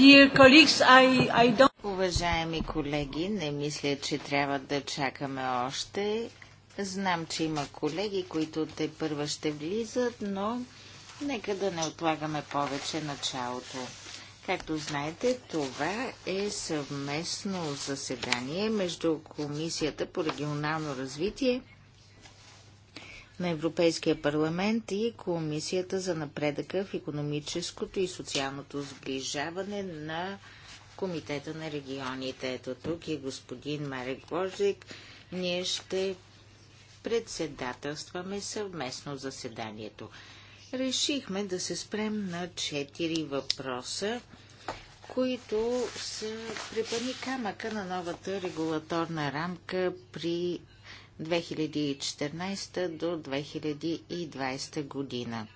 I, I Уважаеми колеги, не мисля, че трябва да чакаме още. Знам, че има колеги, които те първа ще влизат, но нека да не отлагаме повече началото. Както знаете, това е съвместно заседание между Комисията по регионално развитие – на Европейския парламент и Комисията за напредъка в економическото и социалното сближаване на Комитета на регионите. Ето тук е господин Марек Божик. Ние ще председателстваме съвместно заседанието. Решихме да се спрем на четири въпроса, които са препани камъка на новата регулаторна рамка при 2014 до 2020 година.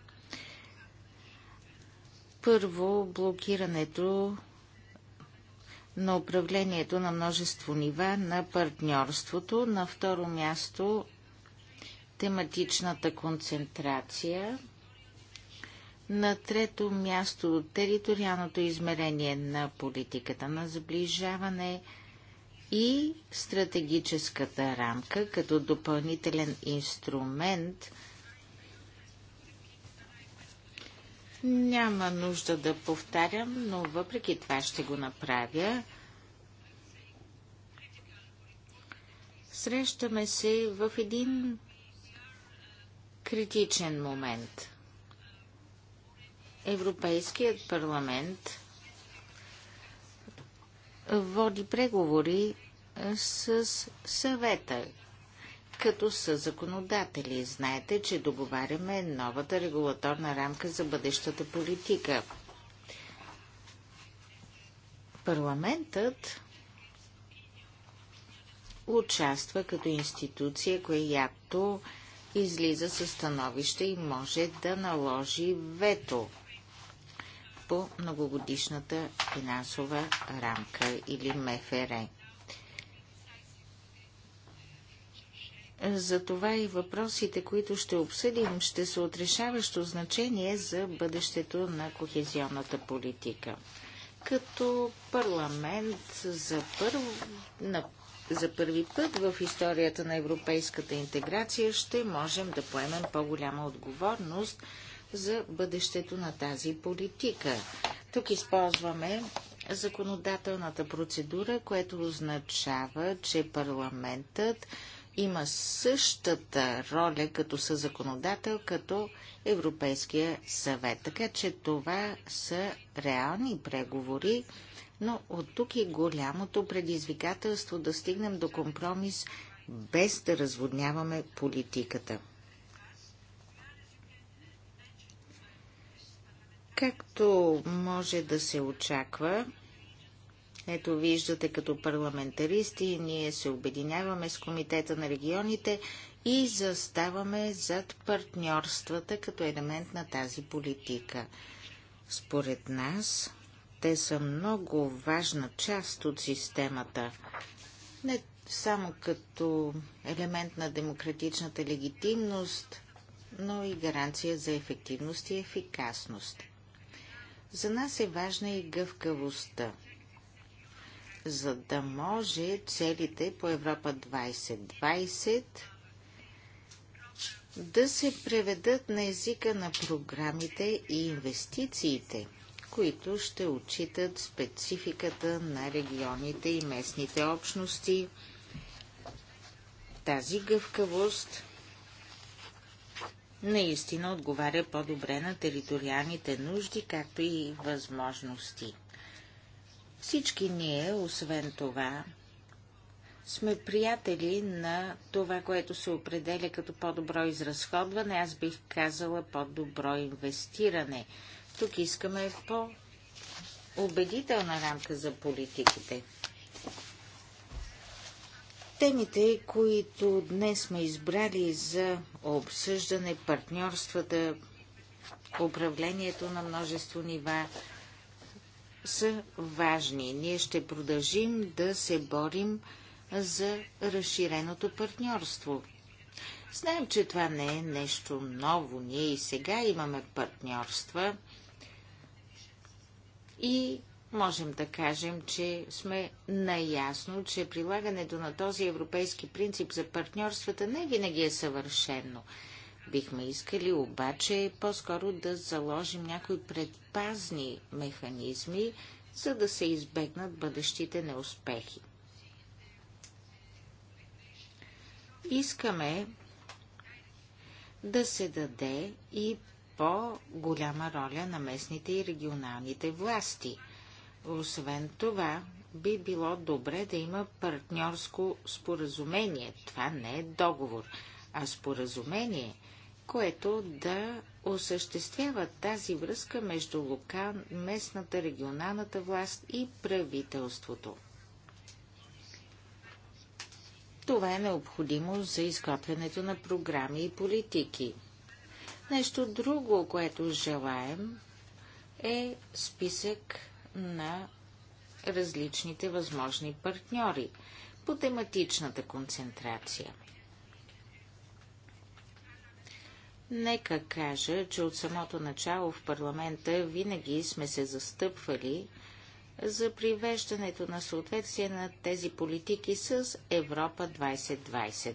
Първо, блокирането на управлението на множество нива на партньорството. На второ място, тематичната концентрация. На трето място, териториалното измерение на политиката на сближаване – и стратегическата рамка като допълнителен инструмент няма нужда да повтарям, но въпреки това ще го направя. Срещаме се в един критичен момент. Европейският парламент води преговори с съвета, като са законодатели. Знаете, че договаряме новата регулаторна рамка за бъдещата политика. Парламентът участва като институция, която излиза със становище и може да наложи вето по многогодишната финансова рамка или МФР. Затова и въпросите, които ще обсъдим, ще са отрешаващо значение за бъдещето на кохезионната политика. Като парламент за, първ... на... за първи път в историята на европейската интеграция ще можем да поемем по-голяма отговорност за бъдещето на тази политика. Тук използваме законодателната процедура, което означава, че парламентът има същата роля като съзаконодател, като Европейския съвет. Така че това са реални преговори, но от тук е голямото предизвикателство да стигнем до компромис без да разводняваме политиката. Както може да се очаква, ето виждате като парламентаристи, ние се обединяваме с Комитета на регионите и заставаме зад партньорствата като елемент на тази политика. Според нас, те са много важна част от системата. Не само като елемент на демократичната легитимност, но и гаранция за ефективност и ефикасност. За нас е важна и гъвкавостта за да може целите по Европа 2020 да се преведат на езика на програмите и инвестициите, които ще отчитат спецификата на регионите и местните общности. Тази гъвкавост наистина отговаря по-добре на териториалните нужди, както и възможности. Всички ние, освен това, сме приятели на това, което се определя като по-добро изразходване, аз бих казала по-добро инвестиране. Тук искаме по-убедителна рамка за политиките. Темите, които днес сме избрали за обсъждане, партньорствата, управлението на множество нива, са важни. Ние ще продължим да се борим за разширеното партньорство. Знаем, че това не е нещо ново. Ние и сега имаме партньорства и можем да кажем, че сме наясно, че прилагането на този европейски принцип за партньорствата не винаги е съвършено. Бихме искали обаче по-скоро да заложим някои предпазни механизми, за да се избегнат бъдещите неуспехи. Искаме да се даде и по-голяма роля на местните и регионалните власти. Освен това, би било добре да има партньорско споразумение. Това не е договор, а споразумение, което да осъществява тази връзка между локал, местната, регионалната власт и правителството. Това е необходимо за изготвянето на програми и политики. Нещо друго, което желаем, е списък на различните възможни партньори по тематичната концентрация – Нека кажа, че от самото начало в парламента винаги сме се застъпвали за привеждането на съответствие на тези политики с Европа 2020.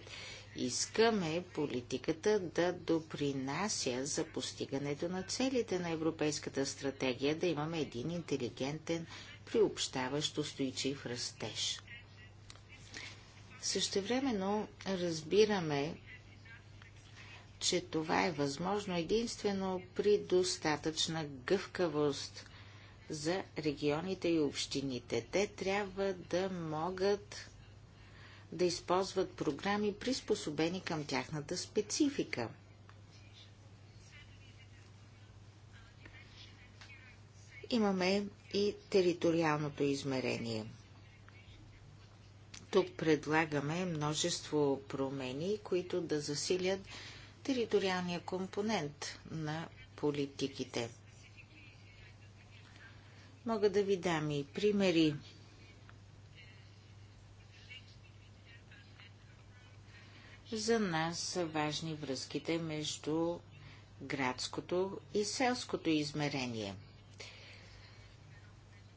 Искаме политиката да допринася за постигането на целите на Европейската стратегия, да имаме един интелигентен, приобщаващ, устойчив растеж. Същевременно разбираме, че това е възможно единствено при достатъчна гъвкавост за регионите и общините. Те трябва да могат да използват програми, приспособени към тяхната специфика. Имаме и териториалното измерение. Тук предлагаме множество промени, които да засилят териториалния компонент на политиките. Мога да ви дам и примери. За нас са важни връзките между градското и селското измерение.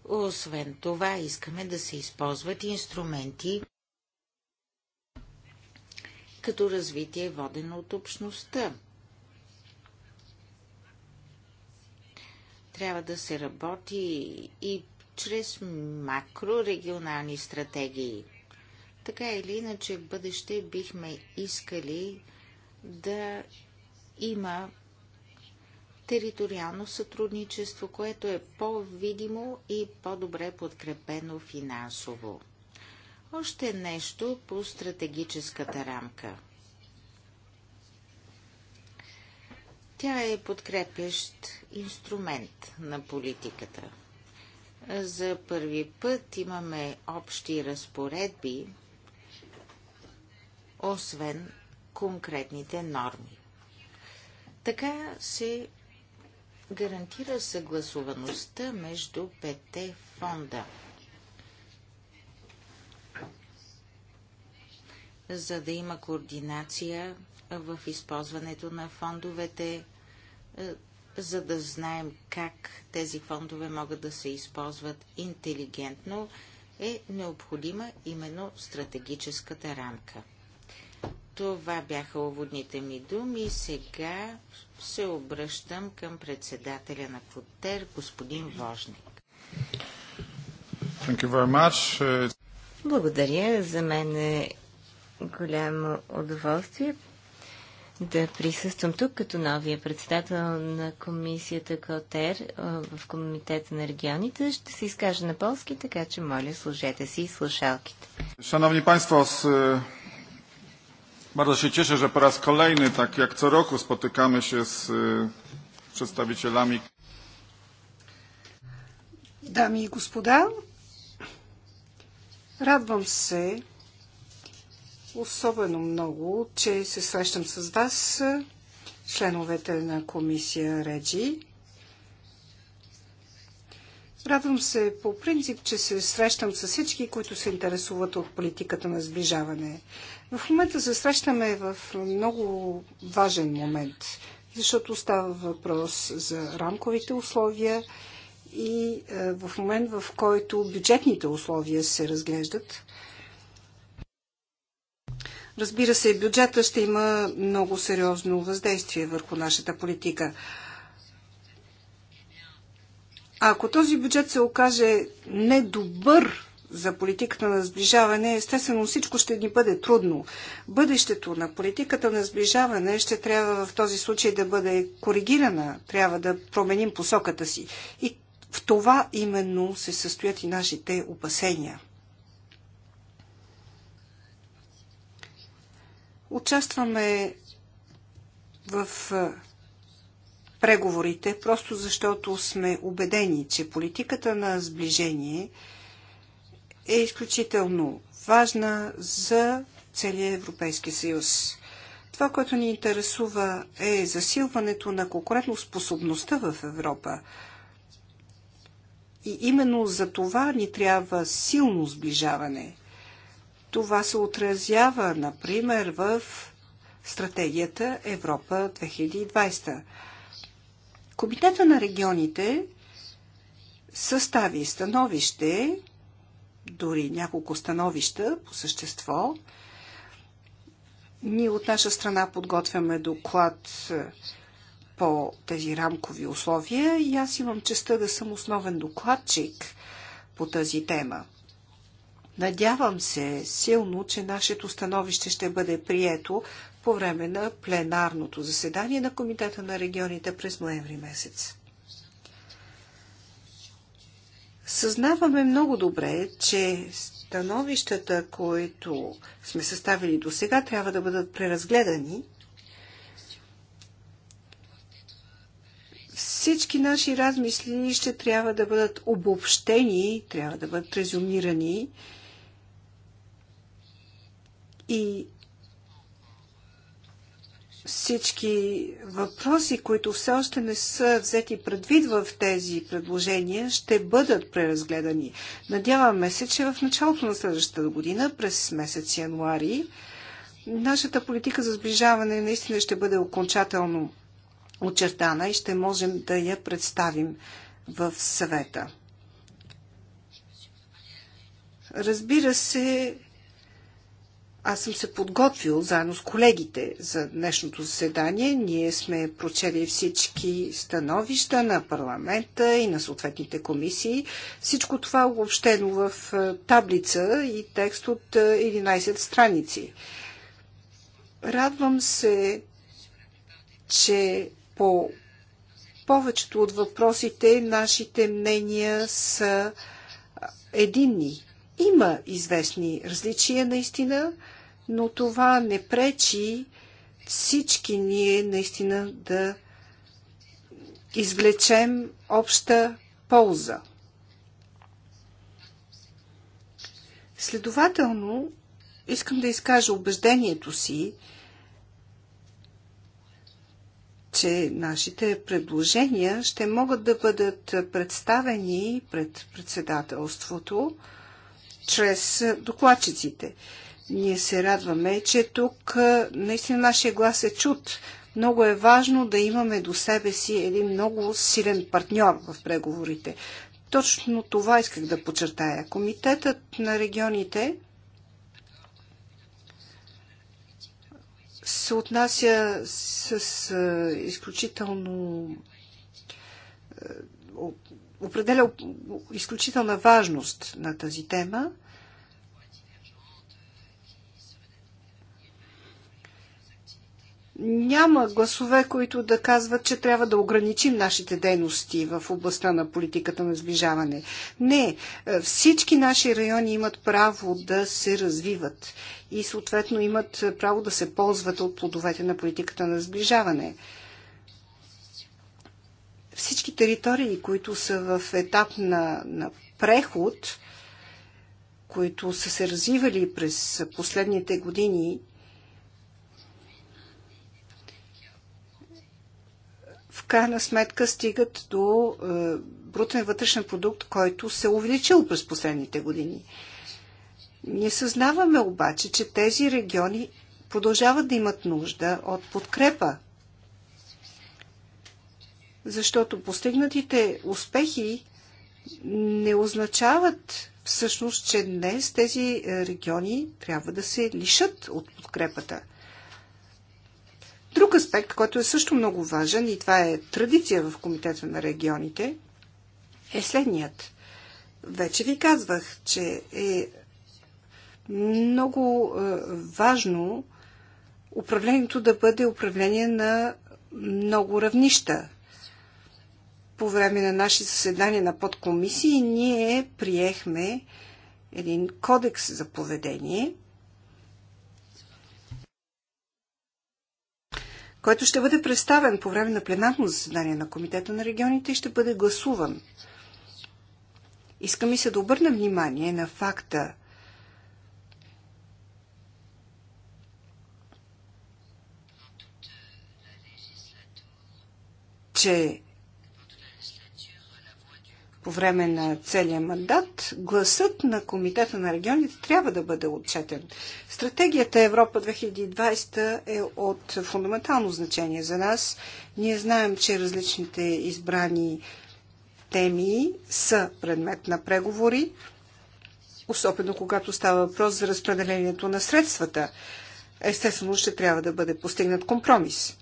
Освен това, искаме да се използват инструменти, като развитие водено от общността. Трябва да се работи и чрез макрорегионални стратегии. Така или иначе в бъдеще бихме искали да има териториално сътрудничество, което е по-видимо и по-добре подкрепено финансово. Още нещо по стратегическата рамка. Тя е подкрепящ инструмент на политиката. За първи път имаме общи разпоредби, освен конкретните норми. Така се гарантира съгласуваността между пете фонда – за да има координация в използването на фондовете, е, за да знаем как тези фондове могат да се използват интелигентно, е необходима именно стратегическата рамка. Това бяха уводните ми думи. Сега се обръщам към председателя на ФОТЕР господин Вожник. Благодаря. За мен е голямо удоволствие да присъствам тук като новия председател на комисията КОТЕР в Комитета на регионите. Ще се изкажа на полски, така че моля, служете си слушалките. Шановни Państwo, с... Е, bardzo się cieszę, że po raz kolejny, tak jak co roku, spotykamy się z e, przedstawicielami. Dami i господа, радвам се, особено много, че се срещам с вас, членовете на комисия Реджи. Радвам се по принцип, че се срещам с всички, които се интересуват от политиката на сближаване. В момента се срещаме в много важен момент, защото става въпрос за рамковите условия и е, в момент, в който бюджетните условия се разглеждат, Разбира се, бюджета ще има много сериозно въздействие върху нашата политика. А ако този бюджет се окаже недобър за политиката на сближаване, естествено всичко ще ни бъде трудно. Бъдещето на политиката на сближаване ще трябва в този случай да бъде коригирана, трябва да променим посоката си. И в това именно се състоят и нашите опасения. Участваме в преговорите, просто защото сме убедени, че политиката на сближение е изключително важна за целия Европейски съюз. Това, което ни интересува е засилването на способността в Европа. И именно за това ни трябва силно сближаване. Това се отразява, например, в стратегията Европа 2020. Комитета на регионите състави становище, дори няколко становища по същество. Ние от наша страна подготвяме доклад е, по тези рамкови условия и аз имам честа да съм основен докладчик по тази тема. Надявам се силно, че нашето становище ще бъде прието по време на пленарното заседание на Комитета на регионите през ноември месец. Съзнаваме много добре, че становищата, които сме съставили до сега, трябва да бъдат преразгледани. Всички наши размисли ще трябва да бъдат обобщени, трябва да бъдат резюмирани и всички въпроси, които все още не са взети предвид в тези предложения, ще бъдат преразгледани. Надяваме се, че в началото на следващата година, през месец януари, нашата политика за сближаване наистина ще бъде окончателно очертана и ще можем да я представим в съвета. Разбира се, аз съм се подготвил заедно с колегите за днешното заседание. Ние сме прочели всички становища на парламента и на съответните комисии. Всичко това е обобщено в е, таблица и текст от 11 е, страници. Радвам се, че по повечето от въпросите нашите мнения са единни има известни различия наистина, но това не пречи всички ние наистина да извлечем обща полза. Следователно, искам да изкажа убеждението си, че нашите предложения ще могат да бъдат представени пред председателството чрез докладчиците. Ние се радваме, че тук наистина нашия глас е чут. Много е важно да имаме до себе си един много силен партньор в преговорите. Точно това исках да подчертая. Комитетът на регионите се отнася с изключително определя изключителна важност на тази тема. Няма гласове, които да казват, че трябва да ограничим нашите дейности в областта на политиката на сближаване. Не, е, всички наши райони имат право да се развиват и съответно имат право да се ползват от плодовете на политиката на сближаване. Всички територии, които са в етап на, на преход, които са се развивали през последните години, в крайна сметка стигат до е, брутен вътрешен продукт, който се е увеличил през последните години. Ние съзнаваме обаче, че тези региони продължават да имат нужда от подкрепа защото постигнатите успехи не означават всъщност, че днес тези е, региони трябва да се лишат от подкрепата. Друг аспект, който е също много важен и това е традиция в Комитета на регионите, е следният. Вече ви казвах, че е много е, важно управлението да бъде управление на много равнища, по време на наши заседания на подкомисии ние приехме един кодекс за поведение, който ще бъде представен по време на пленарно заседание на Комитета на регионите и ще бъде гласуван. Искам и се да обърна внимание на факта, че по време на целия мандат, гласът на Комитета на регионите трябва да бъде отчетен. Стратегията Европа 2020 е от фундаментално значение за нас. Ние знаем, че различните избрани теми са предмет на преговори, особено когато става въпрос за разпределението на средствата. Естествено, ще трябва да бъде постигнат компромис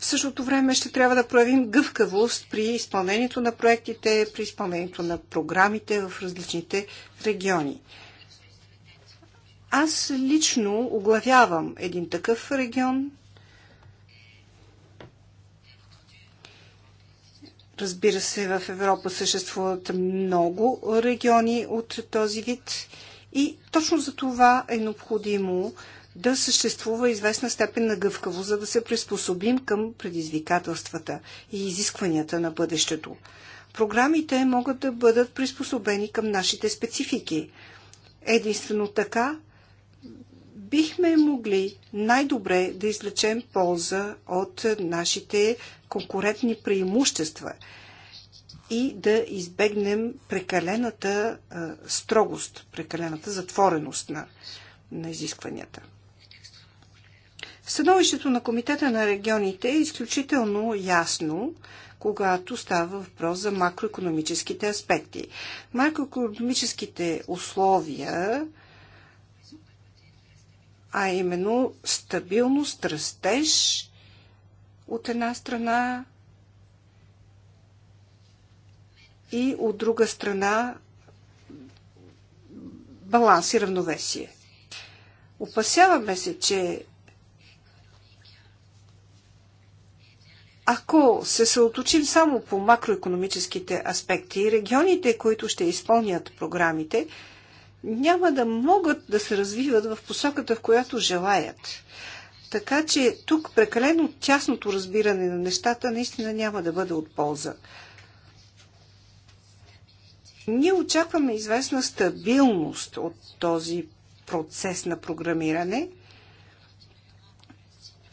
в същото време ще трябва да проявим гъвкавост при изпълнението на проектите, при изпълнението на програмите в различните региони. Аз лично оглавявам един такъв регион. Разбира се, в Европа съществуват много региони от този вид и точно за това е необходимо да съществува известна степен на гъвкаво, за да се приспособим към предизвикателствата и изискванията на бъдещето. Програмите могат да бъдат приспособени към нашите специфики. Единствено така бихме могли най-добре да излечем полза от нашите конкурентни преимущества и да избегнем прекалената строгост, прекалената затвореност на, на изискванията. Становището на Комитета на регионите е изключително ясно, когато става въпрос за макроекономическите аспекти. Макроекономическите условия, а именно стабилност, растеж от една страна и от друга страна баланс и равновесие. Опасяваме се, че Ако се съоточим само по макроекономическите аспекти, регионите, които ще изпълнят програмите, няма да могат да се развиват в посоката, в която желаят. Така че тук прекалено тясното разбиране на нещата наистина няма да бъде от полза. Ние очакваме известна стабилност от този процес на програмиране.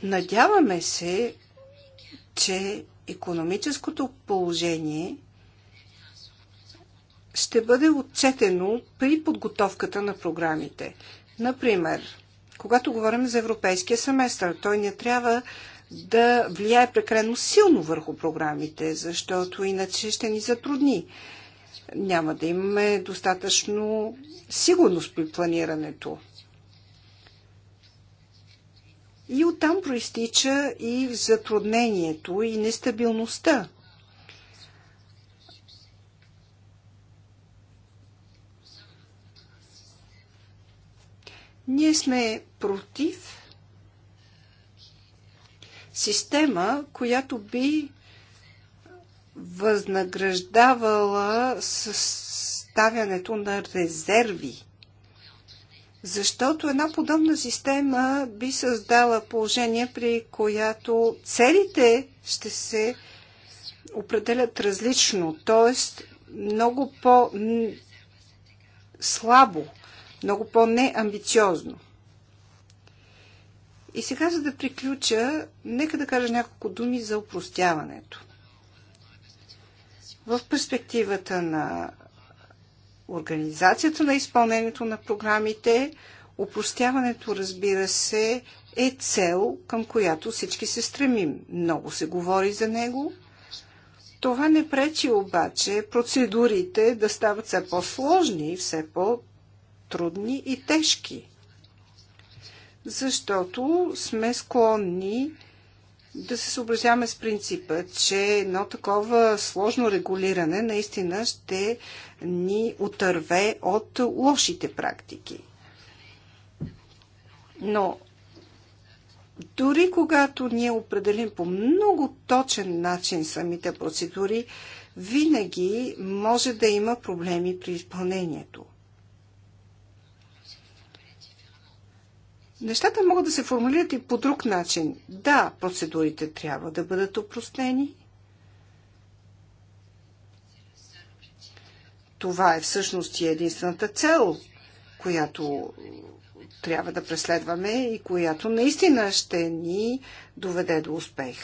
Надяваме се че економическото положение ще бъде отчетено при подготовката на програмите. Например, когато говорим за европейския семестър, той не трябва да влияе прекалено силно върху програмите, защото иначе ще ни затрудни. Няма да имаме достатъчно сигурност при планирането. И оттам проистича и затруднението и нестабилността. Ние сме против система, която би възнаграждавала съставянето на резерви защото една подобна система би създала положение, при която целите ще се определят различно, т.е. много по-слабо, много по-неамбициозно. И сега, за да приключа, нека да кажа няколко думи за упростяването. В перспективата на организацията на изпълнението на програмите, упростяването, разбира се, е цел, към която всички се стремим. Много се говори за него. Това не пречи обаче процедурите да стават все по-сложни, все по-трудни и тежки. Защото сме склонни да се съобразяваме с принципа, че едно такова сложно регулиране наистина ще ни отърве от лошите практики. Но дори когато ние определим по много точен начин самите процедури, винаги може да има проблеми при изпълнението. Нещата могат да се формулират и по друг начин. Да, процедурите трябва да бъдат опростени. Това е всъщност и единствената цел, която трябва да преследваме и която наистина ще ни доведе до успех.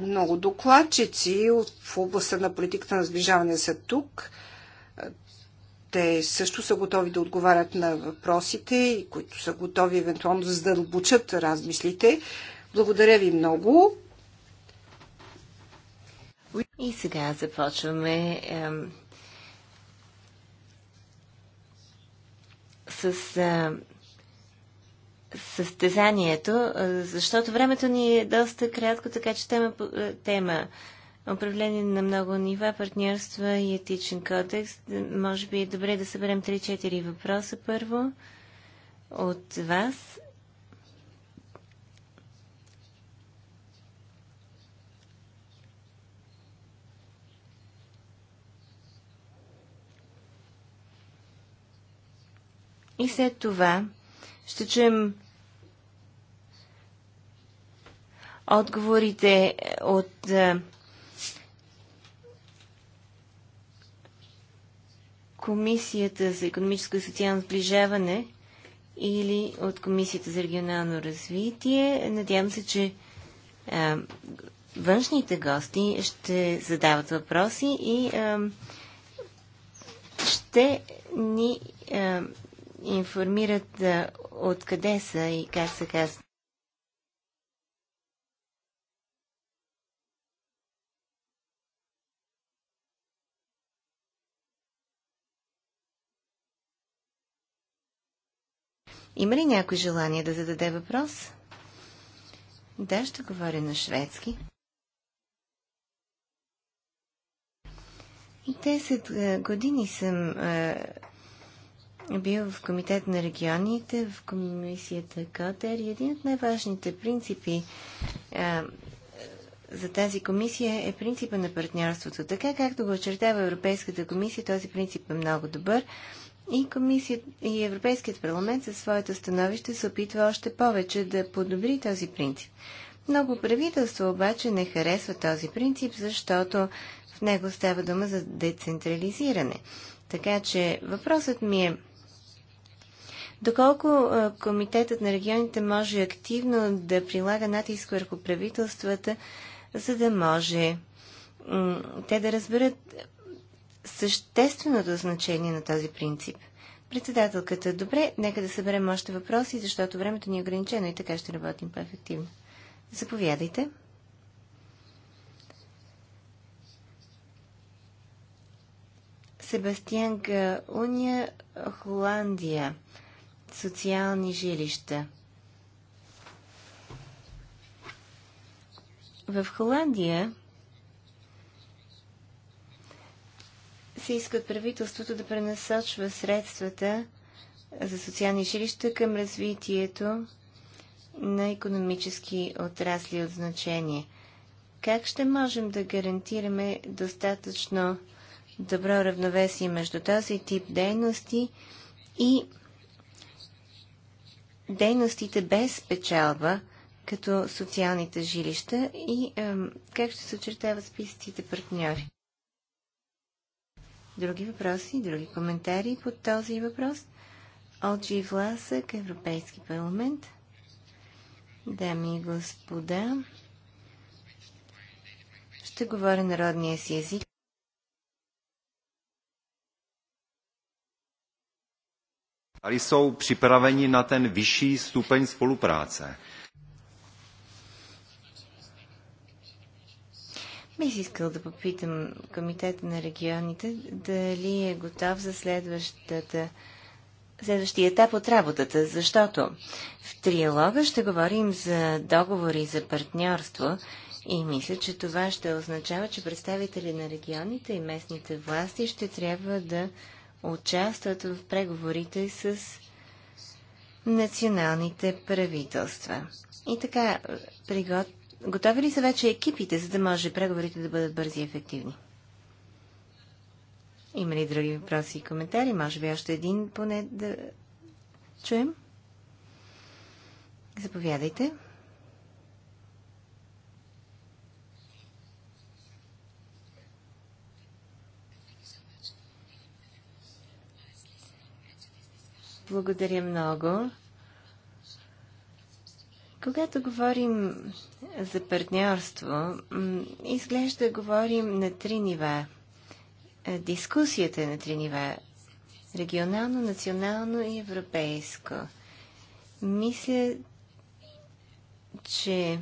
Много докладчици в областта на политиката на сближаване са тук те също са готови да отговарят на въпросите и които са готови евентуално да задълбочат размислите. Благодаря ви много. И сега започваме е, с е, състезанието, защото времето ни е доста кратко, така че тема, е, тема управление на много нива, партньорства и етичен кодекс. Може би е добре да съберем 3-4 въпроса първо от вас. И след това ще чуем отговорите от Комисията за економическо и социално сближаване или от Комисията за регионално развитие. Надявам се, че а, външните гости ще задават въпроси и а, ще ни а, информират а, откъде са и как се, казват. Има ли някой желание да зададе въпрос? Да, ще говоря на шведски. 10 е, години съм е, бил в Комитет на регионите, в комисията Котер и един от най-важните принципи е, за тази комисия е принципа на партньорството. Така както го очертава Европейската комисия, този принцип е много добър. И комисията и Европейският парламент със своето становище се опитва още повече да подобри този принцип. Много правителства обаче не харесва този принцип, защото в него става дума за децентрализиране. Така че въпросът ми е доколко Комитетът на регионите може активно да прилага натиск върху правителствата, за да може те да разберат същественото значение на този принцип. Председателката, добре, нека да съберем още въпроси, защото времето ни е ограничено и така ще работим по-ефективно. Заповядайте. Себастиан Уния, Холандия. Социални жилища. В Холандия се иска от правителството да пренасочва средствата за социални жилища към развитието на економически отрасли от значение. Как ще можем да гарантираме достатъчно добро равновесие между този тип дейности и дейностите без печалба, като социалните жилища и е, как ще се очертават списъците партньори? Други въпроси, други коментари по този въпрос? Олджи Власък, Европейски парламент. Дами и господа, ще говоря народния си език. Али са připraveni на ten vyšší stupeň spolupráce. Бих искал да попитам Комитета на регионите дали е готов за следващата следващия етап от работата, защото в триалога ще говорим за договори за партньорство и мисля, че това ще означава, че представители на регионите и местните власти ще трябва да участват в преговорите с националните правителства. И така, приготвяме Готови ли са вече екипите, за да може преговорите да бъдат бързи и ефективни? Има ли други въпроси и коментари? Може би още един поне да чуем. Заповядайте. Благодаря много. Когато говорим за партньорство, изглежда говорим на три нива. Е, дискусията е на три нива. Регионално, национално и европейско. Мисля, че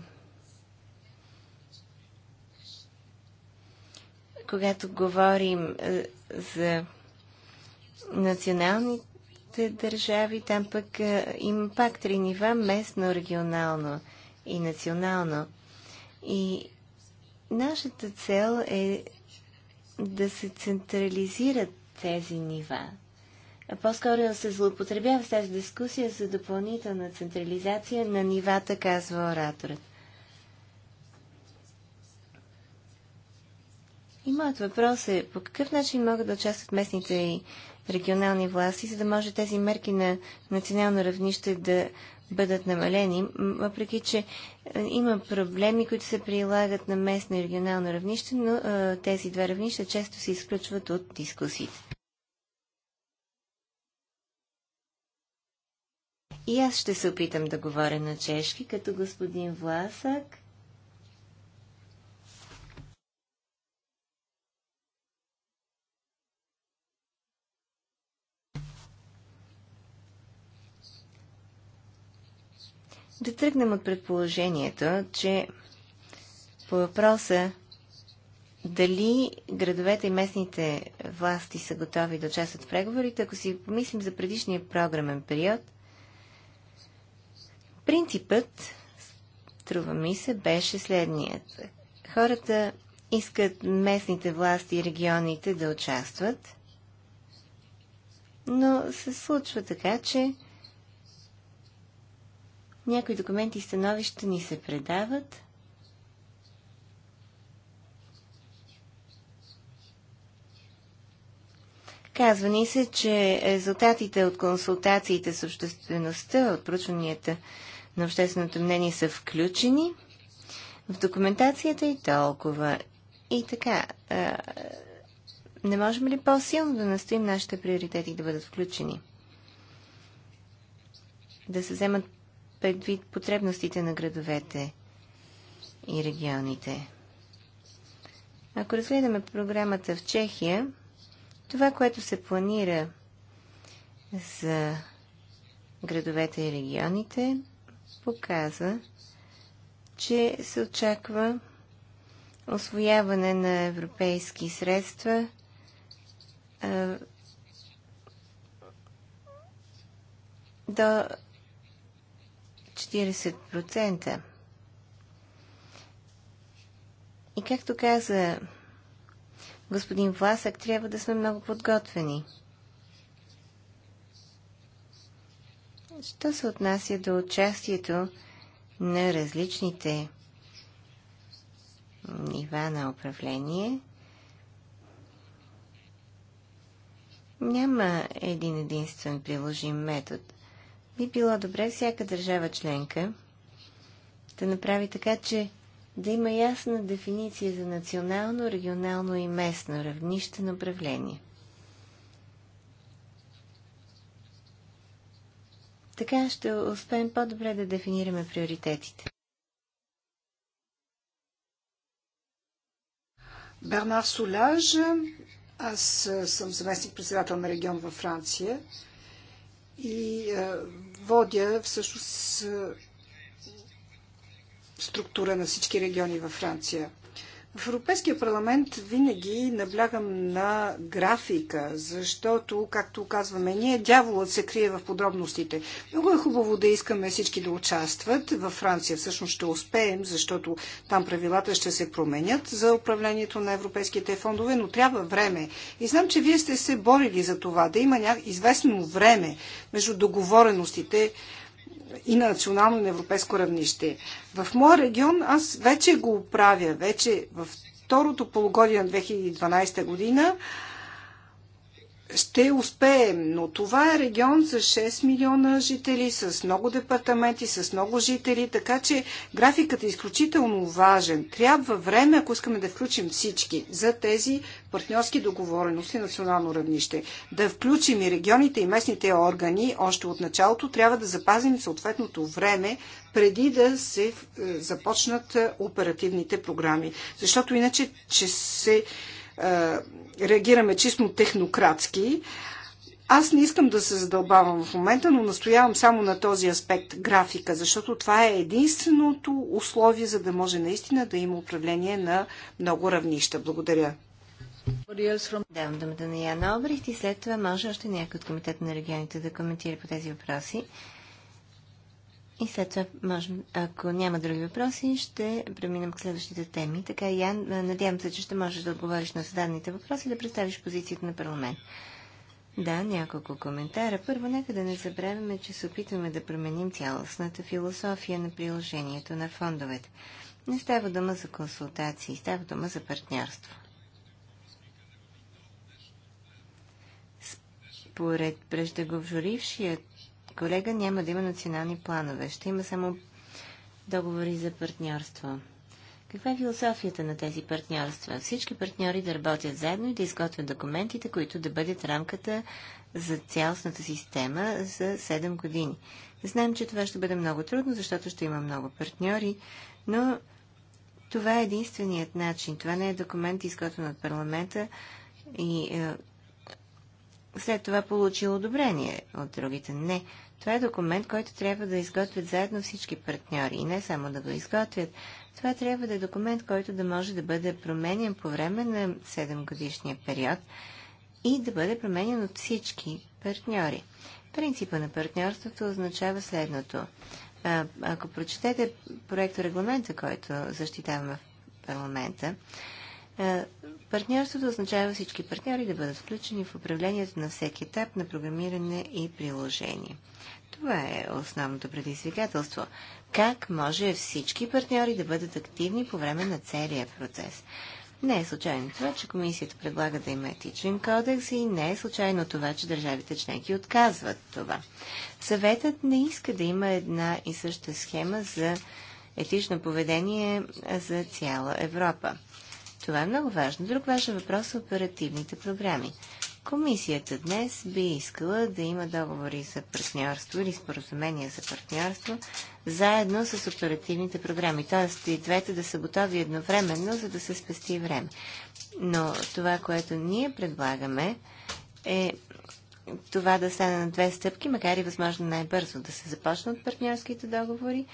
когато говорим е, за националните другите държави. Там пък е, има пак три нива местно, регионално и национално. И нашата цел е да се централизират тези нива. По-скоро се злоупотребява с тази дискусия за допълнителна централизация на нивата, казва ораторът. И моят въпрос е, по какъв начин могат да участват местните и регионални власти, за да може тези мерки на национално равнище да бъдат намалени, въпреки че е, има проблеми, които се прилагат на местно и регионално равнище, но е, тези две равнища често се изключват от дискусиите. И аз ще се опитам да говоря на чешки, като господин Власък. Да тръгнем от предположението, че по въпроса дали градовете и местните власти са готови да участват в преговорите, ако си помислим за предишния програмен период, принципът, струва ми се, беше следният. Хората искат местните власти и регионите да участват, но се случва така, че някои документи и становища ни се предават. Казва ни се, че резултатите от консултациите с обществеността, от проучванията на общественото мнение са включени в документацията и толкова. И така, не можем ли по-силно да настоим нашите приоритети да бъдат включени? Да се вземат предвид потребностите на градовете и регионите. Ако разгледаме програмата в Чехия, това, което се планира за градовете и регионите, показва, че се очаква освояване на европейски средства до 40%. И както каза господин Власък, трябва да сме много подготвени. Що се отнася до участието на различните нива на управление, няма един единствен приложим метод – би било добре всяка държава членка да направи така, че да има ясна дефиниция за национално, регионално и местно равнище на управление. Така ще успеем по-добре да дефинираме приоритетите. Бернар Солаж, аз съм заместник председател на регион във Франция и е, водя всъщност е, структура на всички региони във Франция. В Европейския парламент винаги наблягам на графика, защото, както казваме ние, дяволът се крие в подробностите. Много е хубаво да искаме всички да участват. Във Франция всъщност ще успеем, защото там правилата ще се променят за управлението на европейските фондове, но трябва време. И знам, че вие сте се борили за това, да има ня... известно време между договореностите и на национално и на европейско равнище. В моя регион аз вече го правя, вече в второто полугодие на 2012 година ще успеем, но това е регион с 6 милиона жители, с много департаменти, с много жители, така че графикът е изключително важен. Трябва време, ако искаме да включим всички за тези партньорски договорености национално равнище. Да включим и регионите и местните органи още от началото, трябва да запазим съответното време преди да се е, започнат е, оперативните програми. Защото иначе, че се е, реагираме чисто технократски. Аз не искам да се задълбавам в момента, но настоявам само на този аспект графика, защото това е единственото условие, за да може наистина да има управление на много равнища. Благодаря. Давам да на Яна Обрехт и след това може още някой от Комитет на регионите да коментира по тези въпроси. И след това, може, ако няма други въпроси, ще преминем к следващите теми. Така, Ян, надявам се, че ще можеш да отговориш на зададените въпроси и да представиш позицията на парламент. Да, няколко коментара. Първо, нека да не забравяме, че се опитваме да променим цялостната философия на приложението на фондовете. Не става дума за консултации, става дума за партньорство. Според преждеговорившият колега, няма да има национални планове. Ще има само договори за партньорство. Каква е философията на тези партньорства? Всички партньори да работят заедно и да изготвят документите, които да бъдат рамката за цялостната система за 7 години. Знаем, че това ще бъде много трудно, защото ще има много партньори, но това е единственият начин. Това не е документ, изготвен от парламента и е, след това получил одобрение от другите. Не. Това е документ, който трябва да изготвят заедно всички партньори и не само да го изготвят. Това трябва да е документ, който да може да бъде променен по време на 7 годишния период и да бъде променен от всички партньори. Принципа на партньорството означава следното. А, ако прочетете проекто регламента, който защитаваме в парламента, а, Партньорството означава всички партньори да бъдат включени в управлението на всеки етап на програмиране и приложение. Това е основното предизвикателство. Как може всички партньори да бъдат активни по време на целия процес? Не е случайно това, че комисията предлага да има етичен кодекс и не е случайно това, че държавите членки отказват това. Съветът не иска да има една и съща схема за етично поведение за цяла Европа. Това е много важно. Друг важен въпрос е оперативните програми. Комисията днес би искала да има договори за партньорство или споразумения за партньорство заедно с оперативните програми. Тоест и двете да са готови едновременно, за да се спести време. Но това, което ние предлагаме е това да стане на две стъпки, макар и възможно най-бързо да се започнат партньорските договори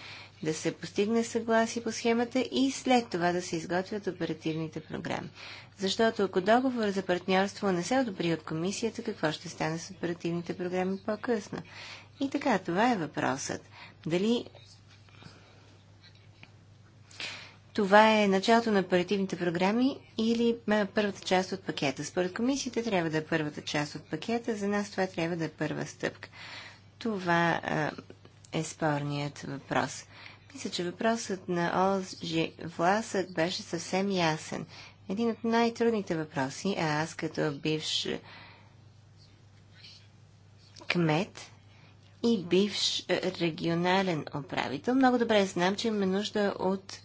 да се постигне съгласие по схемата и след това да се изготвят оперативните програми. Защото ако договор за партньорство не се одобри от комисията, какво ще стане с оперативните програми по-късно? И така, това е въпросът. Дали това е началото на оперативните програми или е, първата част от пакета. Според комисията трябва да е първата част от пакета, за нас това трябва да е първа стъпка. Това е, е спорният въпрос. Мисля, че въпросът на Олжи Власък беше съвсем ясен. Един от най-трудните въпроси, а аз като бивш кмет и бивш е, регионален управител, много добре знам, че имаме нужда от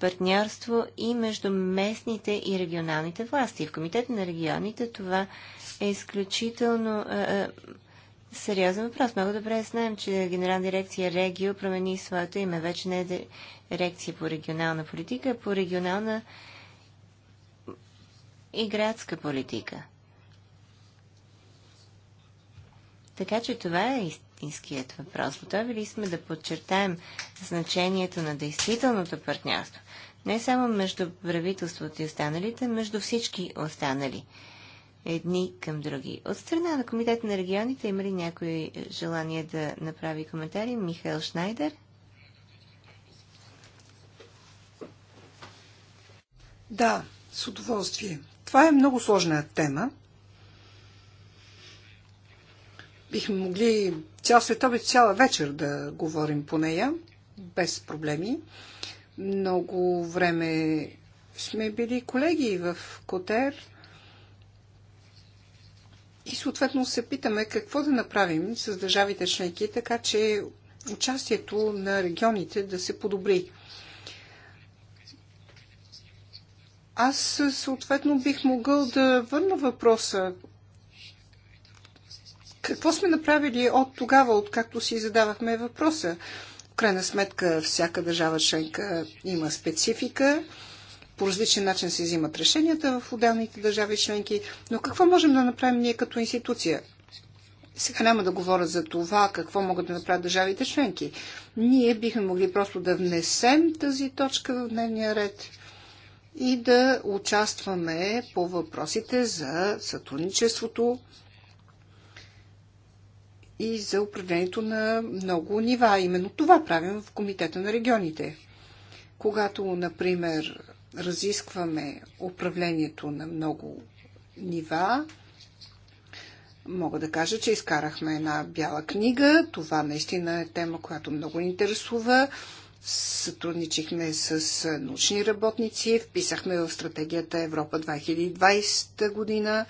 партньорство и между местните и регионалните власти. В Комитета на регионите това е изключително е, е, Сериозен въпрос. Много добре знаем, че Генерална дирекция Регио промени своето име. Вече не е дирекция по регионална политика, а по регионална и градска политика. Така че това е истинският въпрос. Готови ли сме да подчертаем значението на действителното партньорство? Не само между правителството и останалите, между всички останали едни към други. От страна на Комитета на регионите има ли някои желание да направи коментари? Михаил Шнайдер? Да, с удоволствие. Това е много сложна тема. Бихме могли цял светове, цяла вечер да говорим по нея, без проблеми. Много време сме били колеги в Котер и съответно се питаме какво да направим с държавите членки, така че участието на регионите да се подобри. Аз съответно бих могъл да върна въпроса. Какво сме направили от тогава, откакто си задавахме въпроса? В крайна сметка, всяка държава членка има специфика по различен начин се взимат решенията в отделните държави членки. Но какво можем да направим ние като институция? Сега няма да говоря за това какво могат да направят държавите членки. Ние бихме могли просто да внесем тази точка в дневния ред и да участваме по въпросите за сътрудничеството и за управлението на много нива. Именно това правим в Комитета на регионите. Когато, например, разискваме управлението на много нива. Мога да кажа, че изкарахме една бяла книга. Това наистина е тема, която много ни интересува. Сътрудничихме с научни работници, вписахме в стратегията Европа 2020 година,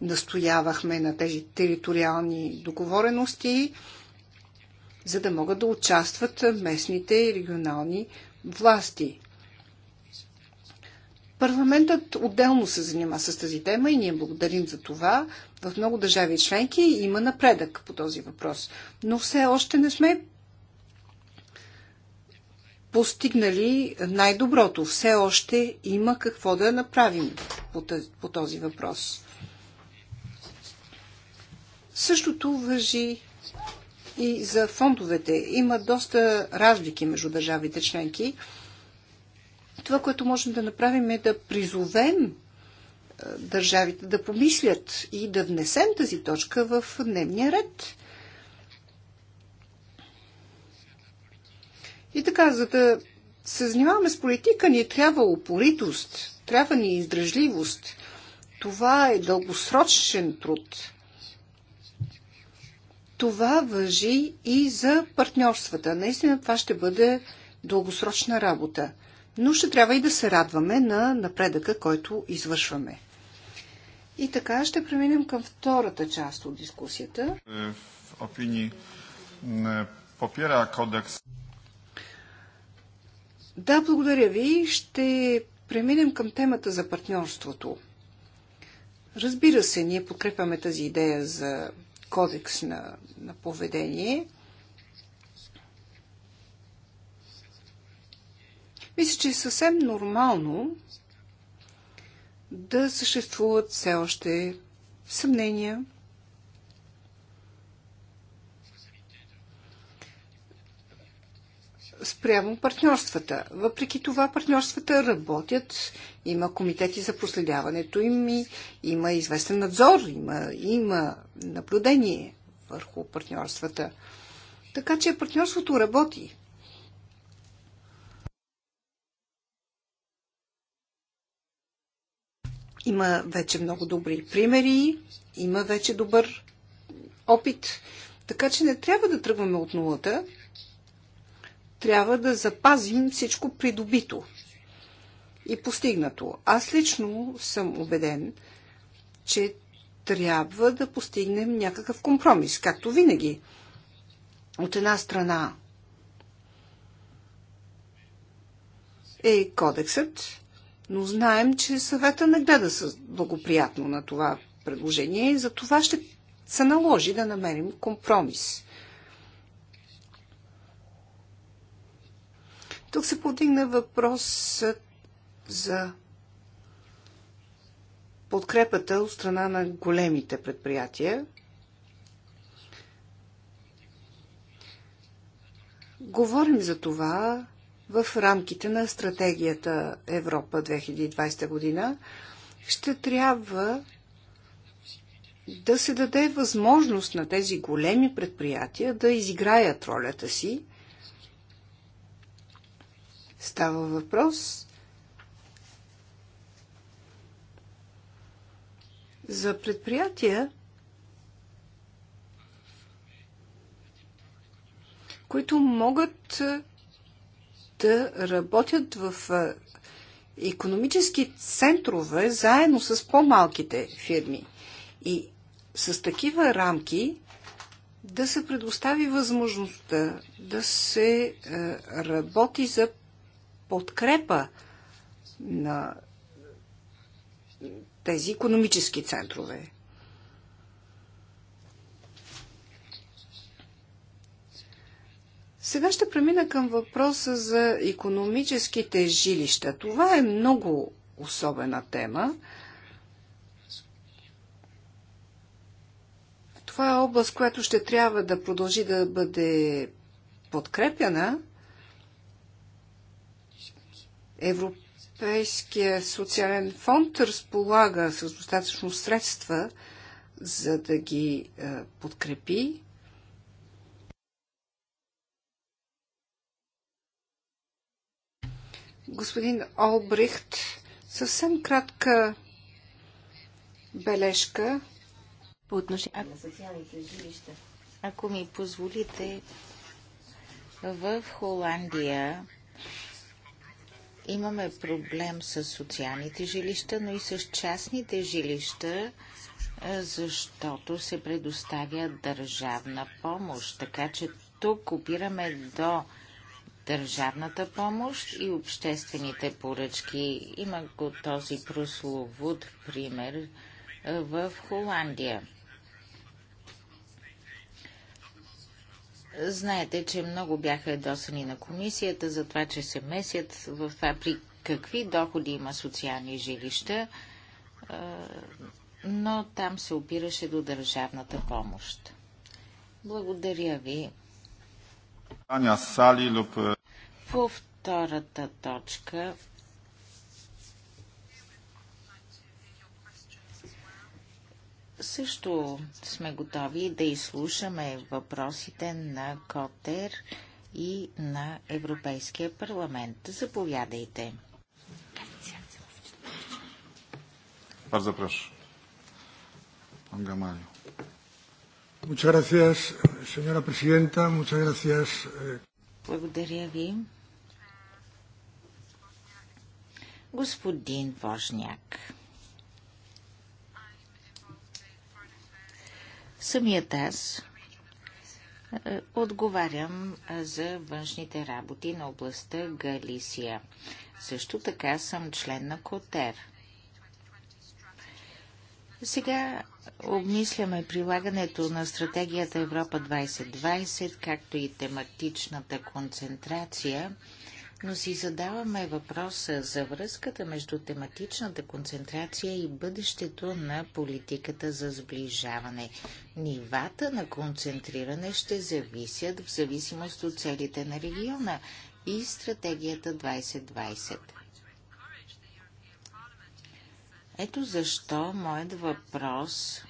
настоявахме на тези териториални договорености, за да могат да участват местните и регионални власти. Парламентът отделно се занима с тази тема и ние благодарим за това. В много държави членки има напредък по този въпрос. Но все още не сме постигнали най-доброто. Все още има какво да направим по този въпрос. Същото въжи и за фондовете. Има доста разлики между държавите членки. Това, което можем да направим е да призовем е, държавите да помислят и да внесем тази точка в дневния ред. И така, за да се занимаваме с политика, ни трябва упоритост, трябва ни издръжливост. Това е дългосрочен труд. Това въжи и за партньорствата. Наистина това ще бъде дългосрочна работа но ще трябва и да се радваме на напредъка, който извършваме. И така ще преминем към втората част от дискусията. Е, в на е, попира кодекс. Да, благодаря ви. Ще преминем към темата за партньорството. Разбира се, ние подкрепяме тази идея за кодекс на, на поведение – Мисля, че е съвсем нормално да съществуват все още съмнения. спрямо партньорствата. Въпреки това партньорствата работят, има комитети за проследяването им и има известен надзор, има, има наблюдение върху партньорствата. Така че партньорството работи. Има вече много добри примери, има вече добър опит, така че не трябва да тръгваме от нулата. Трябва да запазим всичко придобито и постигнато. Аз лично съм убеден, че трябва да постигнем някакъв компромис, както винаги. От една страна е кодексът, но знаем, че съвета не гледа с благоприятно на това предложение и за това ще се наложи да намерим компромис. Тук се подигна въпрос за подкрепата от страна на големите предприятия. Говорим за това в рамките на стратегията Европа 2020 година, ще трябва да се даде възможност на тези големи предприятия да изиграят ролята си. Става въпрос за предприятия, които могат да работят в економически центрове заедно с по-малките фирми. И с такива рамки да се предостави възможността да се работи за подкрепа на тези економически центрове. Сега ще премина към въпроса за економическите жилища. Това е много особена тема. Това е област, която ще трябва да продължи да бъде подкрепяна. Европейския социален фонд разполага с достатъчно средства, за да ги е, подкрепи. господин Олбрихт, съвсем кратка бележка по отношение на социалните жилища. Ако ми позволите, в Холандия имаме проблем с социалните жилища, но и с частните жилища, е, защото се предоставя държавна помощ. Така че тук опираме до държавната помощ и обществените поръчки. Има го този прословут пример в Холандия. Знаете, че много бяха досани на комисията за това, че се месят в това при какви доходи има социални жилища, но там се опираше до държавната помощ. Благодаря ви. Аня Сали Луп. По втората точка също сме готови да изслушаме въпросите на Котер и на Европейския парламент. Заповядайте. Bardzo proszę. Ангамалио. Muchas gracias, señora presidenta. Muchas gracias. Eh, Благодаря ви. Господин Вожняк. Самият аз е, отговарям е, за външните работи на областта Галисия. Също така съм член на Котер. Сега обмисляме прилагането на стратегията Европа 2020, както и тематичната концентрация, но си задаваме въпроса за връзката между тематичната концентрация и бъдещето на политиката за сближаване. Нивата на концентриране ще зависят в зависимост от целите на региона и стратегията 2020. Ето защо моят въпрос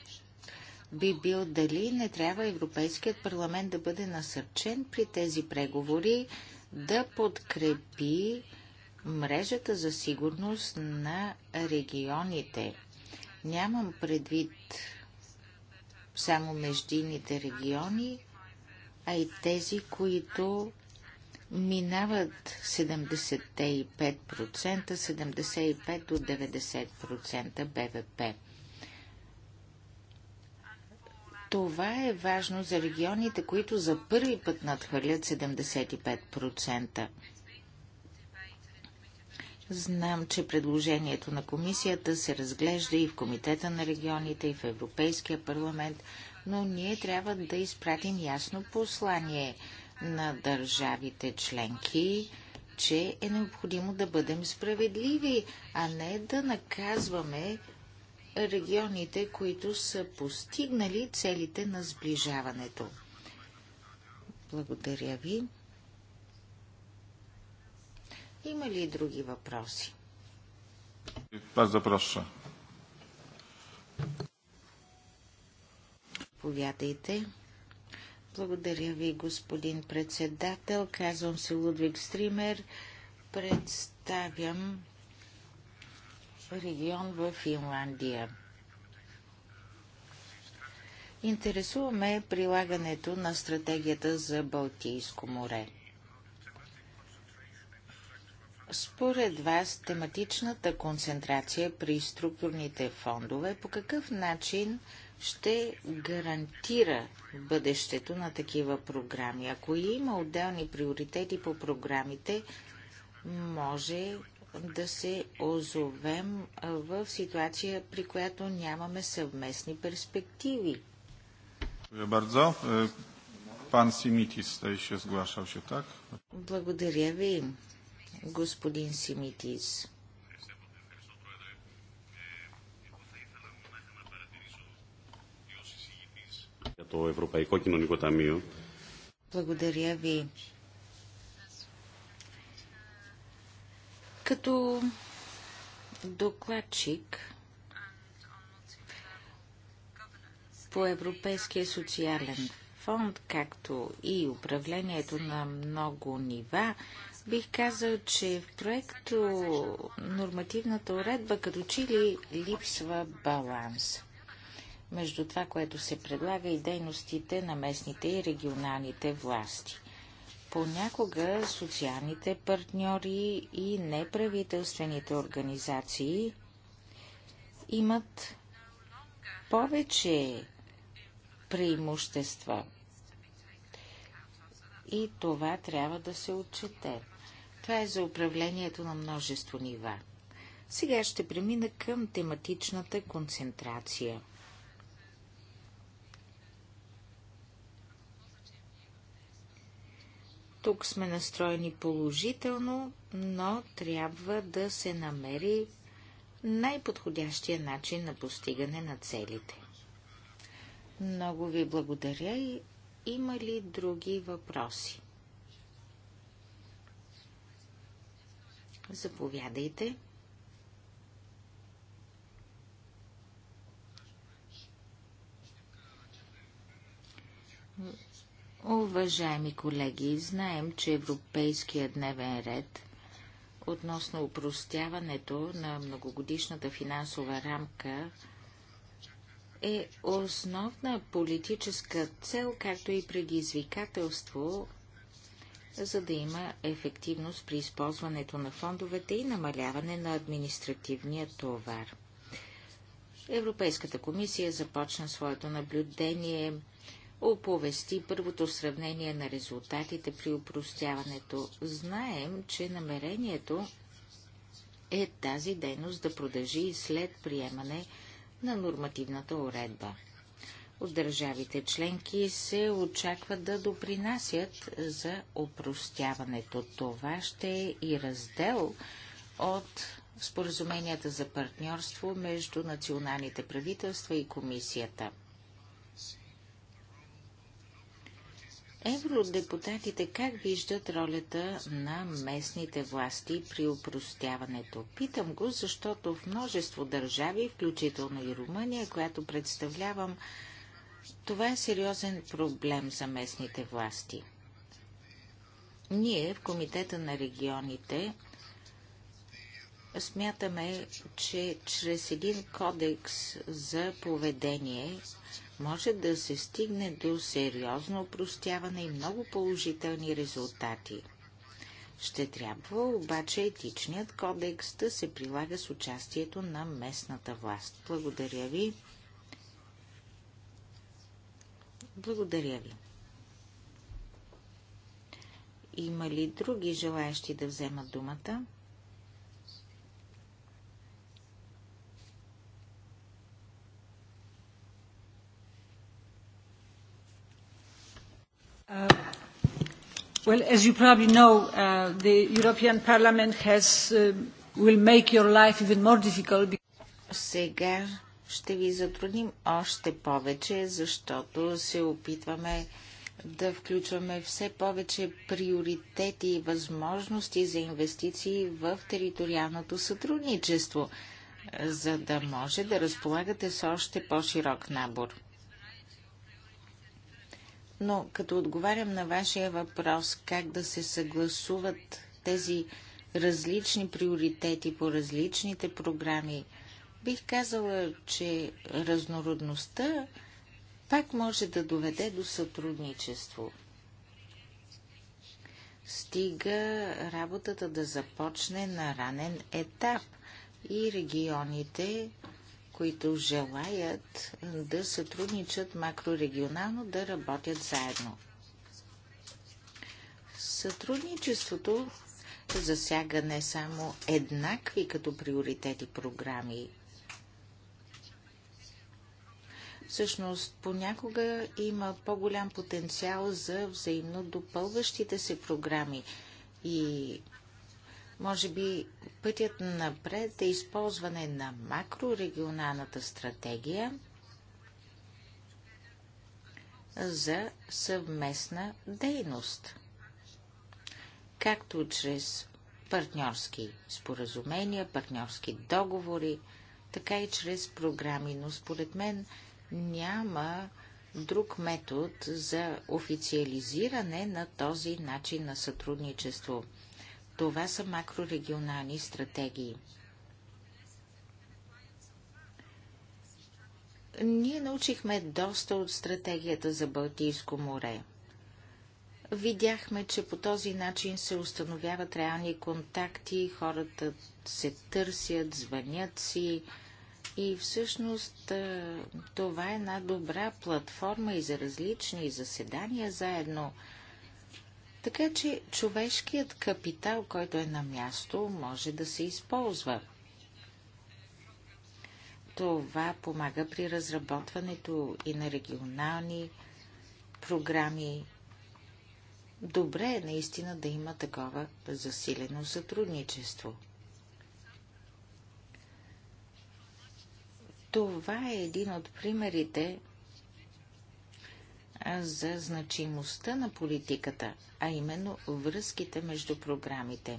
би бил дали не трябва Европейският парламент да бъде насърчен при тези преговори да подкрепи мрежата за сигурност на регионите. Нямам предвид само междинните региони, а и тези, които минават 75%, 75 до 90% БВП. Това е важно за регионите, които за първи път надхвърлят 75%. Знам, че предложението на комисията се разглежда и в Комитета на регионите, и в Европейския парламент, но ние трябва да изпратим ясно послание – на държавите членки, че е необходимо да бъдем справедливи, а не да наказваме регионите, които са постигнали целите на сближаването. Благодаря ви. Има ли други въпроси? Bardzo запроша. Повядайте. Благодаря ви, господин председател. Казвам се Лудвиг Стример. Представям регион в Финландия. Интересуваме прилагането на стратегията за Балтийско море. Според вас тематичната концентрация при структурните фондове по какъв начин ще гарантира бъдещето на такива програми. Ако има отделни приоритети по програмите, може да се озовем в ситуация, при която нямаме съвместни перспективи. Е, Благодаря ви, господин Симитис. το Ευρωπαϊκό Κοινωνικό Ταμείο. Благодаря ви. Като докладчик по Европейския социален фонд, както и управлението на много нива, бих казал, че в проекто нормативната уредба като че липсва баланс между това, което се предлага и дейностите на местните и регионалните власти. Понякога социалните партньори и неправителствените организации имат повече преимущества. И това трябва да се отчете. Това е за управлението на множество нива. Сега ще премина към тематичната концентрация – Тук сме настроени положително, но трябва да се намери най-подходящия начин на постигане на целите. Много ви благодаря и има ли други въпроси? Заповядайте. Уважаеми колеги, знаем, че Европейския дневен ред относно упростяването на многогодишната финансова рамка е основна политическа цел, както и предизвикателство, за да има ефективност при използването на фондовете и намаляване на административния товар. Европейската комисия започна своето наблюдение оповести първото сравнение на резултатите при упростяването. Знаем, че намерението е тази дейност да продължи и след приемане на нормативната уредба. От държавите членки се очаква да допринасят за опростяването. Това ще е и раздел от споразуменията за партньорство между националните правителства и комисията. евродепутатите как виждат ролята на местните власти при упростяването? Питам го, защото в множество държави, включително и Румъния, която представлявам, това е сериозен проблем за местните власти. Ние в Комитета на регионите смятаме, че чрез един кодекс за поведение може да се стигне до сериозно упростяване и много положителни резултати. Ще трябва обаче етичният кодекс да се прилага с участието на местната власт. Благодаря ви. Благодаря ви. Има ли други желаящи да вземат думата? Uh, well, as you probably know, uh, the European Parliament has, uh, will make your life even more difficult. Сега ще ви затрудним още повече, защото се опитваме да включваме все повече приоритети и възможности за инвестиции в териториалното сътрудничество, за да може да разполагате с още по-широк набор. Но като отговарям на вашия въпрос как да се съгласуват тези различни приоритети по различните програми, бих казала, че разнородността пак може да доведе до сътрудничество. Стига работата да започне на ранен етап и регионите които желаят да сътрудничат макрорегионално, да работят заедно. Сътрудничеството засяга не само еднакви като приоритети програми. Всъщност, понякога има по-голям потенциал за взаимно допълващите се програми и може би Пътят напред е използване на макрорегионалната стратегия за съвместна дейност, както чрез партньорски споразумения, партньорски договори, така и чрез програми, но според мен няма друг метод за официализиране на този начин на сътрудничество. Това са макрорегионални стратегии. Ние научихме доста от стратегията за Балтийско море. Видяхме, че по този начин се установяват реални контакти, хората се търсят, звънят си и всъщност това е една добра платформа и за различни заседания заедно – така че човешкият капитал, който е на място, може да се използва. Това помага при разработването и на регионални програми. Добре е наистина да има такова засилено сътрудничество. Това е един от примерите за значимостта на политиката, а именно връзките между програмите.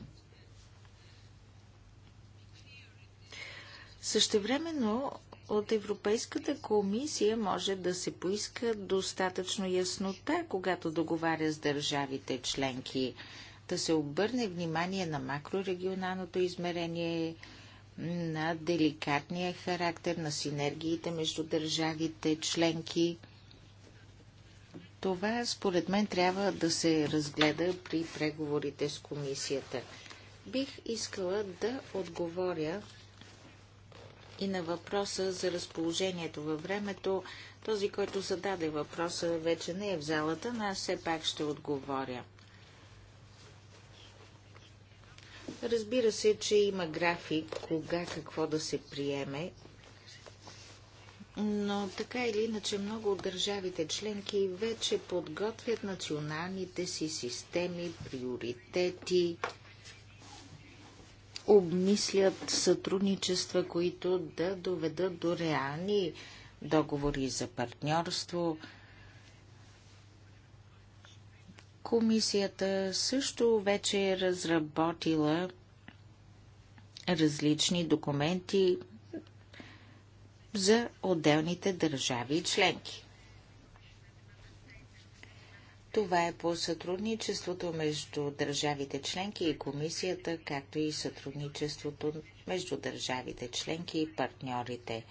Същевременно от Европейската комисия може да се поиска достатъчно яснота, когато договаря с държавите членки, да се обърне внимание на макрорегионалното измерение, на деликатния характер на синергиите между държавите членки – това според мен трябва да се разгледа при преговорите с комисията. Бих искала да отговоря и на въпроса за разположението във времето. Този, който зададе въпроса, вече не е в залата, но аз все пак ще отговоря. Разбира се, че има график, кога какво да се приеме но така или иначе много от държавите членки вече подготвят националните си системи, приоритети, обмислят сътрудничества, които да доведат до реални договори за партньорство. Комисията също вече е разработила различни документи за отделните държави и членки. Това е по сътрудничеството между държавите членки и комисията, както и сътрудничеството между държавите членки и партньорите.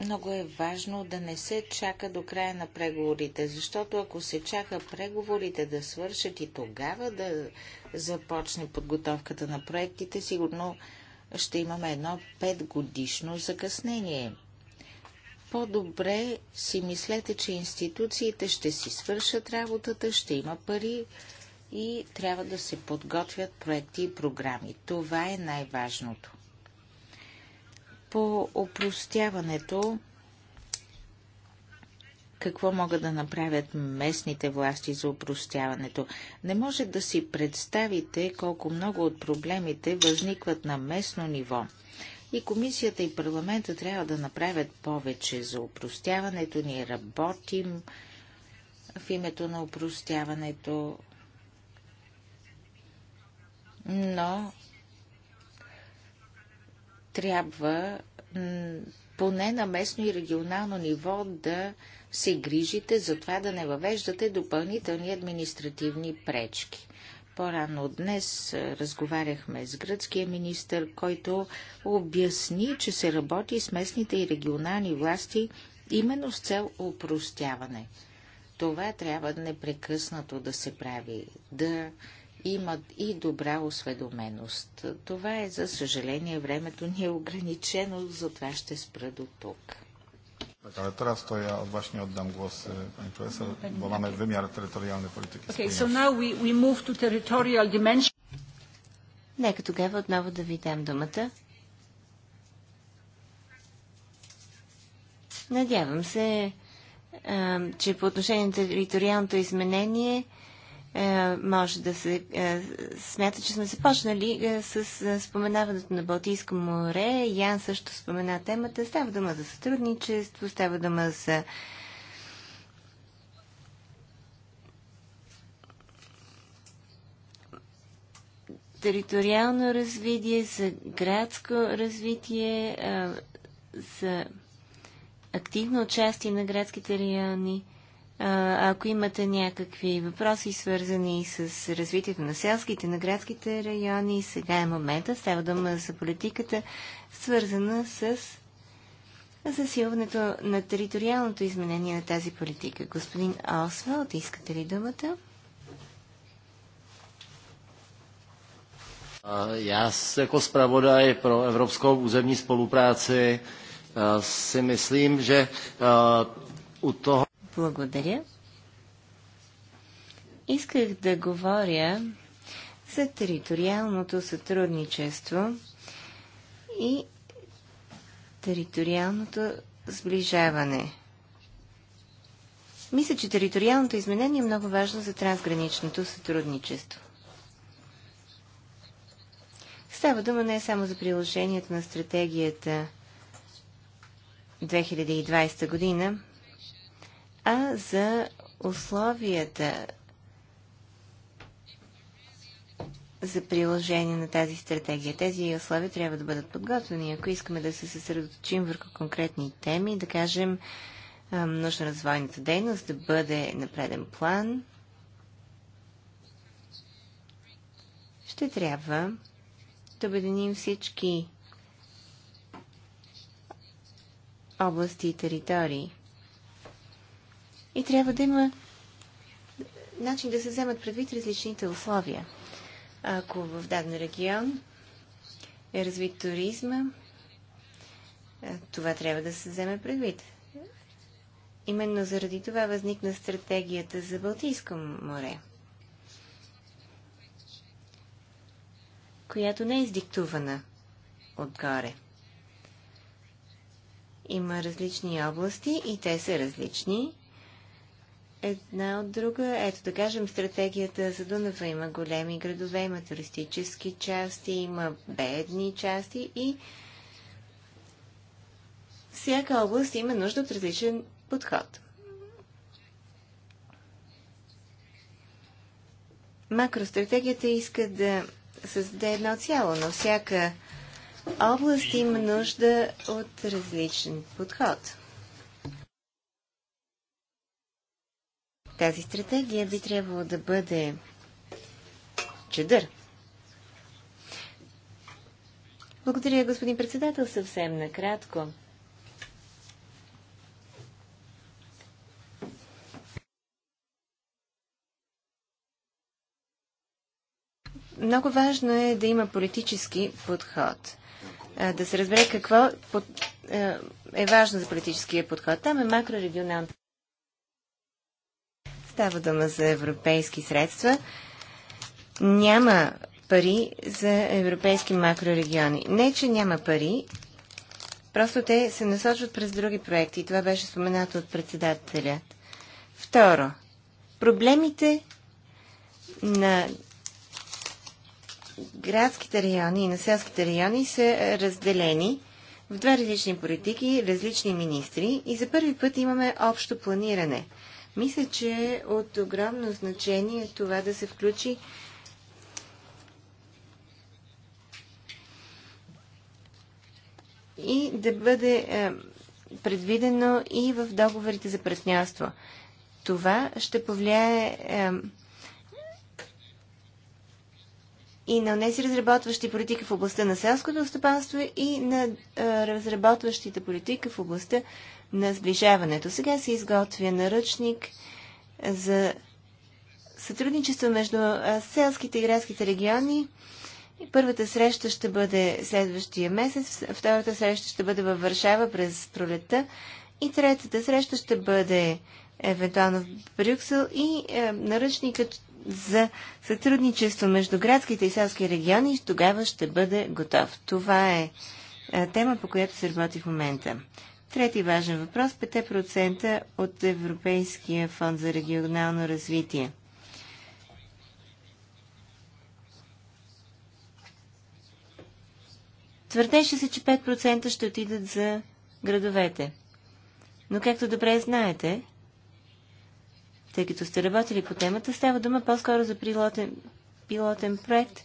Много е важно да не се чака до края на преговорите, защото ако се чака преговорите да свършат и тогава да започне подготовката на проектите, сигурно ще имаме едно петгодишно закъснение. По-добре си мислете, че институциите ще си свършат работата, ще има пари и трябва да се подготвят проекти и програми. Това е най-важното. По опростяването какво могат да направят местните власти за упростяването. Не може да си представите колко много от проблемите възникват на местно ниво. И комисията и парламента трябва да направят повече за упростяването. Ние работим в името на упростяването, но трябва поне на местно и регионално ниво да се грижите за това да не въвеждате допълнителни административни пречки. По-рано днес разговаряхме с гръцкия министр, който обясни, че се работи с местните и регионални власти именно с цел упростяване. Това трябва непрекъснато да се прави, да имат и добра осведоменост. Това е, за съжаление, времето ни е ограничено, затова ще спра до тук. Tak, ale teraz to ja właśnie oddam głos pani profesor, bo mamy wymiar terytorialny polityki. Okay, so now we, we move to territorial dimension. Нека тогава отново да ви дам думата. Надявам се, а, че по отношение на териториалното изменение е, може да се е, смята, че сме започнали е, с споменаването на Балтийско море. Ян също спомена темата. Става дума за сътрудничество, става дума за териториално развитие, за градско развитие, за активно участие на градските райони – ако имате някакви въпроси, свързани с развитието на селските, на градските райони, сега е момента. Става дума за политиката, свързана с засилването на териториалното изменение на тази политика. Господин Освалд, искате ли думата? Já jako zpravodaj pro evropskou územní spolupráci si myslím, že u toho... Благодаря. Исках да говоря за териториалното сътрудничество и териториалното сближаване. Мисля, че териториалното изменение е много важно за трансграничното сътрудничество. Става дума не само за приложението на стратегията 2020 година, а за условията за приложение на тази стратегия. Тези условия трябва да бъдат подготвени. Ако искаме да се съсредоточим върху конкретни теми, да кажем нужна развойната дейност да бъде на преден план, ще трябва да обединим всички области и територии. И трябва да има начин да се вземат предвид различните условия. Ако в даден регион е развит туризма, е, това трябва да се вземе предвид. Именно заради това възникна стратегията за Балтийско море, която не е издиктувана отгоре. Има различни области и те са различни една от друга. Ето да кажем, стратегията за Дунава има големи градове, има туристически части, има бедни части и всяка област има нужда от различен подход. Макростратегията иска да създаде едно цяло, но всяка област има нужда от различен подход. Тази стратегия би трябвало да бъде чедър. Благодаря, господин председател, съвсем накратко. Много важно е да има политически подход. Да се разбере какво е важно за политическия подход. Там е макрорегионалната Става дума за европейски средства. Няма пари за европейски макрорегиони. Не, че няма пари, просто те се насочват през други проекти. Това беше споменато от председателя. Второ, проблемите на градските райони и на селските райони са разделени в две различни политики, различни министри и за първи път имаме общо планиране – мисля, че е от огромно значение това да се включи и да бъде е, предвидено и в договорите за партньорство. Това ще повлияе е, и на тези разработващи политика в областта на селското стопанство и на е, разработващите политика в областта на сближаването. Сега се изготвя наръчник за сътрудничество между селските и градските региони. Първата среща ще бъде следващия месец, втората среща ще бъде във Варшава през пролетта и третата среща ще бъде евентуално в Брюксел и е, наръчникът за сътрудничество между градските и селски региони тогава ще бъде готов. Това е, е тема, по която се работи в момента. Трети важен въпрос 5% от Европейския фонд за регионално развитие. Твърдеше се, че 5% ще отидат за градовете. Но както добре знаете, тъй като сте работили по темата, става дума по-скоро за пилотен, пилотен проект,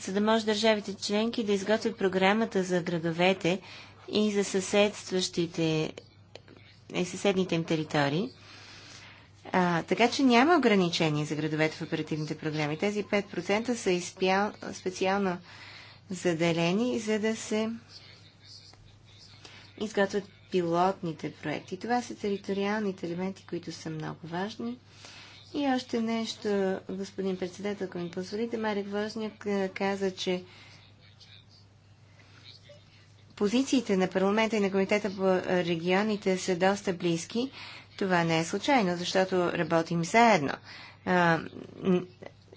за да може държавите членки да изготвят програмата за градовете и за съседстващите и съседните им територии. А, така че няма ограничения за градовете в оперативните програми. Тези 5% са изпял, специално заделени, за да се изготвят пилотните проекти. Това са териториалните елементи, които са много важни. И още нещо, господин председател, ако ми позволите, Марик Вожняк каза, че позициите на парламента и на комитета по регионите са доста близки, това не е случайно, защото работим заедно.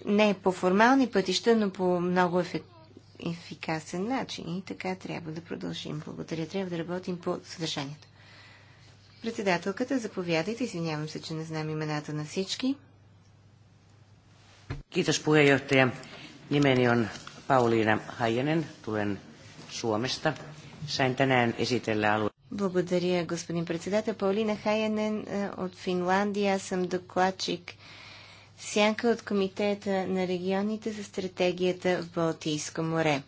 не по формални пътища, но по много ефикасен начин. И така трябва да продължим. Благодаря. Трябва да работим по съдържанието. Председателката, заповядайте. Извинявам се, че не знам имената на всички. Kiitos puheenjohtaja. Nimeni on Pauliina Haijanen, tulen Suomesta. Благодаря, господин председател. Паулина Хайенен е, от Финландия. Аз съм докладчик сянка от Комитета на регионите за стратегията в Балтийско море.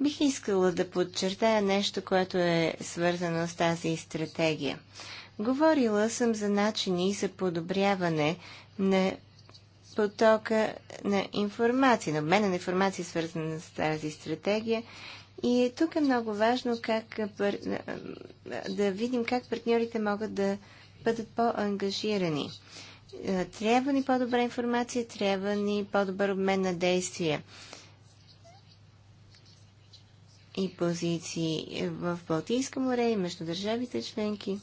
Бих искала да подчертая нещо, което е свързано с тази стратегия. Говорила съм за начини за подобряване на потока на информация, на обмена на информация, свързана с тази стратегия и тук е много важно как, е е, да видим как партньорите могат да бъдат по-ангажирани. Е, трябва ни по-добра информация, трябва ни по-добър обмен на действия и позиции в Балтийско море и между държавите членки,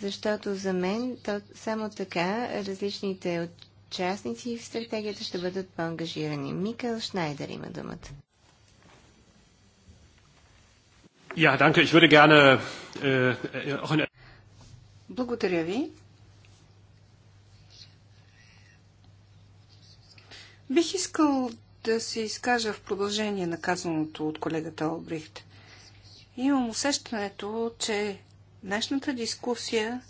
защото за мен то, само така различните участници в стратегията ще бъдат по-ангажирани. Микъл Шнайдер има думата. Ja, danke. Ich würde gerne äh, auch in... Благодаря ви. Бих искал да се изкажа в продължение на казаното от колегата Обрихт. Имам усещането, че днешната дискусия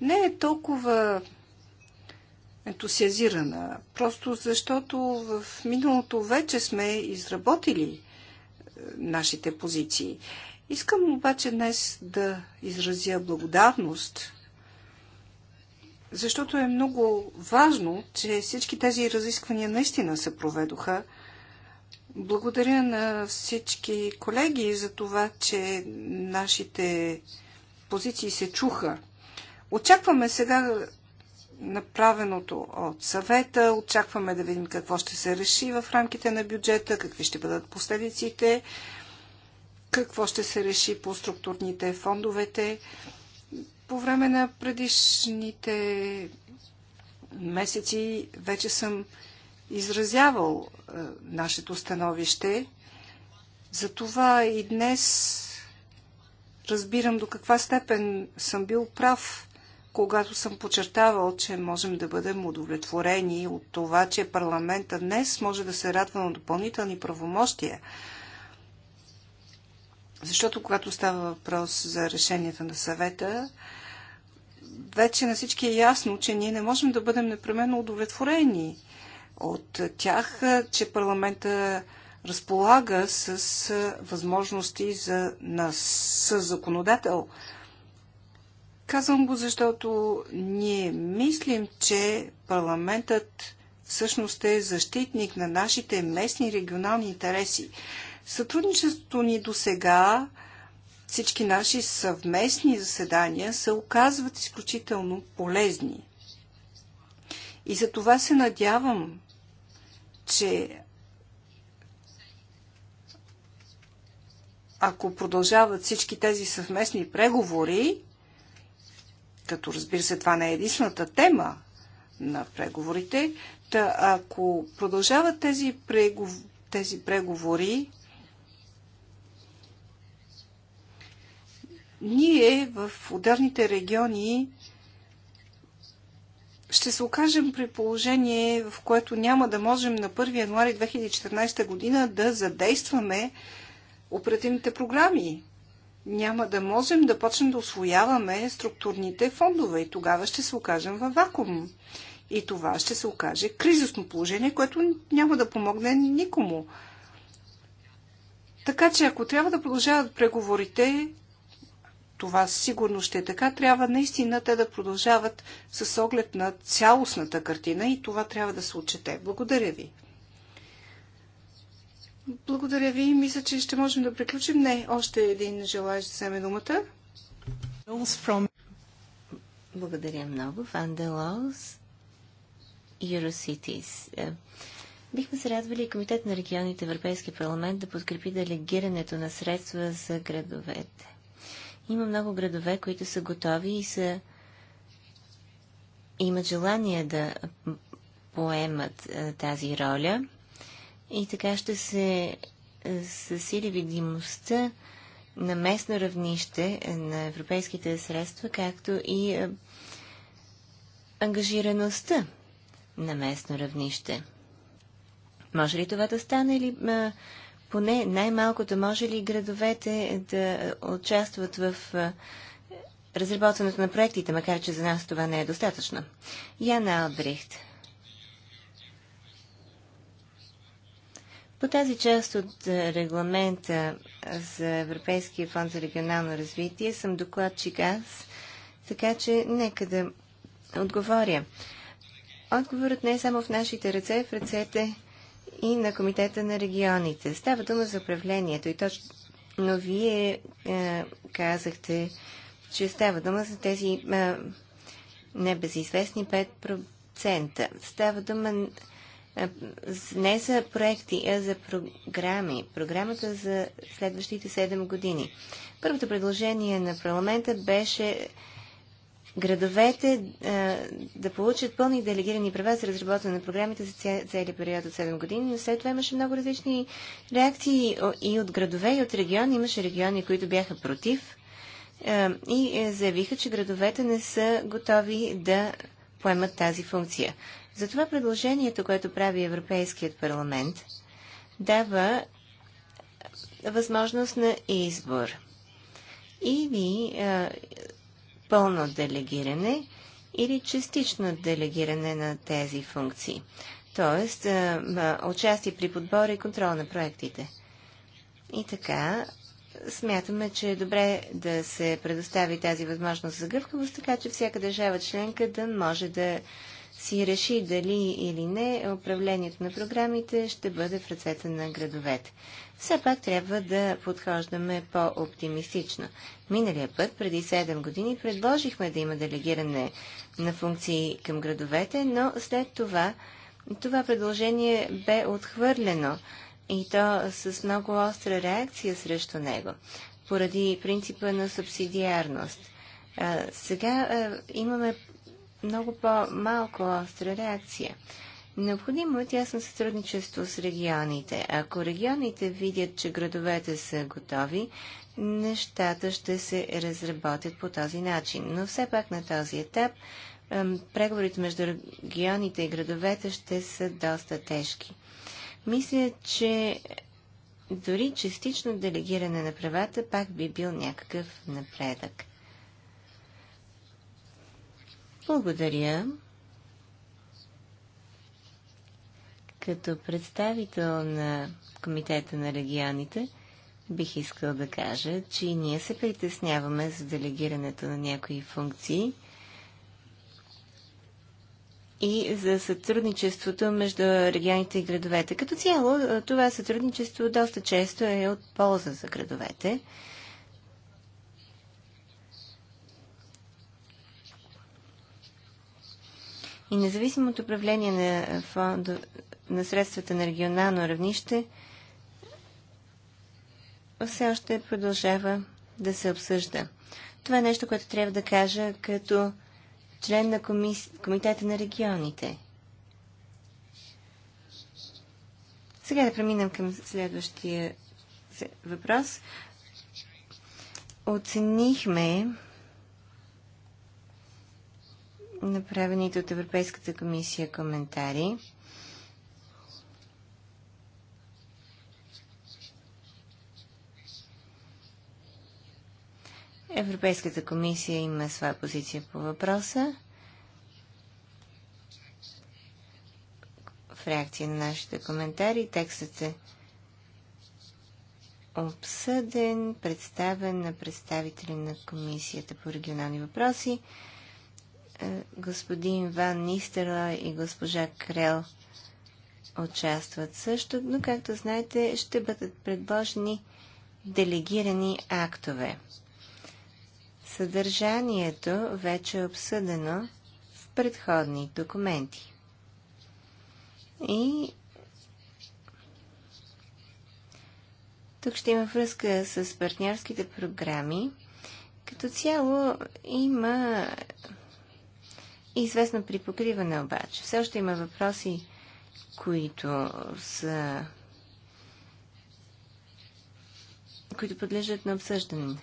не е толкова ентусиазирана, просто защото в миналото вече сме изработили нашите позиции. Искам обаче днес да изразя благодарност, защото е много важно, че всички тези разисквания наистина се проведоха. Благодаря на всички колеги за това, че нашите позиции се чуха. Очакваме сега направеното от съвета. Очакваме да видим какво ще се реши в рамките на бюджета, какви ще бъдат последиците, какво ще се реши по структурните фондовете. По време на предишните месеци вече съм изразявал е, нашето становище. Затова и днес разбирам до каква степен съм бил прав когато съм подчертавал, че можем да бъдем удовлетворени от това, че парламента днес може да се радва на допълнителни правомощия. Защото когато става въпрос за решенията на съвета, вече на всички е ясно, че ние не можем да бъдем непременно удовлетворени от тях, че парламента разполага с възможности за нас, с законодател – Казвам го, защото ние мислим, че парламентът всъщност е защитник на нашите местни и регионални интереси. Сътрудничеството ни до сега, всички наши съвместни заседания се оказват изключително полезни. И за това се надявам, че ако продължават всички тези съвместни преговори, като разбира се това не е единствената тема на преговорите, да ако продължават тези, прегов... тези преговори, ние в ударните региони ще се окажем при положение, в което няма да можем на 1 януари 2014 година да задействаме оперативните програми няма да можем да почнем да освояваме структурните фондове и тогава ще се окажем във вакуум. И това ще се окаже кризисно положение, което няма да помогне никому. Така че ако трябва да продължават преговорите, това сигурно ще е така, трябва наистина те да продължават с оглед на цялостната картина и това трябва да се отчете. Благодаря ви. Благодаря ви. Мисля, че ще можем да приключим. Не, още един желаящ да вземе думата. Благодаря много. Ванделос, Юроситис. Е, бихме се радвали Комитет на регионите Европейски парламент да подкрепи делегирането на средства за градовете. Има много градове, които са готови и са имат желание да поемат е, тази роля – и така ще се е, засили видимостта на местно равнище е, на европейските средства, както и е, ангажираността на местно равнище. Може ли това да стане или поне най-малкото може ли градовете да участват в разработването на проектите, макар че за нас това не е достатъчно? Яна Албрихт. По тази част от е, регламента е, за Европейския фонд за регионално развитие съм докладчик аз, така че нека да отговоря. Отговорът не е само в нашите ръце, в ръцете и на Комитета на регионите. Става дума за управлението и точно но вие е, казахте, че става дума за тези е, небезизвестни 5%. Става дума е, не за проекти, а е, за програми. Програмата за следващите 7 години. Първото предложение на парламента беше градовете е, да получат пълни делегирани права за разработване на програмите за ця, цели период от 7 години, но след това имаше много различни реакции и от градове, и от региони. Имаше региони, които бяха против и заявиха, че градовете не са готови да поемат тази функция. Затова предложението, което прави Европейският парламент, дава възможност на избор. Или а, пълно делегиране, или частично делегиране на тези функции. Тоест, а, участие при подбора и контрол на проектите. И така, смятаме, че е добре да се предостави тази възможност за гъвкавост, така че всяка държава членка да може да си реши дали или не управлението на програмите ще бъде в ръцете на градовете. Все пак трябва да подхождаме по-оптимистично. Миналия път, преди 7 години, предложихме да има делегиране на функции към градовете, но след това това предложение бе отхвърлено и то с много остра реакция срещу него, поради принципа на субсидиарност. А, сега а, имаме много по-малко остра реакция. Необходимо е тясно сътрудничество с регионите. Ако регионите видят, че градовете са готови, нещата ще се разработят по този начин. Но все пак на този етап преговорите между регионите и градовете ще са доста тежки. Мисля, че дори частично делегиране на правата пак би бил някакъв напредък. Благодаря. Като представител на Комитета на регионите, бих искал да кажа, че ние се притесняваме за делегирането на някои функции и за сътрудничеството между регионите и градовете. Като цяло, това сътрудничество доста често е от полза за градовете. И независимо от управление на, е, фонда, на средствата на регионално равнище, все още продължава да се обсъжда. Това е нещо, което трябва да кажа като член на комис... Комитета на регионите. Сега да преминем към следващия въпрос. Оценихме направените от Европейската комисия коментари. Европейската комисия има своя позиция по въпроса. В реакция на нашите коментари текстът е обсъден, представен на представители на Комисията по регионални въпроси господин Ван Нистера и госпожа Крел участват също, но както знаете, ще бъдат предложени делегирани актове. Съдържанието вече е обсъдено в предходни документи. И тук ще има връзка с партньорските програми. Като цяло има и известно припокриване обаче. Все още има въпроси, които са които подлежат на обсъждане.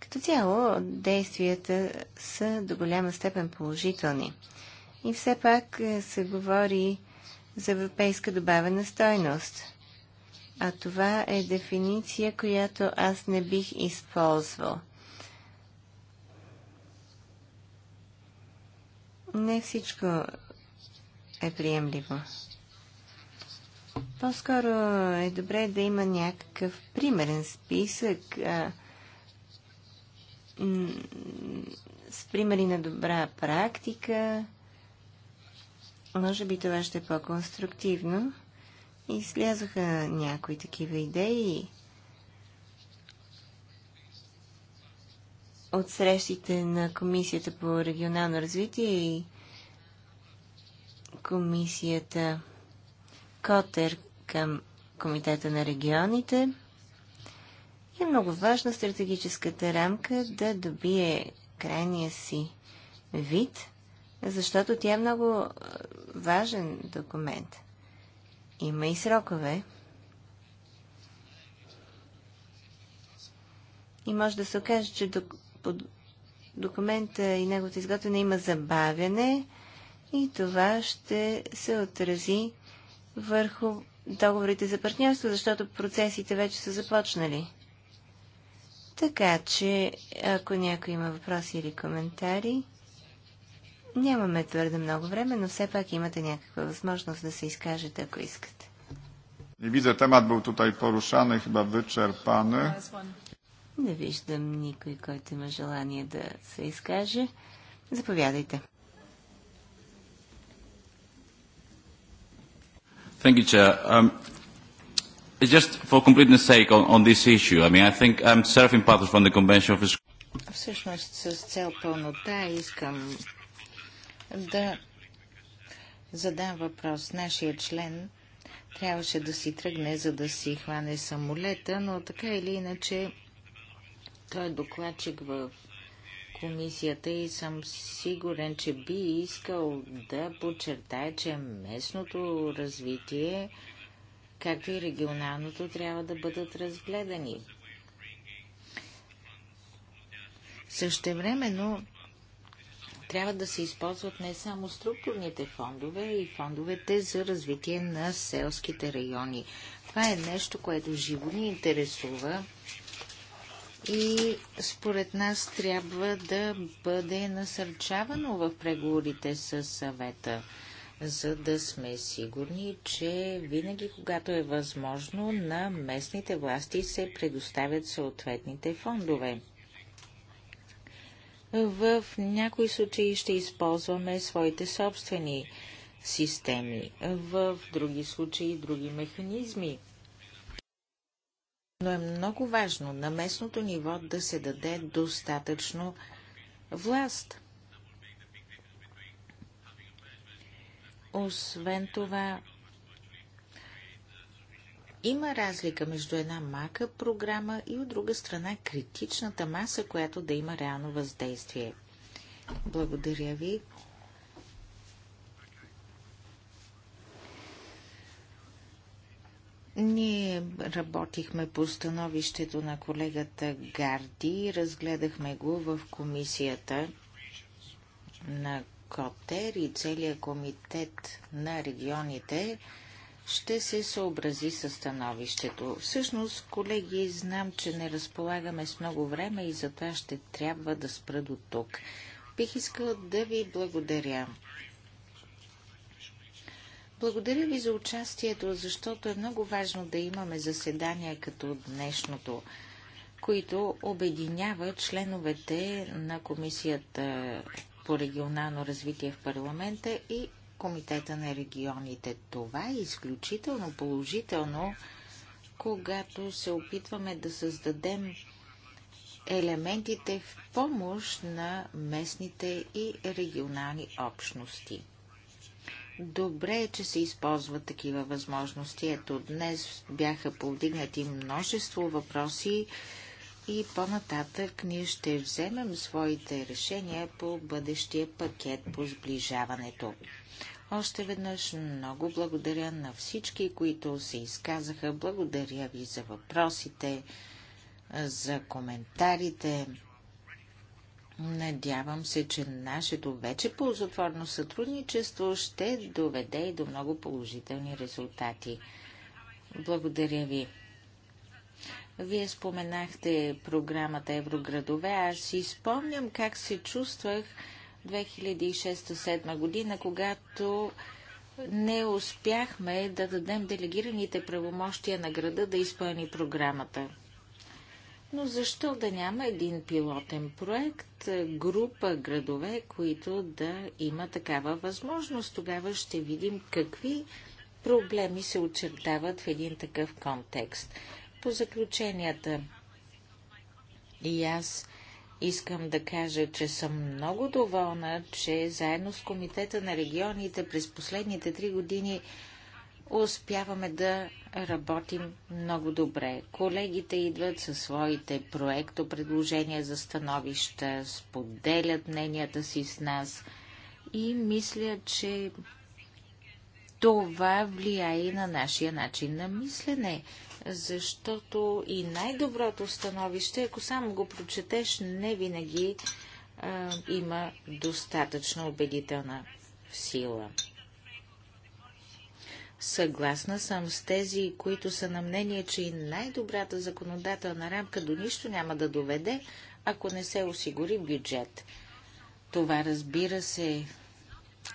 Като цяло, действията са до голяма степен положителни. И все пак е, се говори за европейска добавена стойност. А това е дефиниция, която аз не бих използвал – не всичко е приемливо. По-скоро е добре да има някакъв примерен списък а, с примери на добра практика. Може би това ще е по-конструктивно. Излязоха някои такива идеи от срещите на Комисията по регионално развитие и Комисията Котер към Комитета на регионите е много важно стратегическата рамка да добие крайния си вид, защото тя е много важен документ. Има и срокове. И може да се окаже, че по документа и неговото изготвяне има забавяне и това ще се отрази върху договорите за партньорство, защото процесите вече са започнали. Така че, ако някой има въпроси или коментари, нямаме твърде много време, но все пак имате някаква възможност да се изкажете, ако искате. Nie widzę, бил był порушан и е хиба вичерпан. Не виждам никой, който има желание да се изкаже. Заповядайте. Thank you, Chair. Um, just for completeness sake on, on this issue, I mean, I think I'm um, serving from the Convention of Всъщност, с цел пълнота искам да задам въпрос. Нашия член трябваше да си тръгне, за да си хване самолета, но така или иначе той е докладчик в комисията и съм сигурен, че би искал да подчертая, че местното развитие, както и регионалното, трябва да бъдат разгледани. Същевременно трябва да се използват не само структурните фондове и фондовете за развитие на селските райони. Това е нещо, което живо ни интересува и според нас трябва да бъде насърчавано в преговорите с съвета, за да сме сигурни, че винаги, когато е възможно, на местните власти се предоставят съответните фондове. В някои случаи ще използваме своите собствени системи, в други случаи други механизми но е много важно на местното ниво да се даде достатъчно власт. Освен това, има разлика между една мака програма и от друга страна критичната маса, която да има реално въздействие. Благодаря ви. Ние работихме по становището на колегата Гарди, разгледахме го в комисията на Котер и целият комитет на регионите ще се съобрази с становището. Всъщност, колеги, знам, че не разполагаме с много време и затова ще трябва да спра до тук. Бих искала да ви благодаря благодаря ви за участието, защото е много важно да имаме заседания като днешното, които обединяват членовете на Комисията по регионално развитие в парламента и Комитета на регионите. Това е изключително положително, когато се опитваме да създадем елементите в помощ на местните и регионални общности. Добре е, че се използват такива възможности. Ето днес бяха повдигнати множество въпроси и по-нататък ние ще вземем своите решения по бъдещия пакет по сближаването. Още веднъж много благодаря на всички, които се изказаха. Благодаря ви за въпросите, за коментарите. Надявам се, че нашето вече ползотворно сътрудничество ще доведе и до много положителни резултати. Благодаря ви. Вие споменахте програмата Евроградове. Аз си спомням как се чувствах 2006-2007 година, когато не успяхме да дадем делегираните правомощия на града да изпълни програмата. Но защо да няма един пилотен проект, група градове, които да има такава възможност? Тогава ще видим какви проблеми се очертават в един такъв контекст. По заключенията и аз искам да кажа, че съм много доволна, че заедно с Комитета на регионите през последните три години успяваме да работим много добре. Колегите идват със своите проекто, предложения за становища, споделят мненията си с нас и мисля, че това влияе и на нашия начин на мислене, защото и най-доброто становище, ако само го прочетеш, не винаги а, има достатъчно убедителна сила. Съгласна съм с тези, които са на мнение, че и най-добрата законодателна рамка до нищо няма да доведе, ако не се осигури бюджет. Това, разбира се,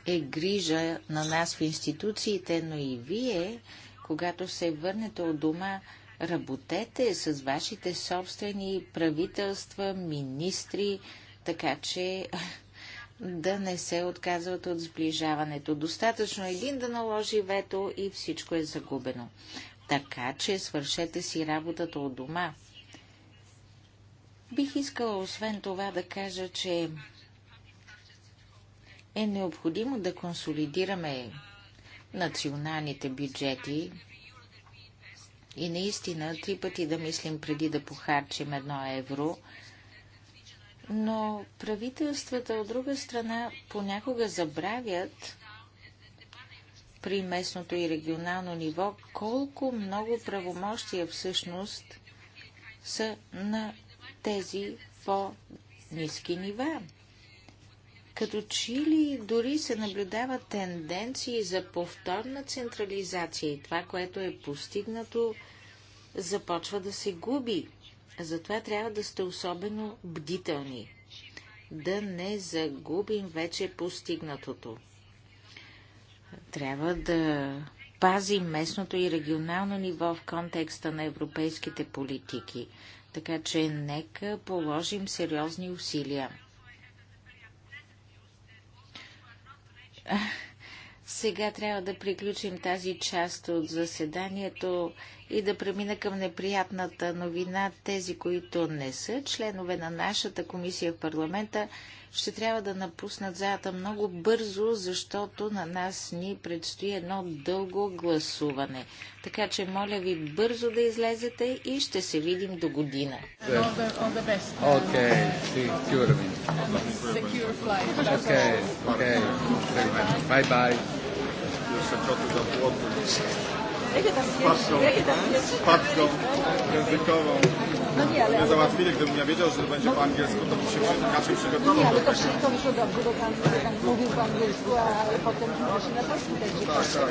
е грижа на нас в институциите, но и вие, когато се върнете от дома, работете с вашите собствени правителства, министри, така че да не се отказват от сближаването. Достатъчно е един да наложи вето и всичко е загубено. Така че свършете си работата от дома. Бих искала освен това да кажа, че е необходимо да консолидираме националните бюджети и наистина три пъти да мислим преди да похарчим едно евро – но правителствата от друга страна понякога забравят при местното и регионално ниво колко много правомощия всъщност са на тези по-низки нива. Като чили дори се наблюдават тенденции за повторна централизация и това, което е постигнато, започва да се губи. Затова трябва да сте особено бдителни, да не загубим вече постигнатото. Трябва да пазим местното и регионално ниво в контекста на европейските политики, така че нека положим сериозни усилия. Сега трябва да приключим тази част от заседанието и да премина към неприятната новина. Тези, които не са членове на нашата комисия в парламента, ще трябва да напуснат заята много бързо, защото на нас ни предстои едно дълго гласуване. Така че моля ви бързо да излезете и ще се видим до година. Okay, okay. Bye bye pasją, spadką językową nie załatwili. Gdybym ja wiedział, że będzie po angielsku, to by się inaczej przygotował. Nie, ale to wszystko wyszło dobrze, bo pan, mówił po angielsku, a potem się na polsku też.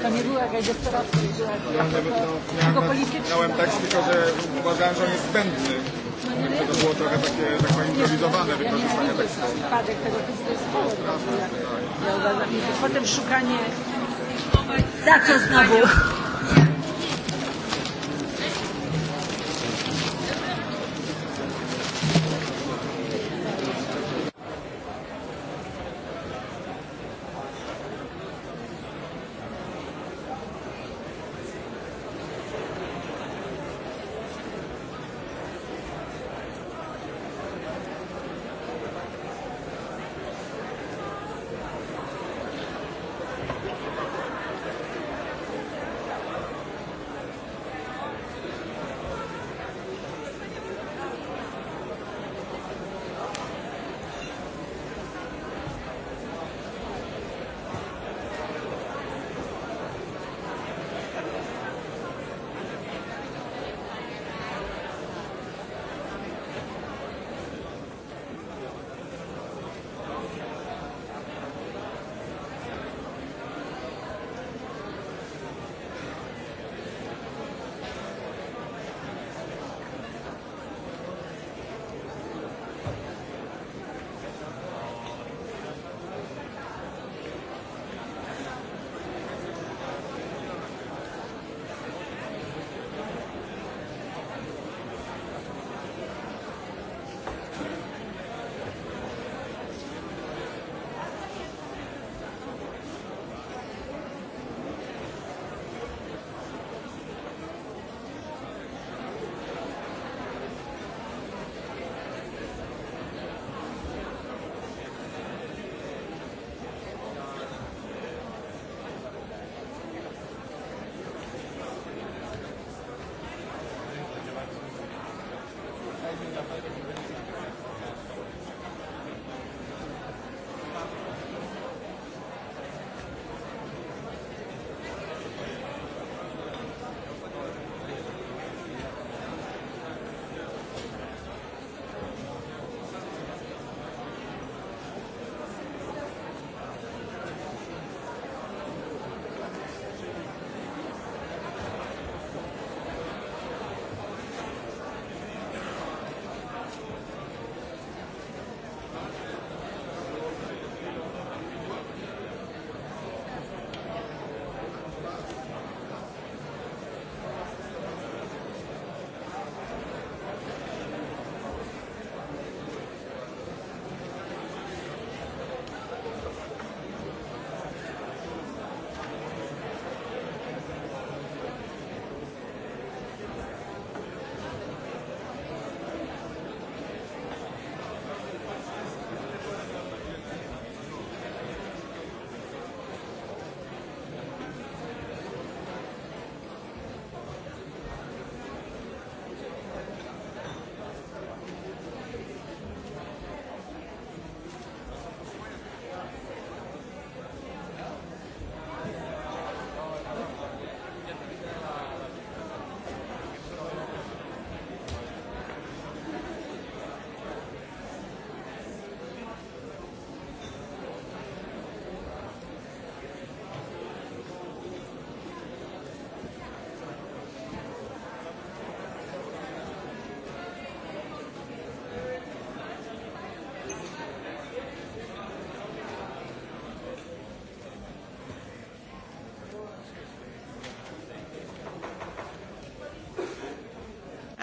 To nie była jakaś desperacja, była tylko politycznie. Miałem tekst, tylko że uważałem, że on jest zbędny. To było trochę takie, improwizowane wykorzystanie tekstu. potem szukanie za co znowu.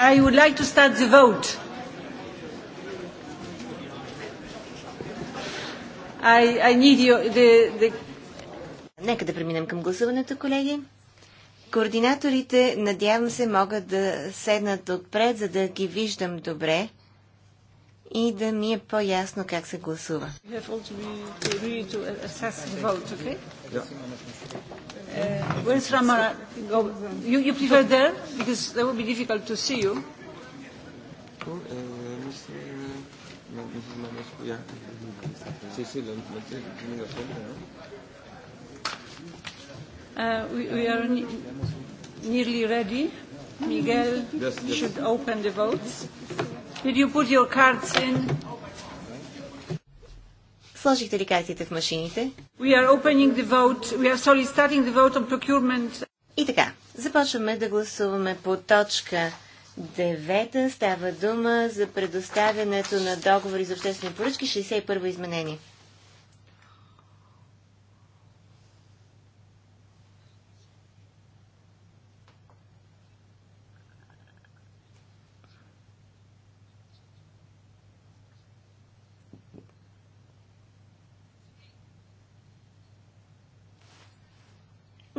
I would like to start the vote. I, I need you, the, the... Нека да преминем към гласуването, колеги. Координаторите, надявам се, могат да седнат отпред, за да ги виждам добре и да ми е по-ясно как се гласува. Uh, where's Ramara? Go. You, you prefer there? Because that would be difficult to see you. Cool. Uh, Mr. Mrs. Manescu, yeah. Sí, sí, lo entiendo siempre, ¿no? Uh, we, we are ne nearly ready. Miguel yes, yes. should open the votes. Did you put your cards in? Сложихте ли картите в машините? We are opening the vote. We are sorry, starting the vote on procurement. И така, започваме да гласуваме по точка Девета става дума за предоставянето на договори за обществени поръчки, 61-во изменение.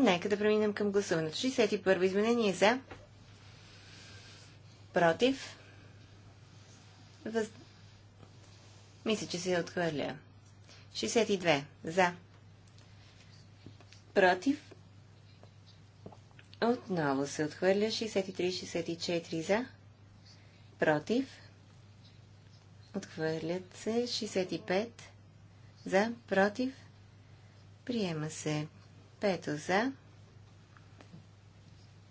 Нека да преминем към гласуването. 61 изменение за. Против. Въз... Мисля, че се е отхвърля. 62 за. Против. Отново се отхвърля 63-64 за. Против. Отхвърлят се 65 за. Против. Приема се Пето за.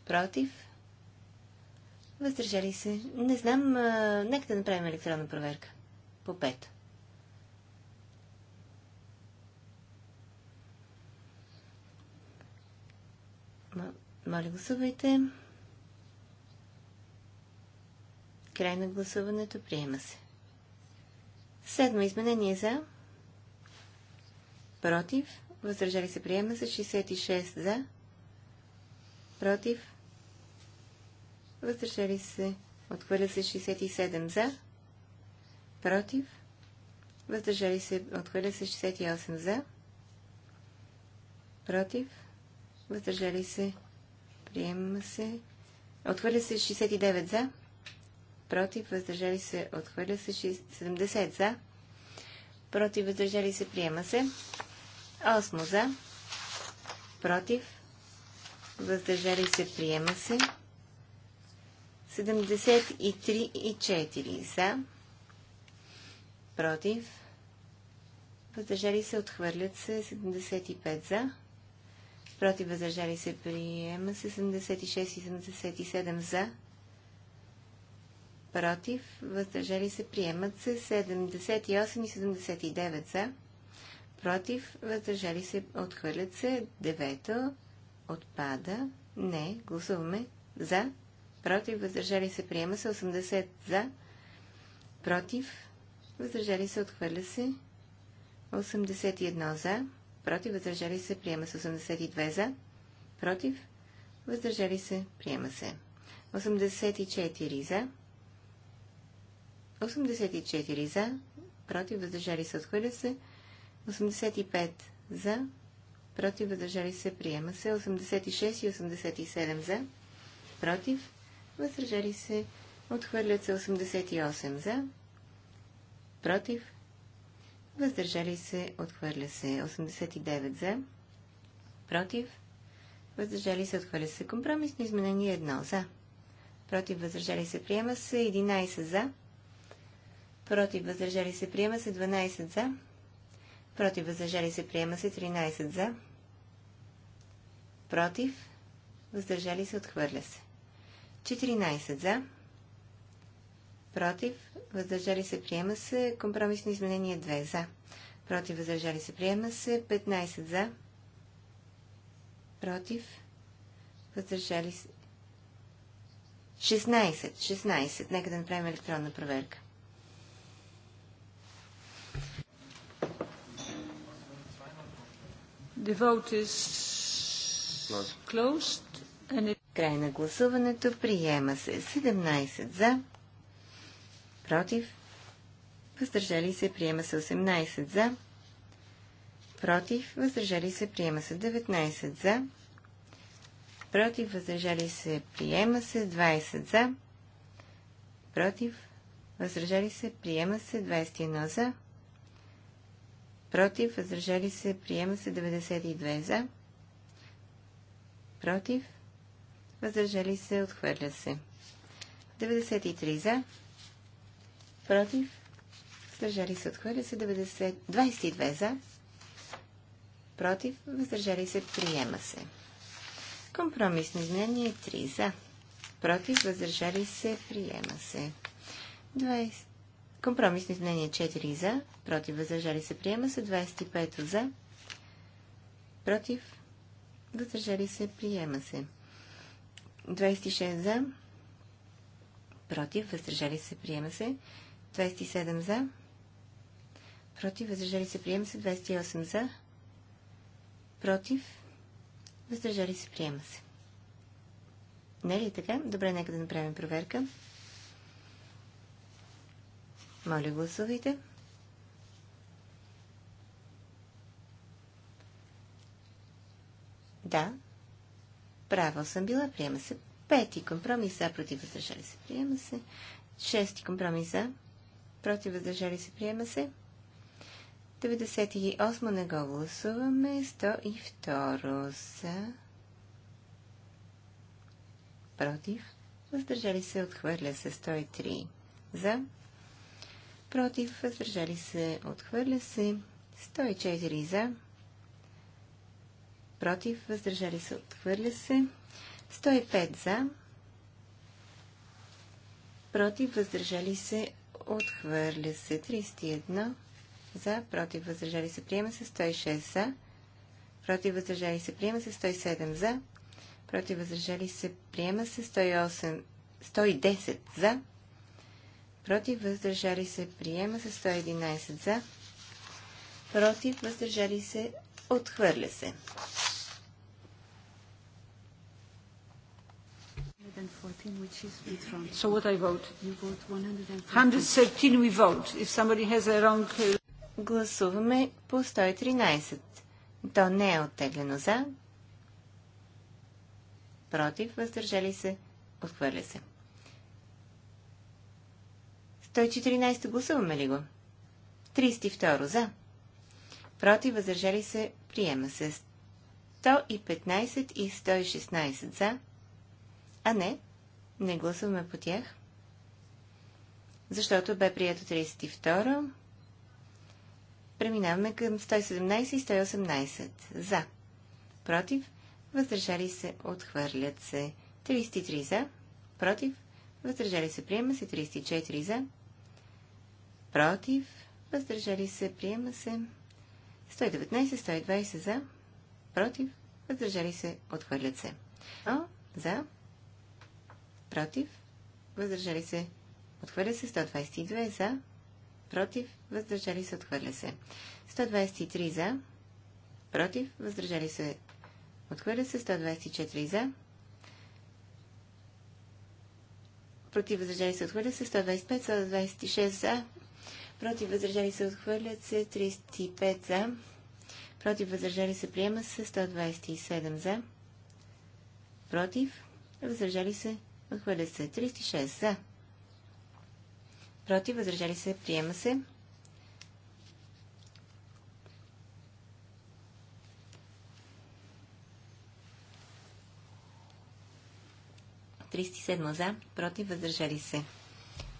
Против. Въздържали се. Не знам. нека да направим електронна проверка. По пето. Моля, гласувайте. Край на гласуването. Приема се. Седмо изменение за. Против въздържали се, приема се. 66 за, против, въздържали се, отхвърля се. 67 за, против, въздържали се, отхвърля се. 68 за, против, въздържали се, приема се. Отхвърля се 69 за, против, въздържали се, отхвърля се 70 за, против, въздържали се, приема се. Осмо за. Против. Въздържали се. Приема се. 73 и 4 за. Против. Въздържали се. Отхвърлят се. 75 за. Против. Въздържали се. Приема се. 76 и 77 за. Против. Въздържали се. Приемат се. 78 и 79 за против, въздържали се, отхвърлят се. Девето отпада. Не, гласуваме за, против, въздържали се, приема се. 80 за, против, въздържали се, отхвърля се. 81 за, против, въздържали се, приема се. 82 за, против, въздържали се, приема се. 84 за, 84 за, против, въздържали се, отхвърля се. 85 за, против, въздържали се, приема се. 86 и 87 за, против, въздържали се, отхвърлят се 88 за, против, въздържали се, отхвърля се 89 за, против, въздържали се, отхвърля се компромисно изменение 1 за, против, въздържали се, приема се 11 за, против, въздържали се, приема се 12 за, против въздържали се, приема се 13 за, против въздържали се, отхвърля се. 14 за, против въздържали се, приема се, компромисно изменение 2 за, против въздържали се, приема се 15 за, против въздържали се. 16, 16. Нека да направим електронна проверка. 16. The vote is closed. And it... Край на гласуването. Приема се 17 за, против, въздържали се, приема се 18 за, против, въздържали се, приема се 19 за, против, въздържали се, приема се 20 за, против, въздържали се, приема се 21 за, против, въздържали се, приема се 92 за, против, въздържали се, отхвърля се. 93 за, против, въздържали се, отхвърля се, 90... 22 за, против, въздържали се, приема се. Компромисно изменение 3 за, против, въздържали се, приема се. 20... Компромисно изменение 4 за, против въздържали се приема се 25 за, против въздържали се приема се 26 за, против въздържали се приема се 27 за, против въздържали се приема се 28 за, против въздържали се приема се. Не ли е така? Добре, нека да направим проверка. Моля, гласувайте. Да. Право съм била. Приема се. Пети компромис за, против въздържали се. Приема се. Шести компромис за, против въздържали се. Приема се. 98 не го гласуваме. 102 за. Против. Въздържали се. Отхвърля се. 103 за против, въздържали се, отхвърля се. 104 за, против, въздържали се, отхвърля се. 105 за, против, въздържали се, отхвърля се. 31 за, против, въздържали се, приема се. 106 за, против, въздържали се, приема се. 107 за, против, въздържали се, приема се. 108, 110 за, против, въздържали се, приема се 111 за, против, въздържали се, отхвърля се. So what I vote? You vote 113. we vote. If somebody has a wrong... Uh, Гласуваме по 113. То не е оттеглено за. Против, въздържали се, отхвърля се. 114 гласуваме ли го? 32 за. Против, въздържали се, приема се. 115 и 116 за. А не, не гласуваме по тях. Защото бе прието 32. Преминаваме към 117 и 118 за. Против, въздържали се, отхвърлят се. 33 за. Против, въздържали се, приема се. 34 за против, въздържали се, приема се. 119-120 за, против, въздържали се, отхвърлят се. О, за, против, въздържали се, отхвърля се. 122 за, против, въздържали се, отхвърля се. 123 за, против, въздържали се, отхвърля се. 124 за, против, въздържали се, отхвърля се. 125, 126 за, против въздържали се отхвърлят се 35 за, против въздържали се приема се 127 за, против въздържали се отхвърлят се 36 за, против въздържали се приема се 37 за, против въздържали се.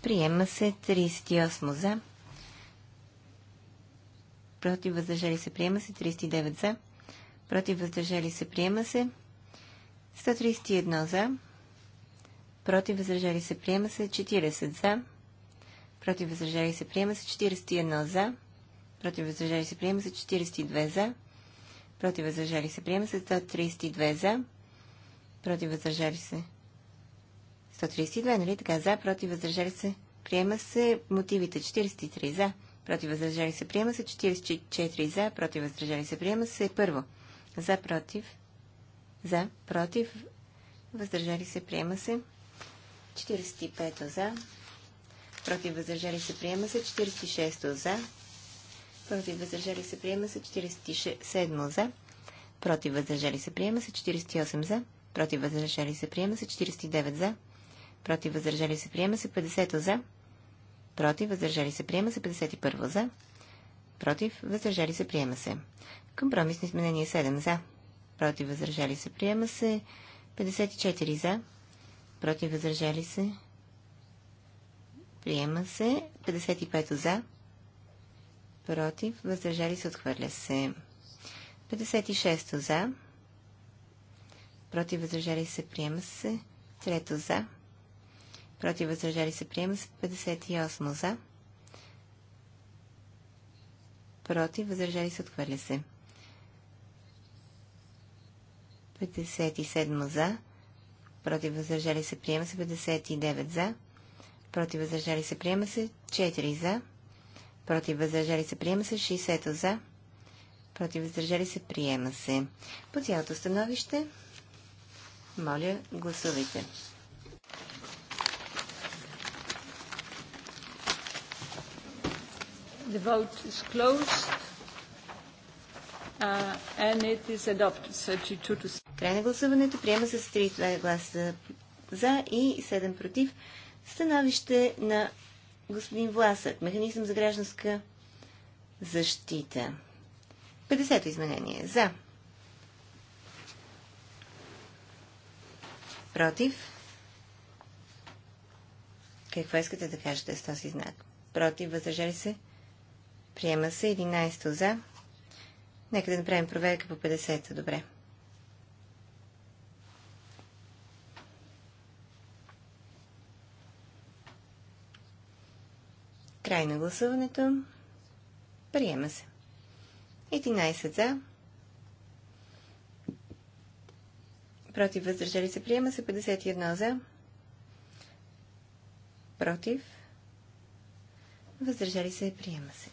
Приема се 38 за, против въздържали се, приема се. 39 за, против въздържали се, приема се. 131 за, против въздържали се, приема се. 40 за, против въздържали се, приема се. 41 за, против въздържали се, приема се. 42 за, против въздържали се, приема се. 132 за, против въздържали се. 132, нали така? За, против въздържали се, приема се. Мотивите 43 за против въздържали се, приема се. 44 за, против въздържали се, приема се. Първо. За, против. За, против. Въздържали се, приема се. 45 за. Против въздържали се, приема се. 46 за. Против въздържали се, приема се. 47 за. Против въздържали се, приема се. 48 за. Против въздържали се, приема се. 49 за. Против въздържали се, приема се. 50 за против, въздържали се, приема се. 51 за, против, въздържали се, приема се. Компромисно изменение 7 за, против, въздържали се, приема се. 54 за, против, въздържали се, приема се. 55 за, против, въздържали се, отхвърля се. 56 за, против, въздържали се, приема се. Трето за, против въздържали се приема се 58 за, против въздържали се отхвърля се. 57 за, против въздържали се приема се 59 за, против въздържали се приема се 4 за, против въздържали се приема се 60 за, против въздържали се приема се. По цялото становище, моля, гласувайте. The vote is closed. Uh, and it is adopted 32 to... Край на гласуването приема се с 32 гласа за и 7 против. Становище на господин Власък. Механизъм за гражданска защита. 50-то изменение. За. Против. Какво искате да кажете с този знак? Против, Възражали се? Приема се 11 за. Нека да направим проверка по 50 Добре. Край на гласуването. Приема се. 11 за. Против въздържали се. Приема се 51 за. Против. Въздържали се. Приема се.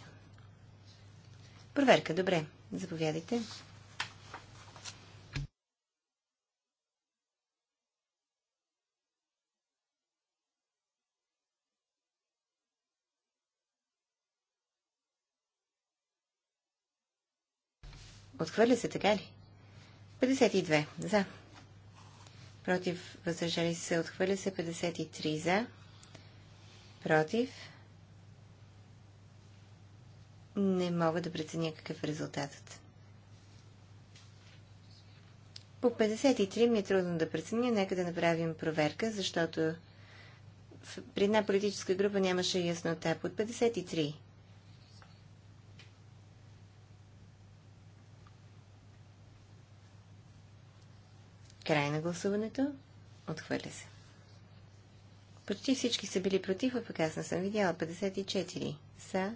Проверка, добре. Заповядайте. Отхвърля се, така ли? 52. За. Против. Въздържали се. Отхвърля се. 53. За. Против не мога да преценя какъв е резултатът. По 53 ми е трудно да преценя. Нека да направим проверка, защото при една политическа група нямаше яснота. Под 53. Край на гласуването. Отхвърля се. Почти всички са били против, а пък аз не съм видяла. 54 са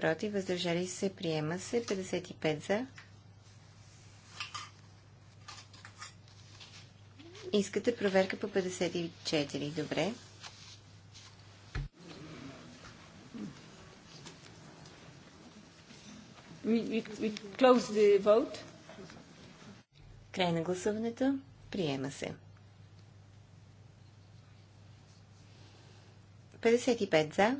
против, въздържали се, приема се. 55 за. Искате проверка по 54. Добре. We, we close the vote. Край на гласуването. Приема се. 55 за.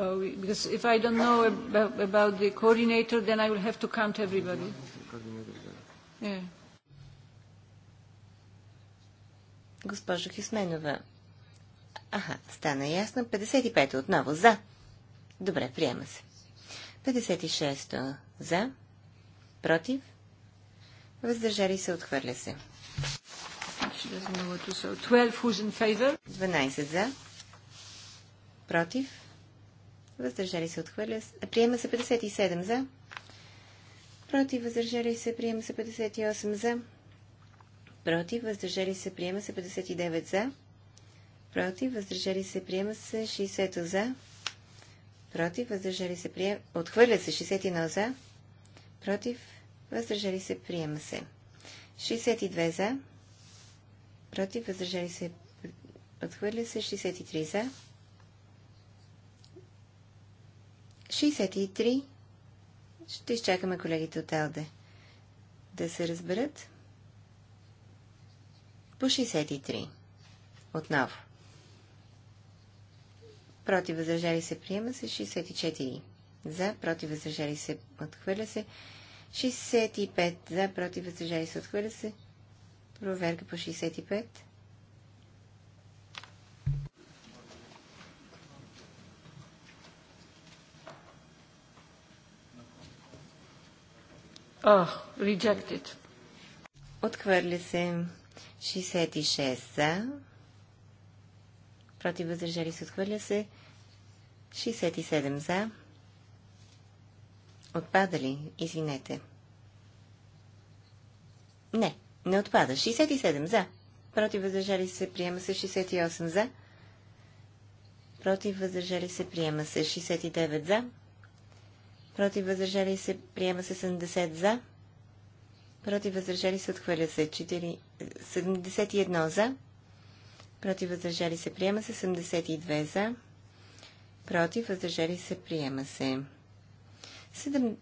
Uh, because if I don't know ab about the coordinator, then I will have to count everybody. Yeah. Госпожо Хисменова. Аха, стана ясно. 55 отново. За. Добре, приема се. 56 за. Против. Въздържали се, отхвърля се. 12 за. Против въздържали се, отхвърля се. Приема се 57 за, против, въздържали се, приема се 58 за, против, въздържали се, приема се 59 за, против, въздържали се, приема се 60 за, против, въздържали се, приема, отхвърля се 61 за, против, въздържали се, приема се. 62 за, против, въздържали се, отхвърля се 63 за, 63. Ще изчакаме колегите от ЛД да се разберат. По 63. Отново. Против възражали се приема се 64. За, против възражали се отхвърля се 65. За, против възражали се отхвърля се. Проверка по 65. Oh, rejected. Отхвърля се 66 за. Против въздържали се отхвърля се 67 за. Отпадали, извинете. Не, не отпада. 67 за. Против въздържали се приема се 68 за. Против въздържали се приема се 69 за против въздържали се, приема се 70 за, против въздържали се, отхвърля се 4, 71 за, против въздържали се, приема се 72 за, против въздържали се, приема се 7...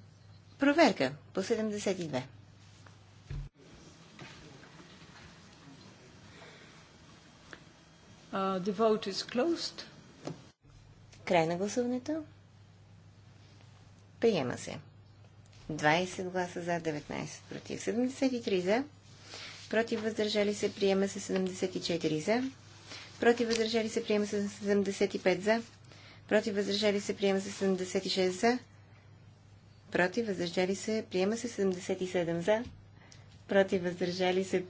Проверка по 72. Uh, the vote is closed. Край на гласуването. Приема се. 20 гласа за, 19 против. 73 за. Против въздържали се. Приема се 74 за. Против въздържали се. Приема се 75 за. Против въздържали се. Приема се 76 за. Против въздържали се. Приема се 77 за. Против въздържали се.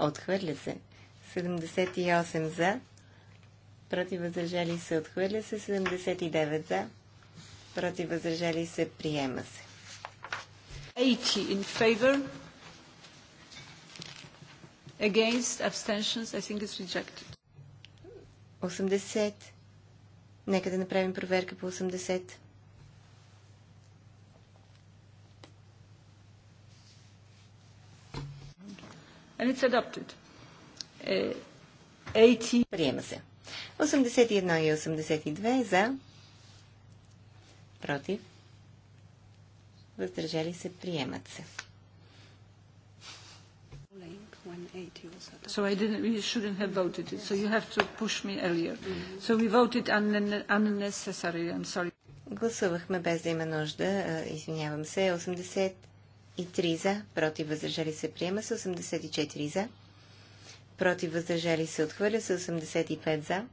Отхвърля се. 78 за. Против въздържали се. Отхвърля се. 79 за против въздържали се, приема се. 80 in favor. Against abstentions, I think it's rejected. 80. Нека да направим проверка по 80. And it's adopted. Uh, е, 80. Приема се. 81 и 82 за против, въздържали се, приемат се. So I didn't, you shouldn't have voted it. So you have to push me earlier. So we voted unnecessary. I'm sorry. Гласувахме без да има нужда. Извинявам се. 83 за, против въздържали се приема се. 84 за, против въздържали се отхвърля се. 85 за,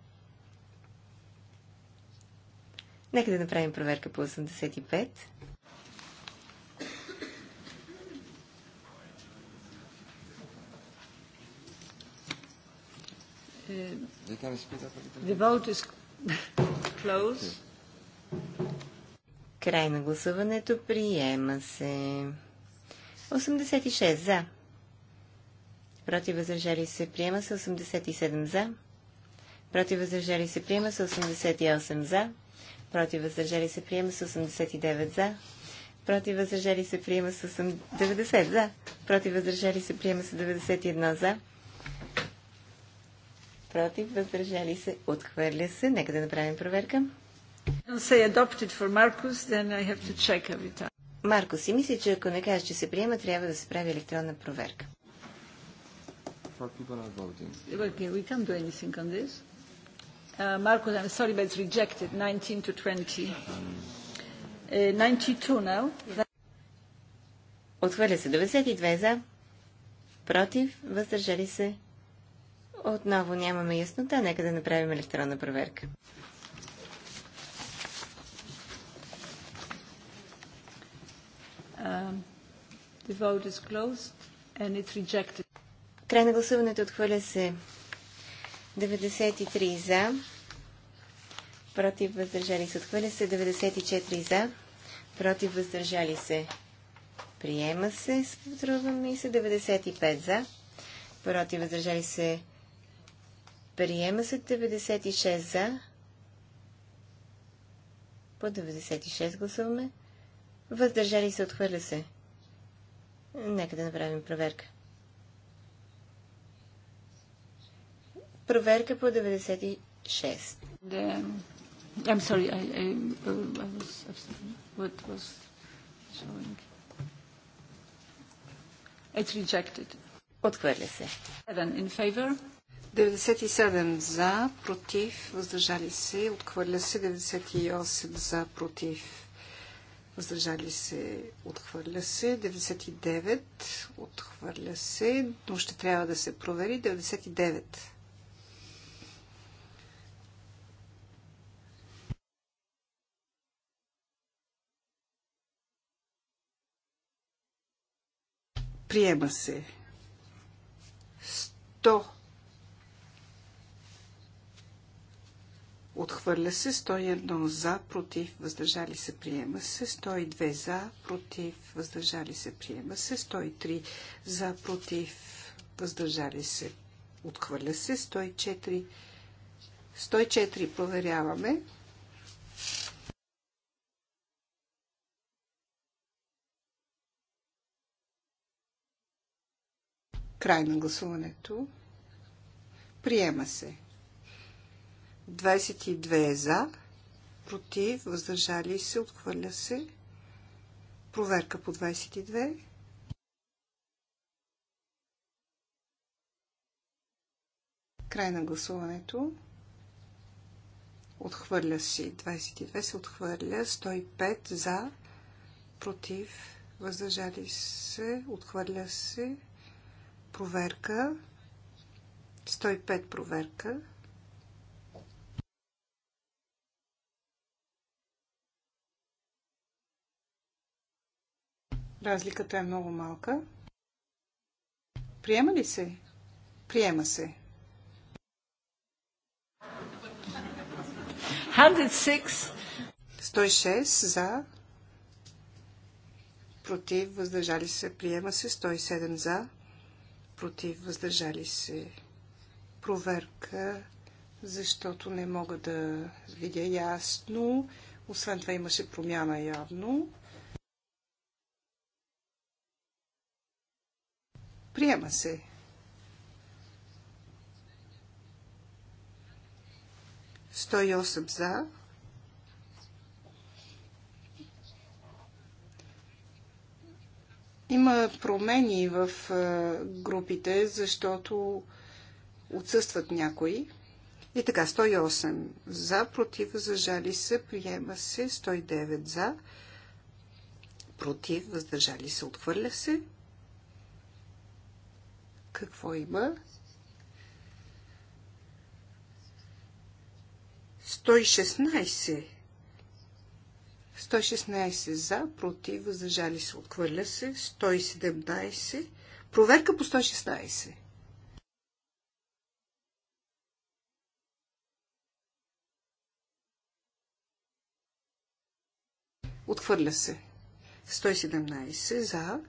Нека да направим проверка по 85. The vote is Край на гласуването приема се. 86 за. Против възражали се приема се 87 за. Против възражали се приема се 88 за против въздържали се приема с 89 за, против въздържали се приема с 90 за, против въздържали се приема с 91 за, против въздържали се отхвърля се. Нека да направим проверка. Марко си мисли, че ако не кажеш, че се приема, трябва да се прави електронна проверка. What people are voting. Okay, we can't do anything on this. Uh, Marcus, I'm sorry, but it's rejected. 19 to 20. Uh, 92 now. Отхвърля се 92 за. Против, въздържали се. Отново нямаме яснота. Нека да направим електронна проверка. Uh, the vote is closed and it's rejected. Край на гласуването отхвърля се 93 за, против въздържали се, отхвърля се 94 за, против въздържали се, приема се, струва и се 95 за, против въздържали се, приема се 96 за, по 96 гласуваме, въздържали се, отхвърля се. Нека да направим проверка. Проверка по 96. The... I'm sorry, I, I, uh, I was What was showing? It's rejected. Отхвърля се. in favor. 97 за, против, въздържали се, отхвърля се, 98 за, против, въздържали се, отхвърля се, 99, отхвърля се, но ще трябва да се провери, 99. Приема се. 100. Отхвърля се 101 за, против, въздържали се, приема се 102 за, против, въздържали се, приема се 103 за, против, въздържали се, отхвърля се 104. 104 проверяваме. Край на гласуването. Приема се. 22 е за, против, въздържали се, отхвърля се. Проверка по 22. Край на гласуването. Отхвърля си. 22 се отхвърля. 105 за, против, въздържали се, отхвърля се проверка. 105 проверка. Разликата е много малка. Приема ли се? Приема се. 106. 106 за. Против, въздържали се, приема се. 107 за против, въздържали се. Проверка, защото не мога да видя ясно. Освен това имаше промяна явно. Приема се. Сто и осем за. Има промени в е, групите, защото отсъстват някои. И така, 108 за, против, въздържали се, приема се, 109 за, против, въздържали се, отхвърля се. Какво има? 116 116 за, против, въздържали се, отхвърля се. 117. Проверка по 116. Отхвърля се. 117 за,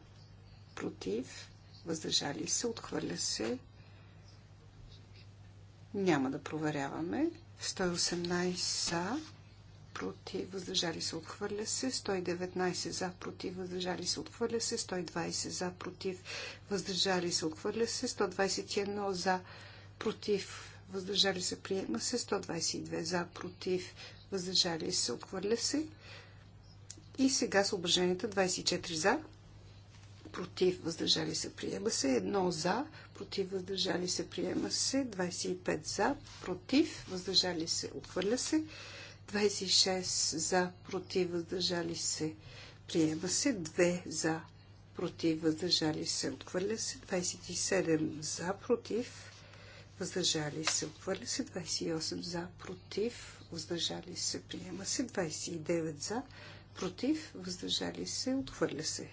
против, въздържали се, отхвърля се. Няма да проверяваме. 118 за, против, въздържали се, отхвърля се. 119 за, против, въздържали се, отхвърля се. 120 за, против, въздържали се, отхвърля се. 121 за, против, въздържали се, приема се. 122 за, против, въздържали се, отхвърля се. И сега съображенията 24 за, против, въздържали се, приема се. 1 за, против, въздържали се, приема се. 25 за, против, въздържали се, отхвърля се. 26 за, против, въздържали се, приема се. 2 за, против, въздържали се, отхвърля се. 27 за, против, въздържали се, отхвърля се. 28 за, против, въздържали се, приема се. 29 за, против, въздържали се, отхвърля се.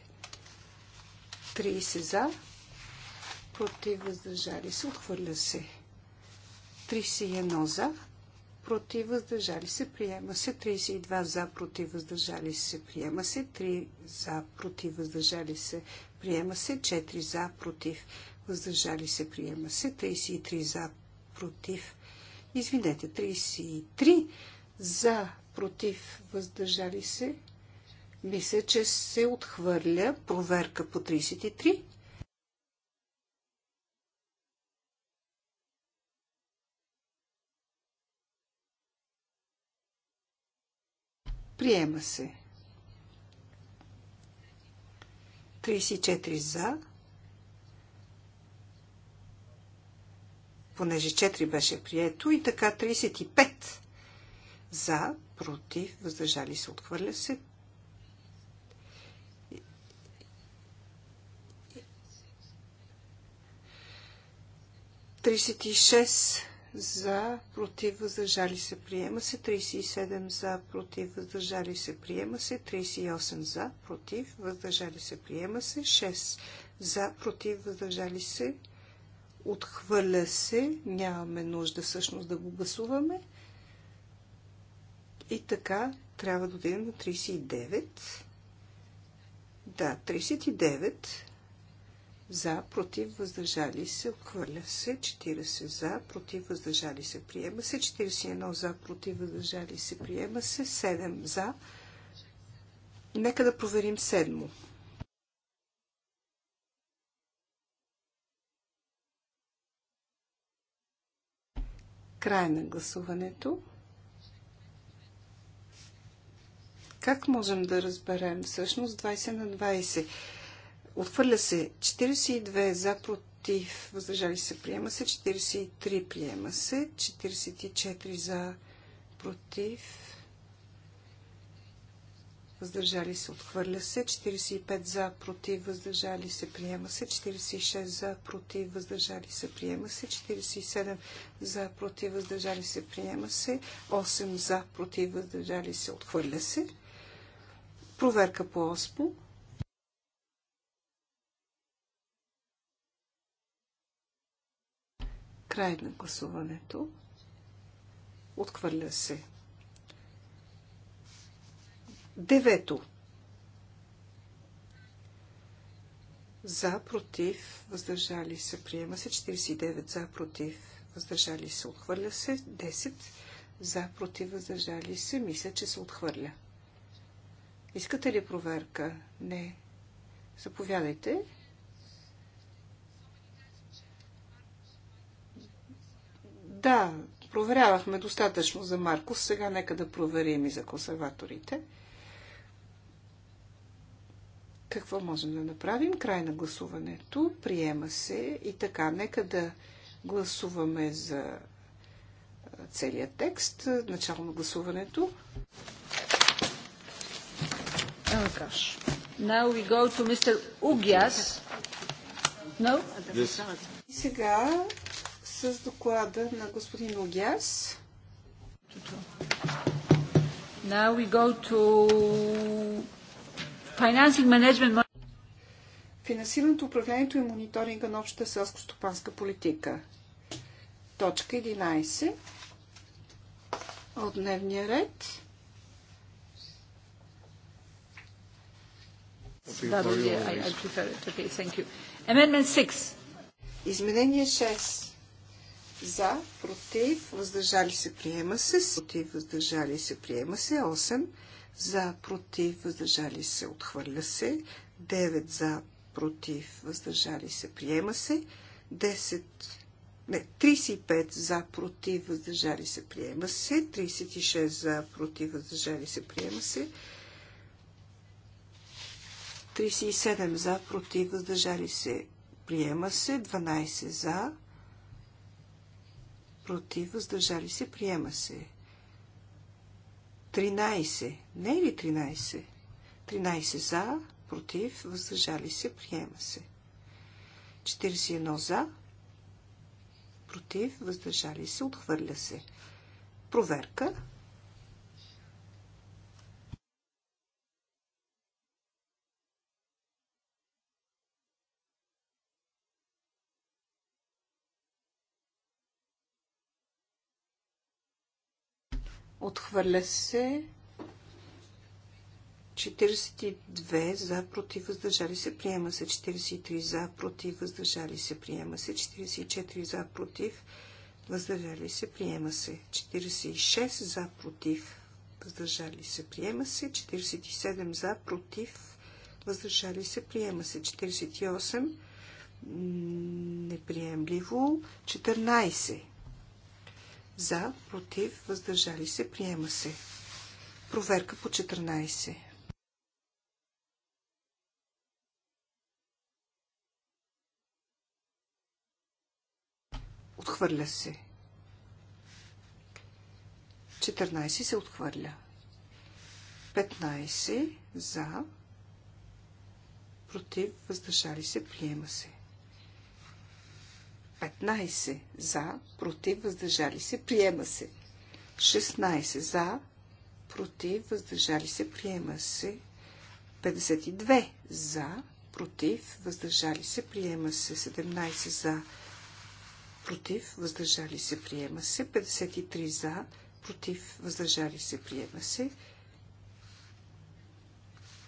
30 за, против, въздържали се, отхвърля се. 31 за, против, въздържали се, приема се. 32 за, против, въздържали се, приема се. 3 за, против, въздържали се, приема се. 4 за, против, въздържали се, приема се. 33 за, против, извинете, 33 за, против, въздържали се, мисля, че се отхвърля проверка по 33. Приема се. 34 за. Понеже 4 беше прието и така 35 за, против, въздържали се, отхвърля се. Тридесет и за, против, въздържали се, приема се. 37 за, против, въздържали се, приема се. 38 за, против, въздържали се, приема се. 6 за, против, въздържали се, отхвърля се. Нямаме нужда всъщност да го гласуваме. И така трябва да отидем на 39. Да, 39 за, против, въздържали се, отхвърля се, 40 за, против, въздържали се, приема се, 41 за, против, въздържали се, приема се, 7 за. Нека да проверим седмо. Край на гласуването. Как можем да разберем всъщност 20 на 20? Отвърля се 42 за против, въздържали се, приема се 43, приема се 44 за против, въздържали се, отхвърля се 45 за против, въздържали се, приема се 46 за против, въздържали се, приема се 47 за против, въздържали се, приема се 8 за против, въздържали се, отхвърля се. Проверка по 8. Край на гласуването. Отхвърля се. Девето. За, против, въздържали се, приема се. 49 за, против, въздържали се, отхвърля се. 10 за, против, въздържали се, мисля, че се отхвърля. Искате ли проверка? Не. Заповядайте. Да, проверявахме достатъчно за Маркус, сега нека да проверим и за консерваторите. Какво можем да направим? Край на гласуването. Приема се и така. Нека да гласуваме за целият текст. Начало на гласуването. Oh, Now we go to Mr. Ugyas. No? И сега с доклада на господин Огяс. Now we go to financing management. Финансирането, управлението и мониторинга на общата селско-стопанска политика. Точка 11 от дневния ред. Изменение 6. За, против, въздържали се, приема се. Против, въздържали се, приема се. 8. За, против, въздържали се, отхвърля се. 9. За, против, въздържали се, приема се. 10. Не, 35 за, против, въздържали се, приема се. 36 за, против, въздържали се, приема се. 37 за, против, въздържали се, приема се. 12 за, против, въздържали се, приема се. 13. Не или 13? 13 за, против, въздържали се, приема се. 41 за, против, въздържали се, отхвърля се. Проверка. Отхвърля се. 42 за, против, въздържали се, приема се. 43 за, против, въздържали се, приема се. 44 за, против, въздържали се, приема се. 46 за, против, въздържали се, приема се. 47 за, против, въздържали се, приема се. 48 неприемливо. 14 за, против, въздържали се, приема се. Проверка по 14. Отхвърля се. 14 се отхвърля. 15 за, против, въздържали се, приема се. 15 за, против, въздържали се, приема се. 16 за, против, въздържали се, приема се. 52 за, против, въздържали се, приема се. 17 за, против, въздържали се, приема се. 53 за, против, въздържали се, приема се.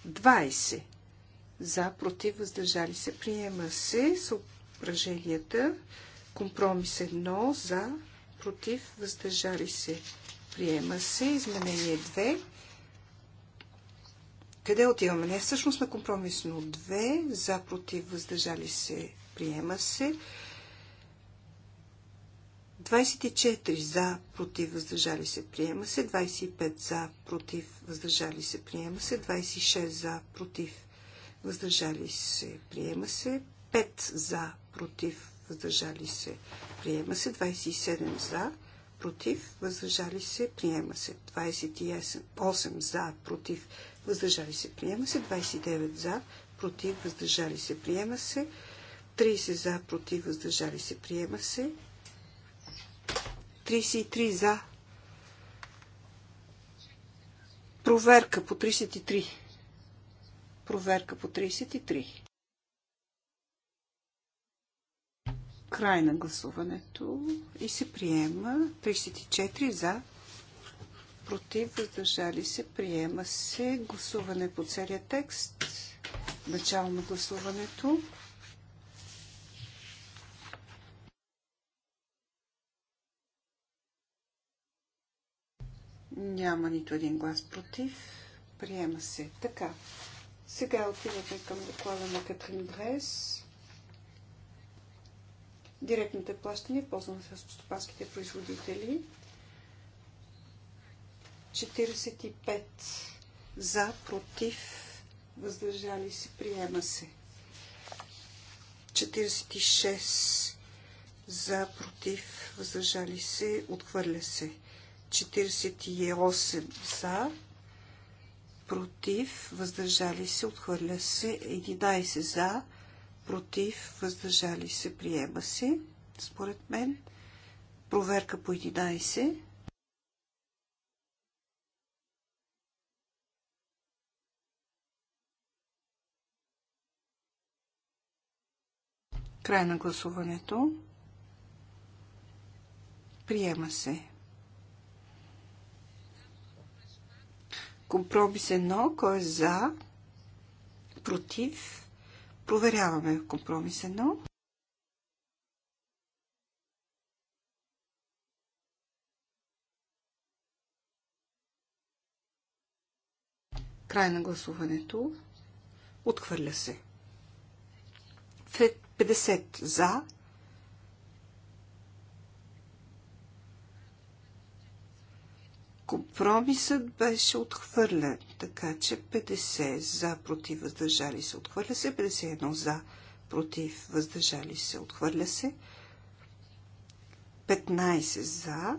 20 за, против, въздържали се, приема се съображенията. Компромис 1 за, против, въздържали се, приема се. Изменение 2. Къде отиваме? Не, всъщност на компромисно 2. За, против, въздържали се, приема се. 24 за, против, въздържали се, приема се. 25 за, против, въздържали се, приема се. 26 за, против, въздържали се, приема се. 5 за, против, въздържали се, приема се. 27 за, против, въздържали се, приема се. 28 за, против, въздържали се, приема се. 29 за, против, въздържали се, приема се. 30 за, против, въздържали се, приема се. 33 за. Проверка по 33. Проверка по 33. Край на гласуването и се приема 34 за, против, въздържали се, приема се. Гласуване по целия текст. Начало на гласуването. Няма нито един глас против. Приема се. Така. Сега отиваме към доклада на Катрин Дрес директните плащания в полза на селскостопанските производители. 45 за, против, въздържали се, приема се. 46 за, против, въздържали се, отхвърля се. 48 за, против, въздържали се, отхвърля се. 11 за, против, въздържали се, приема се, според мен. Проверка по 11. Край на гласуването. Приема се. Компромис 1. Кой е за? Против? Проверяваме компромис 1. Край на гласуването. Отхвърля се. 50 за, Компромисът беше отхвърлен, така че 50 за, против, въздържали се, отхвърля се, 51 за, против, въздържали се, отхвърля се, 15 за,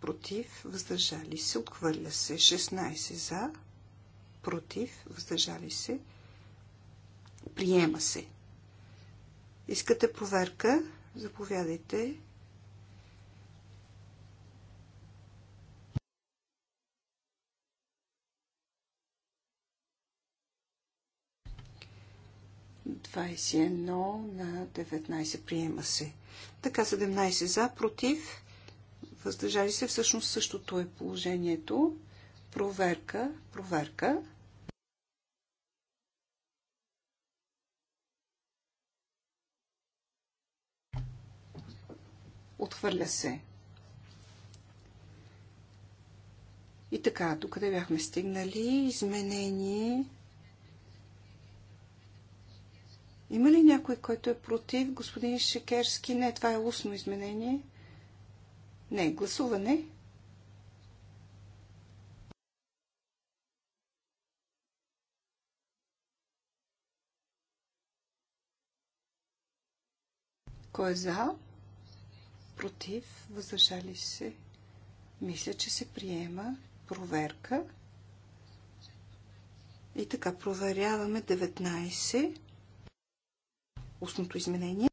против, въздържали се, отхвърля се, 16 за, против, въздържали се, приема се. Искате проверка? Заповядайте. 21 на 19 приема се. Така 17 за, против, въздържали се. Всъщност същото е положението. Проверка, проверка. Отхвърля се. И така, докъде бяхме стигнали? Изменение Има ли някой, който е против? Господин Шекерски, не, това е устно изменение. Не, гласуване. Кой е за? Против? Въздържали се? Мисля, че се приема проверка. И така, проверяваме 19 устното изменение.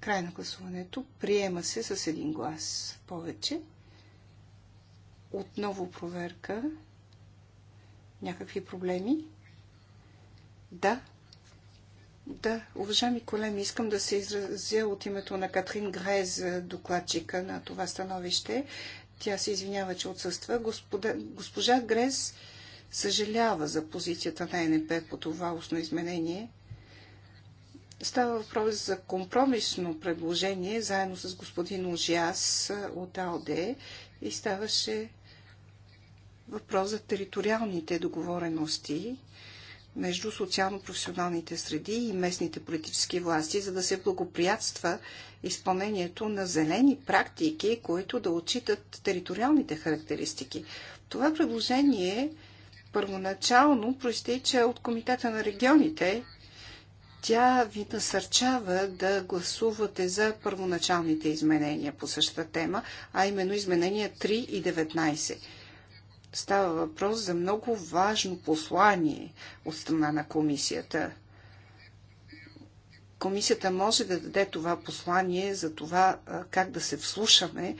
Край на гласуването. Приема се с един глас повече. Отново проверка. Някакви проблеми? Да. Да, уважаеми колеги, искам да се изразя от името на Катрин Грез, докладчика на това становище. Тя се извинява, че отсъства. Господа, госпожа Грес съжалява за позицията на НП по това устно изменение. Става въпрос за компромисно предложение, заедно с господин Ожиас от АОД и ставаше въпрос за териториалните договорености между социално-професионалните среди и местните политически власти, за да се благоприятства изпълнението на зелени практики, които да отчитат териториалните характеристики. Това предложение първоначално проистича от Комитета на регионите. Тя ви насърчава да гласувате за първоначалните изменения по същата тема, а именно изменения 3 и 19. Става въпрос за много важно послание от страна на комисията. Комисията може да даде това послание за това как да се вслушаме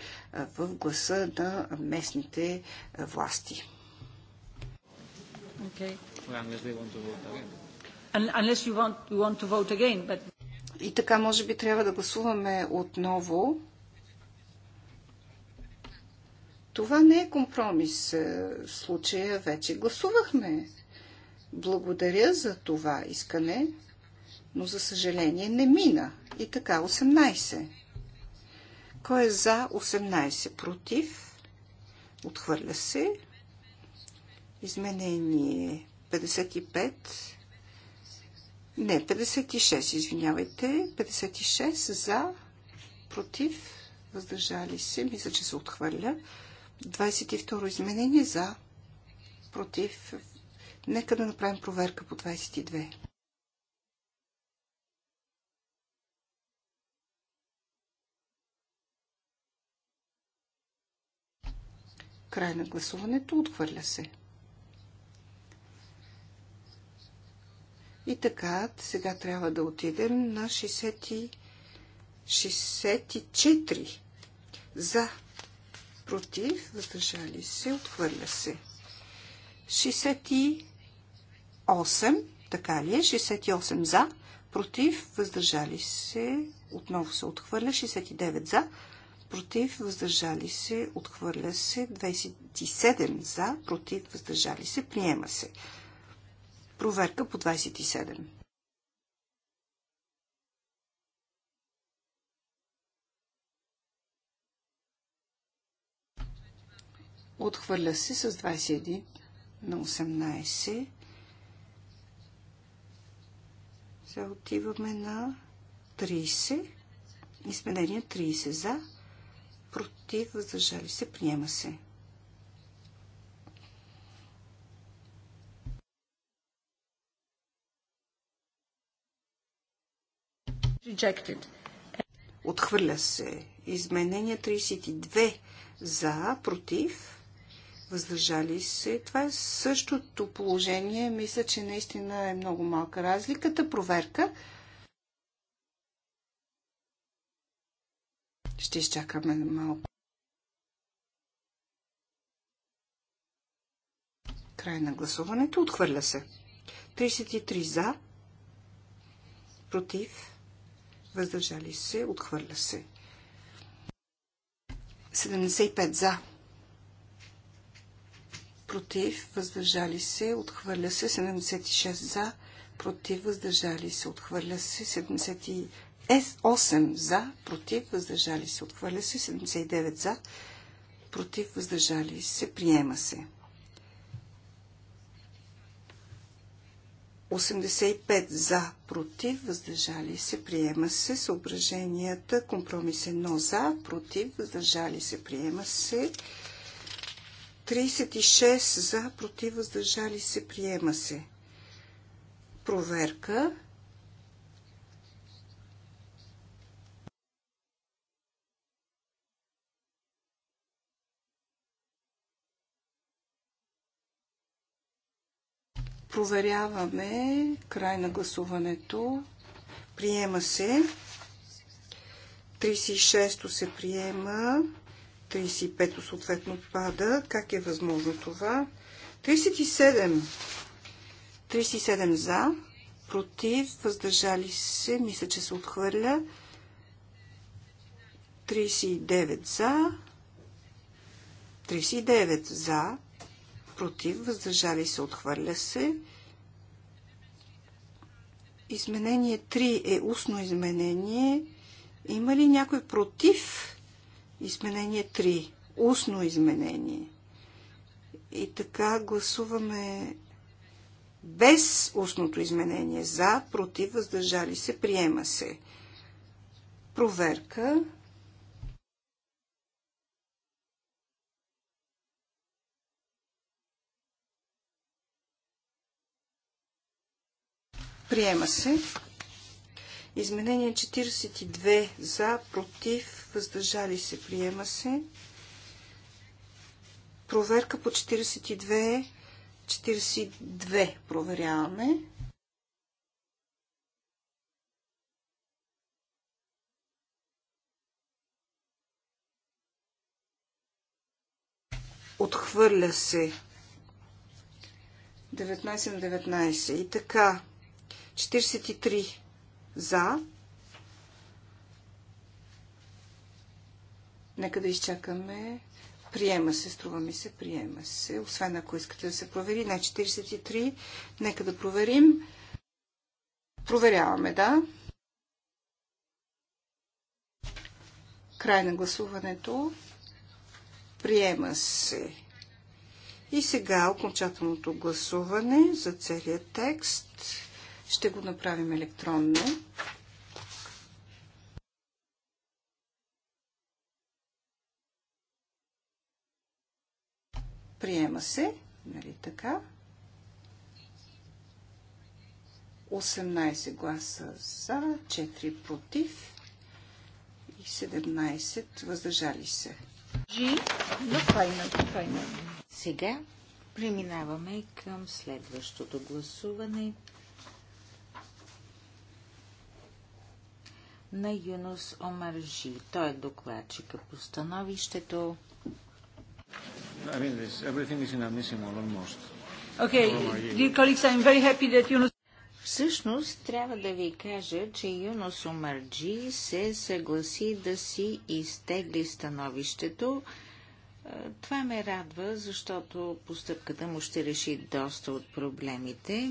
в гласа на местните власти. И така, може би трябва да гласуваме отново. Това не е компромис. Е, в случая вече гласувахме. Благодаря за това искане, но за съжаление не мина. И така, 18. Кой е за 18? Против? Отхвърля се. Изменение 55. Не, 56, извинявайте. 56 за, против, въздържали се. Мисля, че се отхвърля. 22 изменение за, против. Нека да направим проверка по 22. Край на гласуването отхвърля се. И така, сега трябва да отидем на 60, 64 за против, въздържали се, отхвърля се. 68, така ли е? 68 за, против, въздържали се, отново се отхвърля, 69 за, против, въздържали се, отхвърля се, 27 за, против, въздържали се, приема се. Проверка по 27. Отхвърля се с 21 на 18. Сега отиваме на 30. Изменение 30 за. Против, въздържали се, приема се. Rejected. Отхвърля се. Изменение 32 за, против, въздържали се. Това е същото положение. Мисля, че наистина е много малка разликата. Проверка. Ще изчакаме малко. Край на гласуването. Отхвърля се. 33 за. Против. Въздържали се. Отхвърля се. 75 за против, въздържали се, отхвърля се, 76 за, против, въздържали се, отхвърля се, 78 за, против, въздържали се, отхвърля се, 79 за, против, въздържали се, приема се. 85 за, против, въздържали се, приема се. Съображенията, компромис 1 за, против, въздържали се, приема се. 36 за, против, въздържали се, приема се. Проверка. Проверяваме край на гласуването. Приема се. 36-то се приема. 35 съответно пада. Как е възможно това? 37. 37 за, против, въздържали се, мисля, че се отхвърля. 39 за, 39 за, против, въздържали се, отхвърля се. Изменение 3 е устно изменение. Има ли някой против Изменение 3. Устно изменение. И така гласуваме без устното изменение. За, против, въздържали се, приема се. Проверка. Приема се. Изменение 42 за, против, въздържали се, приема се. Проверка по 42, 42 проверяваме. Отхвърля се 19 на 19. И така, 43 за, Нека да изчакаме. Приема се, струва ми се, приема се. Освен ако искате да се провери. Не, 43. Нека да проверим. Проверяваме, да. Край на гласуването. Приема се. И сега окончателното гласуване за целият текст ще го направим електронно. Приема се. Нали така? 18 гласа за, 4 против и 17 въздържали се. Сега преминаваме към следващото гласуване на Юнус Омаржи. Той е докладчика по становището. I mean, this, everything is inadmissible almost. Okay, dear colleagues, I'm very happy that you Всъщност, трябва да ви кажа, че Юнос Омарджи се съгласи да си изтегли становището. Е, това ме радва, защото постъпката му ще реши доста от проблемите,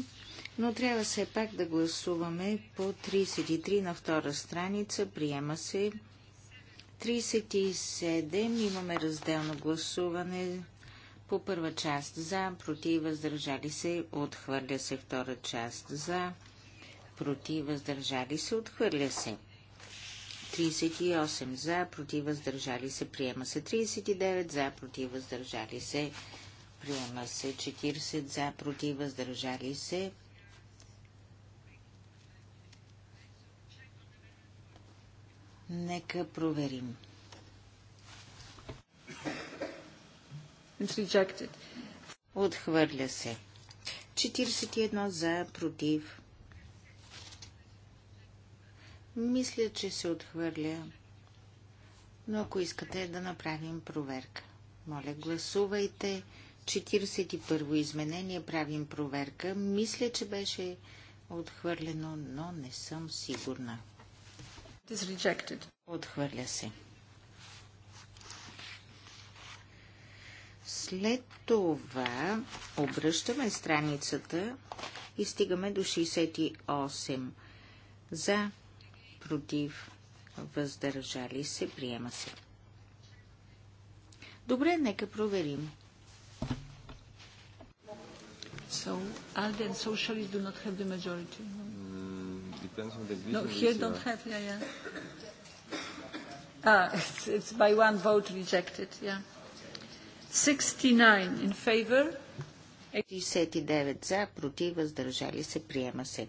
но трябва все пак да гласуваме по 33 на втора страница, приема се 37 имаме разделно гласуване по първа част за, против, въздържали се, отхвърля се втора част за, против, въздържали се, отхвърля се. 38 за, против, въздържали се, приема се. 39 за, против, въздържали се, приема се. 40 за, против, въздържали се, Нека проверим. Отхвърля се. 41 за, против. Мисля, че се отхвърля. Но ако искате да направим проверка, моля гласувайте. 41 во изменение правим проверка. Мисля, че беше отхвърлено, но не съм сигурна. Отхвърля се. След това обръщаме страницата и стигаме до 68. За, против, въздържали се, приема се. Добре, нека проверим. So, ALDE and socialists do not have the majority depends on the vision. No, here don't uh, have. Yeah, yeah. Ah, it's, it's by one vote rejected. Yeah. 69 in favor. 69 за, против, въздържали се, приема се.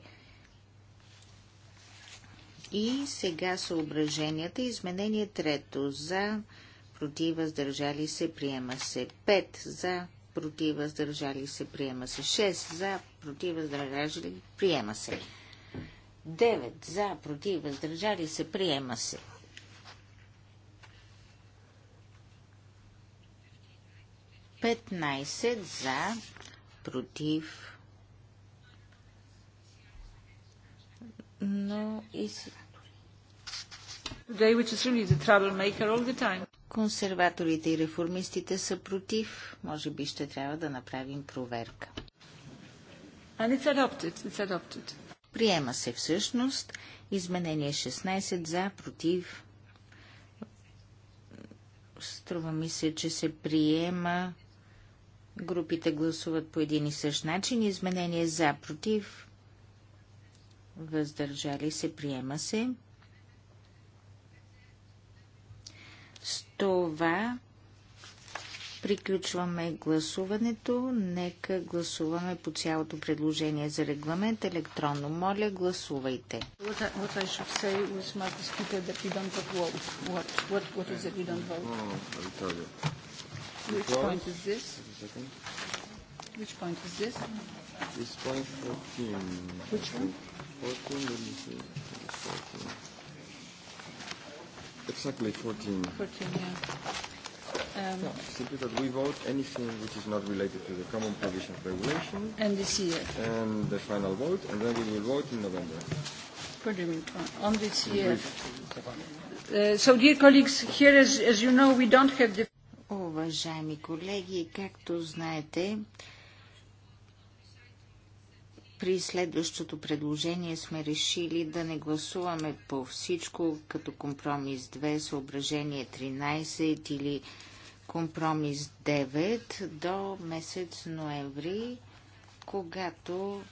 И сега съображенията. Изменение трето за, против, въздържали се, приема се. 5 за, против, въздържали се, приема се. 6 за, против, въздържали, приема се. 9 за, против, въздържали се, приема се. Петнайсет за, против, но и си. Консерваторите и реформистите са против. Може би ще трябва да направим проверка. And it's adopted. It's adopted. Приема се всъщност изменение 16 за, против. Струва ми се, че се приема. Групите гласуват по един и същ начин. Изменение за, против. Въздържали се, приема се. С това Приключваме гласуването. Нека гласуваме по цялото предложение за регламент електронно. Моля, гласувайте. Exactly 14. 14, yeah. Um, no, simply that we vote anything which is not related to the common provision of regulation. And this year. And the final vote, and then we will vote in November. Pardon, on this year. Uh, so, dear colleagues, here, as, as you know, we don't have the... Уважаеми колеги, както знаете, uh, при следващото предложение сме решили да не гласуваме по всичко, като компромис 2, съображение 13 или компромис 9 до месец ноември, когато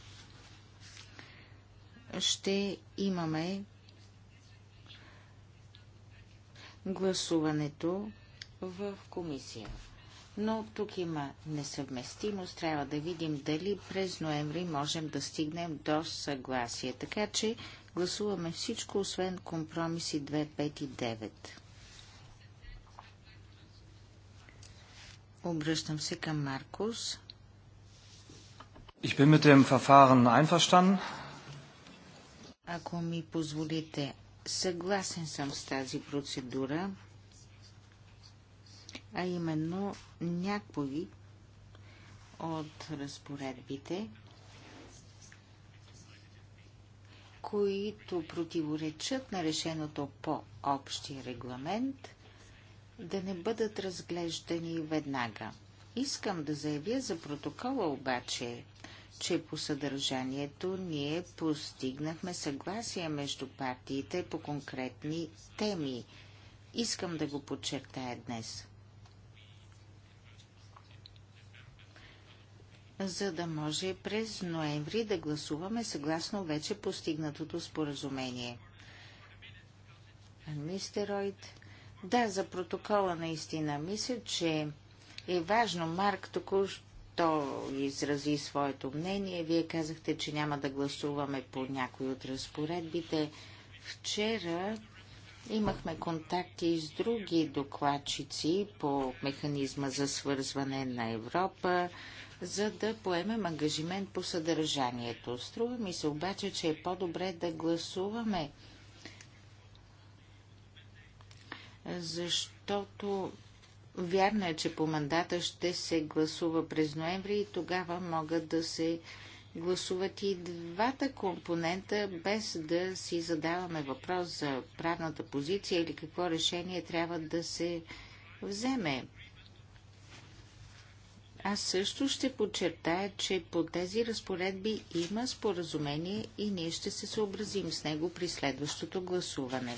ще имаме гласуването в комисия но тук има несъвместимост. Трябва да видим дали през ноември можем да стигнем до съгласие. Така че гласуваме всичко, освен компромиси 2, 5 и 9. Обръщам се към Маркус. Ich bin mit dem Verfahren einverstanden. Ако ми позволите, съгласен съм с тази процедура а именно някои от разпоредбите, които противоречат на решеното по общия регламент, да не бъдат разглеждани веднага. Искам да заявя за протокола обаче, че по съдържанието ние постигнахме съгласие между партиите по конкретни теми. Искам да го подчертая днес. за да може през ноември да гласуваме съгласно вече постигнатото споразумение. Мистероид. Да, за протокола наистина. Мисля, че е важно. Марк току-що изрази своето мнение. Вие казахте, че няма да гласуваме по някои от разпоредбите. Вчера имахме контакти с други докладчици по механизма за свързване на Европа за да поемем ангажимент по съдържанието. Струва ми се обаче, че е по-добре да гласуваме, защото вярно е, че по мандата ще се гласува през ноември и тогава могат да се гласуват и двата компонента, без да си задаваме въпрос за правната позиция или какво решение трябва да се вземе. Аз също ще подчертая, че по тези разпоредби има споразумение и ние ще се съобразим с него при следващото гласуване.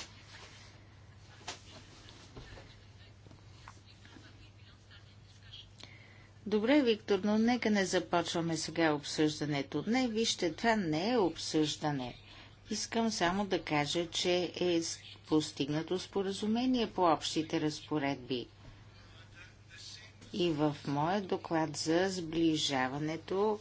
Добре, Виктор, но нека не започваме сега обсъждането. Не, вижте, това не е обсъждане. Искам само да кажа, че е постигнато споразумение по общите разпоредби. И в моя доклад за сближаването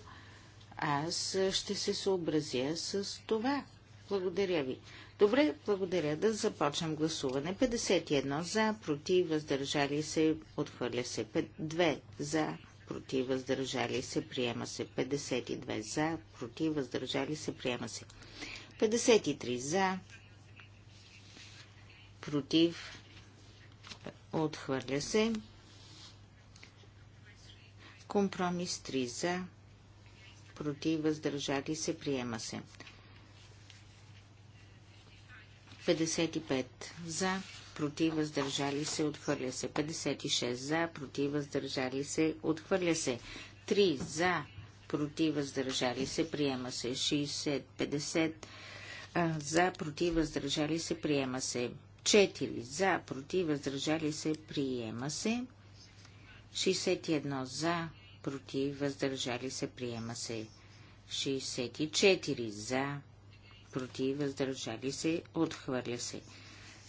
аз ще се съобразя с това. Благодаря ви. Добре, благодаря да започнем гласуване. 51 за, против, въздържали се, отхвърля се. 2 за, против, въздържали се, приема се. 52 за, против, въздържали се, приема се. 53 за, против, отхвърля се. Компромис 3 за, против, въздържали се, приема се. 55 за, против, въздържали се, отхвърля се. 56 за, против, въздържали се, отхвърля се. 3 за, против, въздържали се, приема се. 60, 50 за, против, въздържали се, приема се. 4 за, против, въздържали се, приема се. 61 за, против, въздържали се, приема се. 64 за, против, въздържали се, отхвърля се.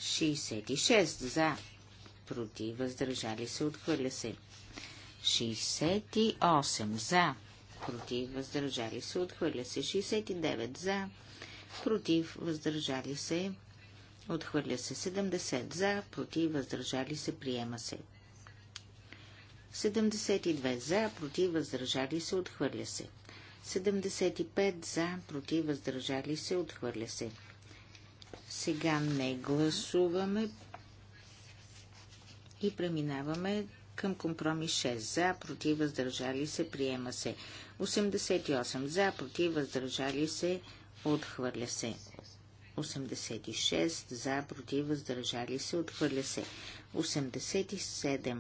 66 за, против, въздържали се, отхвърля се. 68 за, против, въздържали се, отхвърля се. 69 за, против, въздържали се, отхвърля се. 70 за, против, въздържали се, приема се. 72 за, против, въздържали се, отхвърля се. 75 за, против, въздържали се, отхвърля се. Сега не гласуваме и преминаваме към компромис 6. За, против, въздържали се, приема се. 88 за, против, въздържали се, отхвърля се. 86 за, против, въздържали се, отхвърля се. 87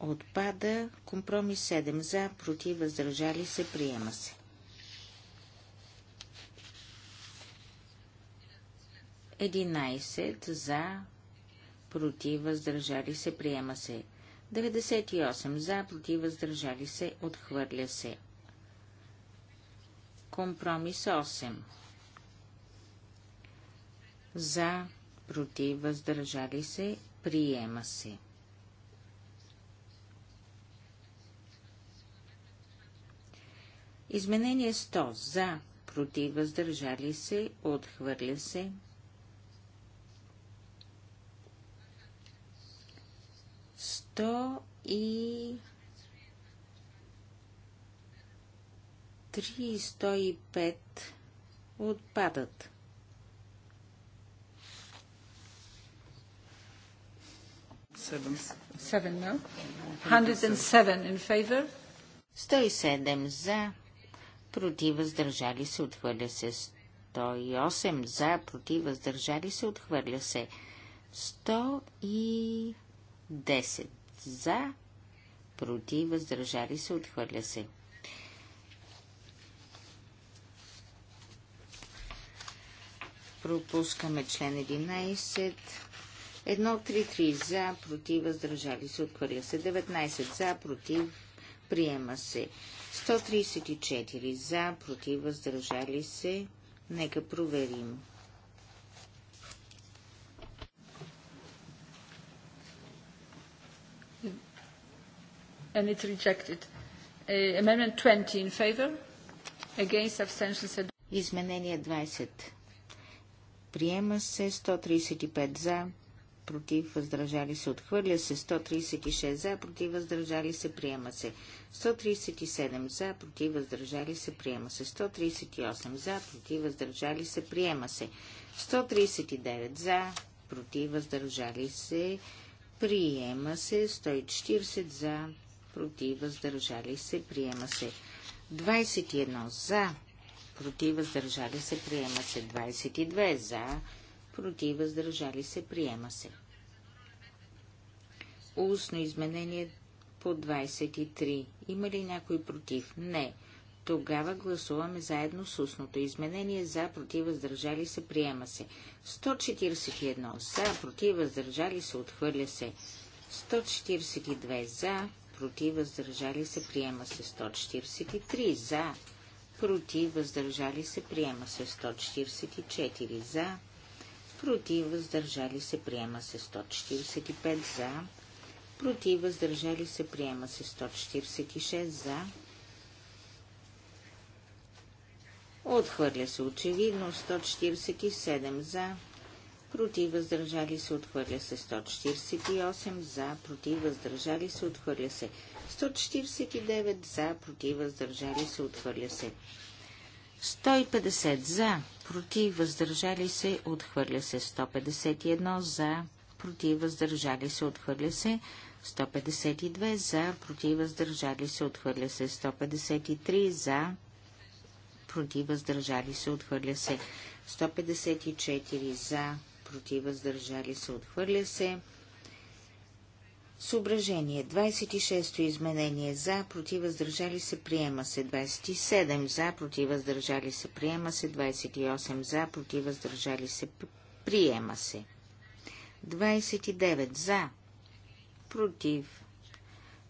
отпада. Компромис 7 за, против, въздържали се, приема се. Единайсет за, против, въздържали се, приема се. 98 за, против, въздържали се, отхвърля се. Компромис 8 за, против, въздържали се, приема се. Изменение 100 за, против, въздържали се, отхвърля се. Сто и... Три и сто пет отпадат. Seven. седем no? 107 in favor. за, против, въздържали се, отхвърля се. 108 за, против, въздържали се, отхвърля се. 110 за, против, въздържали се, отхвърля се. Пропускаме член 11. 1, 3, 3 за, против, въздържали се, отхвърля се. 19 за, против, Приема се. 134 за, против, въздържали се. Нека проверим. And it's rejected. Uh, amendment 20 in favor. Against abstentions. Изменение 20. Приема се 135 за, против, въздържали се, отхвърля се. 136 за, против, въздържали се, приема се. 137 за, против, въздържали се, приема се. 138 за, против, въздържали се, приема се. 139 за, против, въздържали се, приема се. 140 за, против, въздържали се, приема се. 21 за, против, въздържали се, приема се. 22 за, против, въздържали се, приема се. Устно изменение по 23. Има ли някой против? Не. Тогава гласуваме заедно с устното изменение за, против, въздържали се, приема се. 141 за, против, въздържали се, отхвърля се. 142 за, против, въздържали се, приема се. 143 за, против, въздържали се, приема се. 144 за, против, въздържали се, приема се 145 за, против, въздържали се, приема се 146 за, отхвърля се очевидно 147 за, против, въздържали се, отхвърля се 148 за, против, въздържали се, отхвърля се 149 за, против, въздържали се, отхвърля се 150 за, против, въздържали се, отхвърля се. 151 за, против, въздържали се, отхвърля се. 152 за, против, въздържали се, отхвърля се. 153 за, против, въздържали се, отхвърля се. 154 за, против, въздържали се, отхвърля се. Съображение 26-то изменение за, против, въздържали се, приема се 27 за, против, въздържали се, приема се 28 за, против, въздържали се, приема се 29 за, против,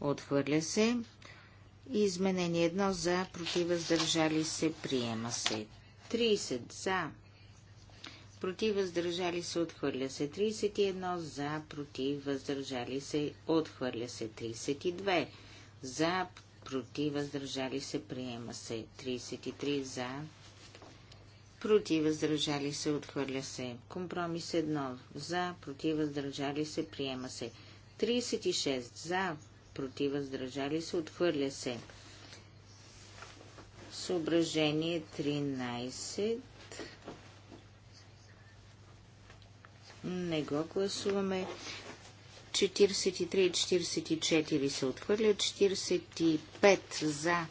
отхвърля се изменение 1 за, против, въздържали се, приема се 30 за, против въздържали се, отхвърля се 31, за, против въздържали се, отхвърля се 32, за, против въздържали се, приема се 33, за, против въздържали се, отхвърля се, компромис 1, за, против въздържали се, приема се 36, за, против въздържали се, отхвърля се. Съображение 13 Не го гласуваме. 43 и 44 се отхвърлят. 45 за.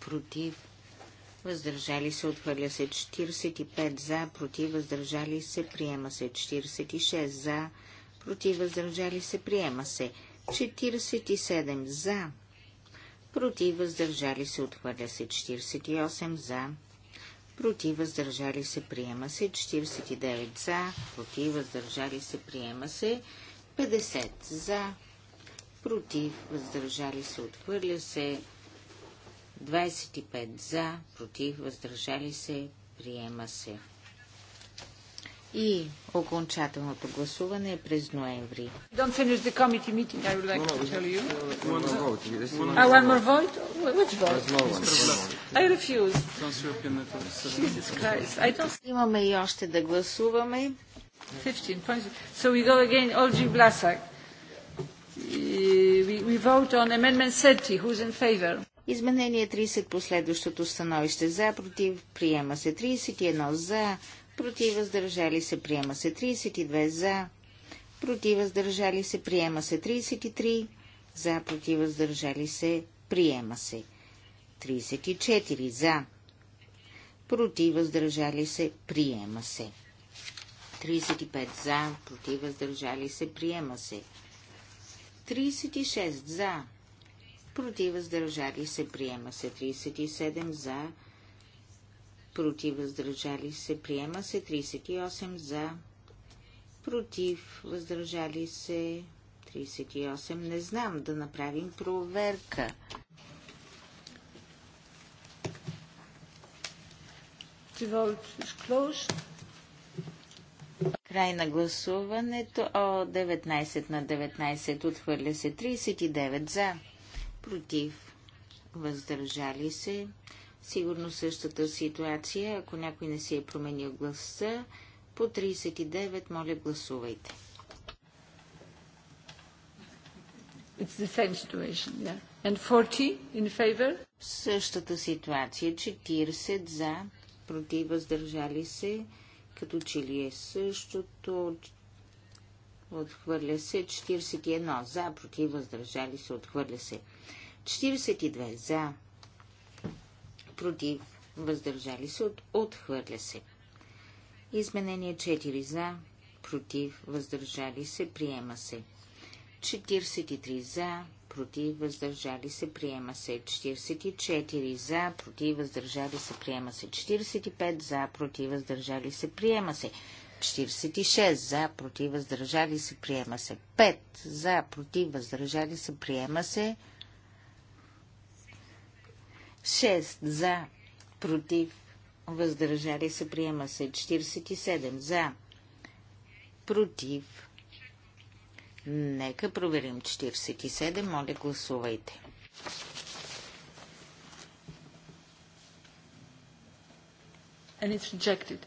Против. Въздържали се отхвърля се 45 за, против въздържали се приема се 46 за, против въздържали се приема се 47 за, против въздържали се отхвърля се 48 за, против въздържали се, приема се. 49 за, против въздържали се, приема се. 50 за, против въздържали се, отхвърля се. 25 за, против въздържали се, приема се и окончателното гласуване е през ноември. Don't finish the committee meeting, I would like to tell you. One more vote. Ah, one more vote? Which vote? I refuse. Jesus Christ. I don't... Имаме и още да гласуваме. 15 points. So we go again, Olgi Vlasak. We, we vote on amendment 30. Who's in favor? Изменение 30 последващото становище за, против, приема се 31 за, против въздържали се, приема се 32 за, против въздържали се, приема се 33 за, против въздържали се, приема се 34 за, против въздържали се, приема се 35 за, против въздържали се, приема се 36 за, против въздържали се, приема се 37 за, против въздържали се, приема се 38 за, против въздържали се 38. Не знам да направим проверка. Край на гласуването. О, 19 на 19 отхвърля се 39 за, против въздържали се Сигурно същата ситуация, ако някой не си е променил гласа, по 39 моля гласувайте. It's the same situation, yeah. And 40 in favor? Същата ситуация, 40 за, против въздържали се, като че ли е същото, отхвърля се, 41 за, против въздържали се, отхвърля се, 42 за, против, въздържали се, от, отхвърля се. Изменение 4 за, против, въздържали се, приема се. 43 за, против, въздържали се, приема се 44 за, против, въздържали се, приема се 45 за, против, въздържали се, приема се 46 за, против, въздържали се, приема се 5 за, против, въздържали се, приема се 6 за, против, въздържали се, приема се. 47 за, против. Нека проверим 47. Моля, гласувайте. And it's rejected.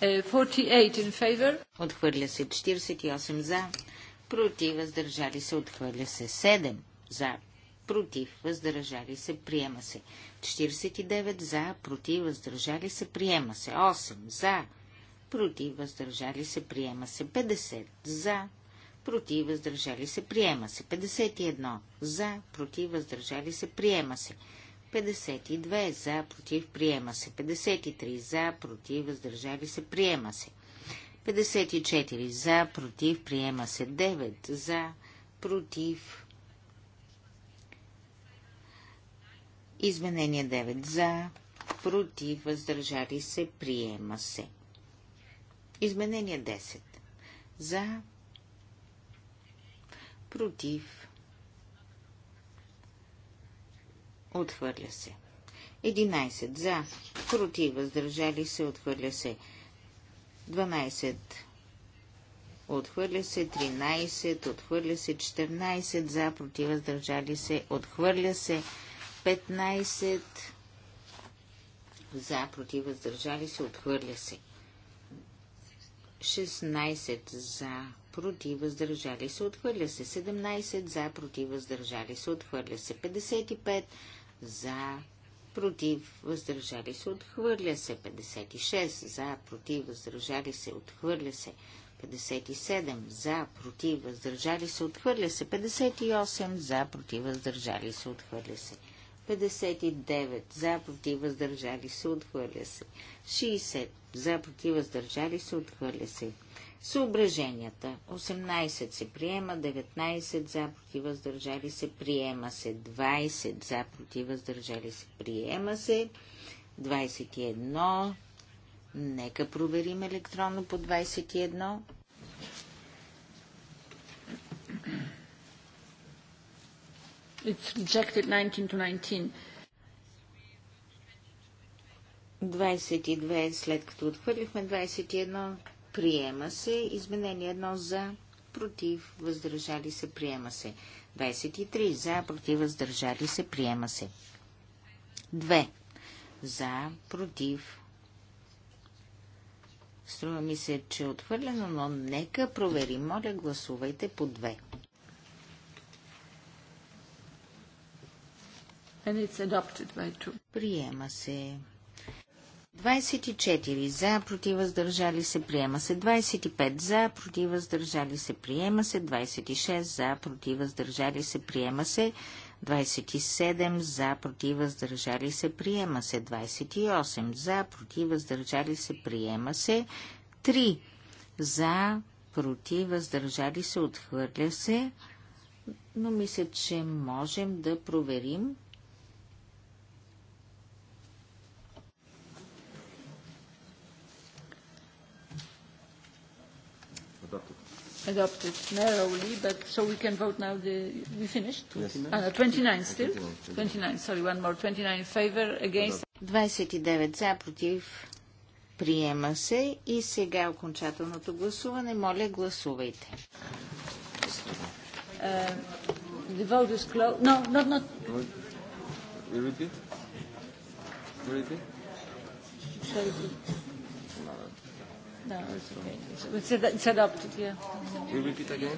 48 uh, in favor. Отхвърля се 48 за. Против, въздържали се, отхвърля се 7 за против, въздържали се, приема се. 49 за, против, въздържали се, приема се. 8 за, против, въздържали се, приема се. 50 за, против, въздържали се, приема се. 51 за, против, въздържали се, приема се. 52 за, против, приема се. 53 за, против, въздържали се, приема се. 54 за, против, приема се. 9 за, против, Изменение 9 за, против, въздържали се, приема се. Изменение 10 за, против, отхвърля се. 11 за, против, въздържали се, отхвърля се. 12 отхвърля се, 13 отхвърля се, 14 за, против, въздържали се, отхвърля се. 15 за, против, въздържали се, отхвърля се. 16 за, против, въздържали се, отхвърля се. 17 за, против, въздържали се, отхвърля се. 55 за, против, въздържали се, отхвърля се. 56 за, против, въздържали се, отхвърля се. 57 за, против, въздържали се, отхвърля се. 58 за, против, въздържали се, отхвърля се. 59 59 за против въздържали се, отхвърля се. 60 за против въздържали се, отхвърля се. Съображенията. 18 се приема, 19 за против въздържали се, приема се. 20 за против въздържали се, приема се. 21. Нека проверим електронно по 21. It's rejected 19 to 19. 22 след като отхвърлихме 21, приема се. Изменение 1 за, против, въздържали се, приема се. 23 за, против, въздържали се, приема се. 2 за, против. Струва ми се, че е отхвърлено, но нека проверим. Моля, гласувайте по 2. And it's adopted by two. Приема се. 24 за, против въздържали се, приема се. 25 за, против въздържали се, приема се. 26 за, против въздържали се, приема се. 27 за, против въздържали се, приема се. 28 за, против въздържали се, приема се. 3 за, против въздържали се, отхвърля се. Но мисля, че можем да проверим adopted narrowly, but so we can vote now. The, we finished? Yes. Uh, no, 29 still? 29, sorry, one more. 29 in favor, against. 29 за, против. Приема се и сега окончателното гласуване. Моля, гласувайте. Uh, the vote is closed. No, not, not. Repeat? Repeat? No, it's okay. It's adopted, yeah. Will repeat again?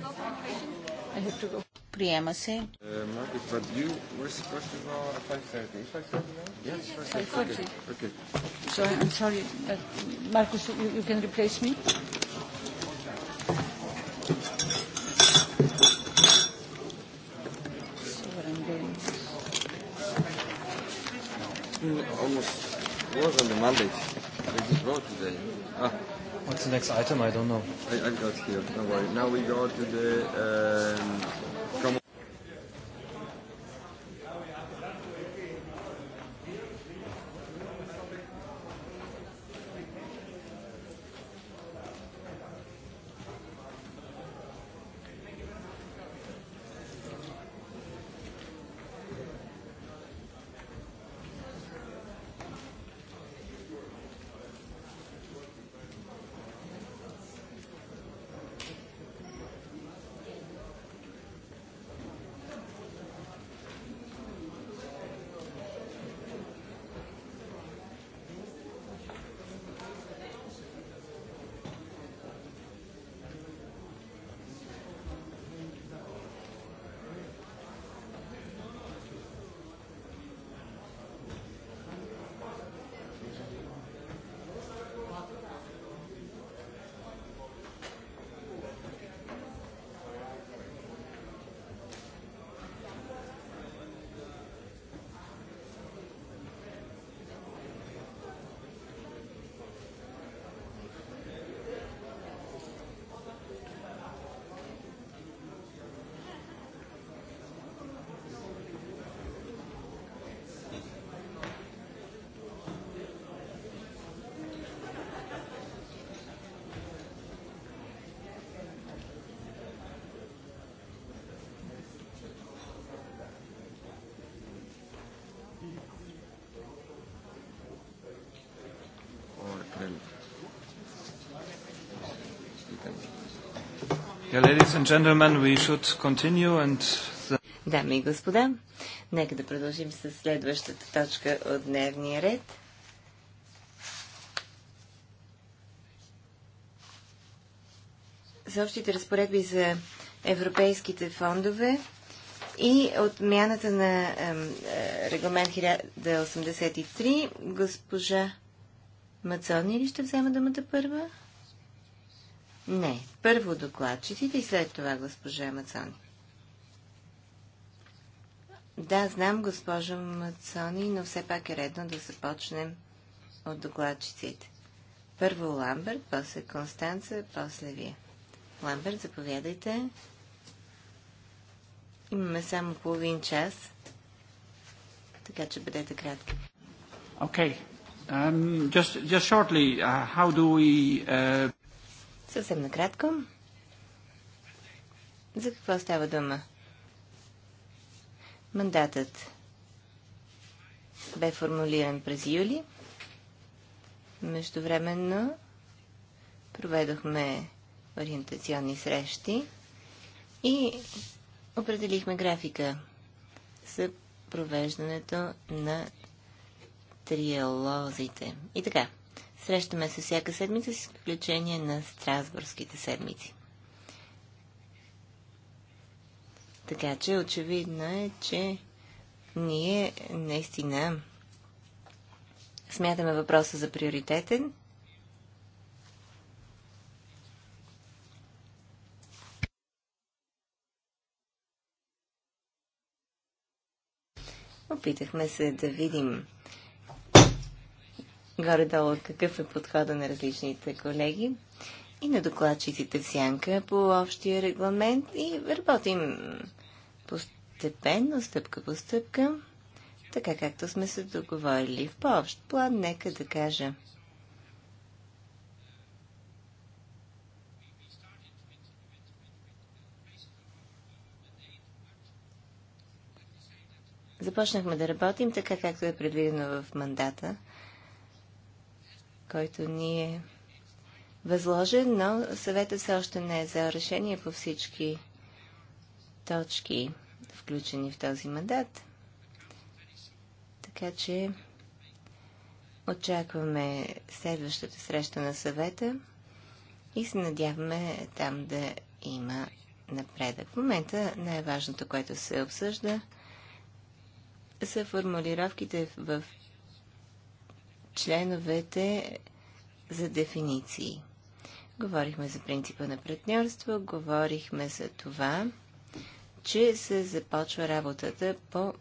I have to go. Приема се. Marcus, you, you can replace me? Almost was on the Monday. I just wrote today. Ah. What's the next item? I don't know. I, I've got here. Don't worry. Now we go to the um, Дами и господа, нека да продължим с следващата точка от дневния ред. За общите разпоредби за европейските фондове и отмяната на е, регламент 1083 госпожа Мацони ли ще взема думата първа? Не. Първо докладчиците и след това госпожа Мацони. Да, знам, госпожо Мацони, но все пак е редно да започнем от докладчиците. Първо Ламберт, после Констанца, после вие. Ламберт, заповядайте. Имаме само половин час, така че бъдете кратки. Окей. Okay. Um, just, just shortly, uh, how do we... Uh... Съвсем накратко. За какво става дума? Мандатът бе формулиран през юли. Междувременно проведохме ориентационни срещи и определихме графика за провеждането на триалозите. И така, Срещаме се всяка седмица с изключение на Страсбургските седмици. Така че очевидно е, че ние наистина смятаме въпроса за приоритетен. Опитахме се да видим горе-долу какъв е подхода на различните колеги и на докладчиците в сянка по общия регламент и работим постепенно, стъпка по стъпка, така както сме се договорили. В по-общ план, нека да кажа. Започнахме да работим така, както е предвидено в мандата – който ни е възложен, но съветът все още не е за решение по всички точки, включени в този мандат. Така че очакваме следващата среща на съвета и се надяваме там да има напредък. В момента най-важното, което се обсъжда, са формулировките в членовете за дефиниции. Говорихме за принципа на партньорство, говорихме за това, че се започва работата по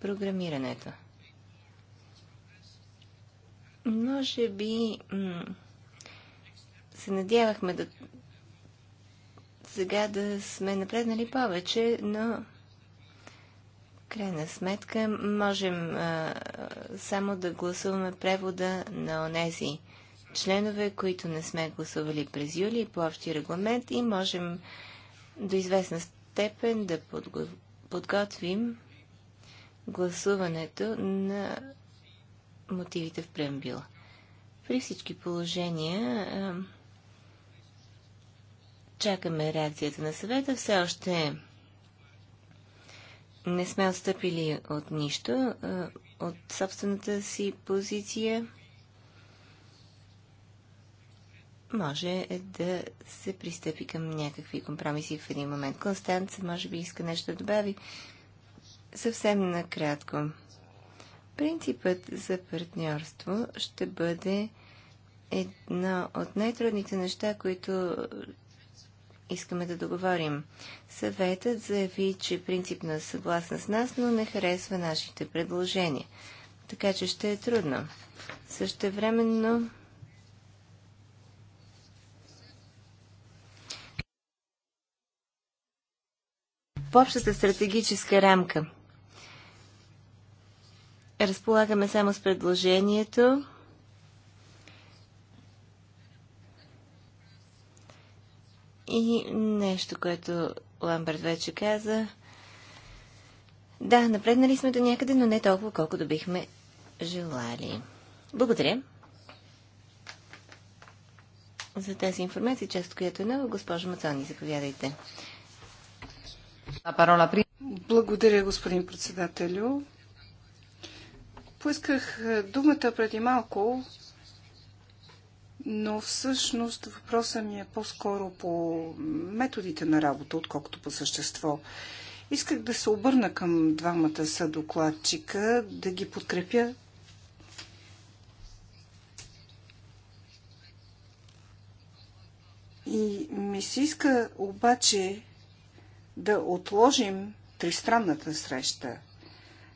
програмирането. Може би се надявахме да сега да сме напреднали повече, но крайна сметка можем а, само да гласуваме превода на онези членове, които не сме гласували през юли по общи регламент и можем до известна степен да подго... подготвим гласуването на мотивите в преамбила. При всички положения а, чакаме реакцията на съвета. Все още не сме отстъпили от нищо, от собствената си позиция може да се пристъпи към някакви компромиси в един момент. Констанц, може би иска нещо да добави съвсем накратко. Принципът за партньорство ще бъде едно от най-трудните неща, които искаме да договорим. Съветът заяви, че принципно е съгласен с нас, но не харесва нашите предложения. Така че ще е трудно. Същевременно в общата стратегическа рамка разполагаме само с предложението, И нещо, което Ламберт вече каза. Да, напреднали сме до някъде, но не толкова, колкото бихме желали. Благодаря за тази информация, част която е нова. Госпожа Мацони, заповядайте. Благодаря, господин председателю. Поисках е, думата преди малко, но всъщност въпросът ми е по-скоро по методите на работа, отколкото по същество. Исках да се обърна към двамата съдокладчика, да ги подкрепя. И ми се иска обаче да отложим тристранната среща –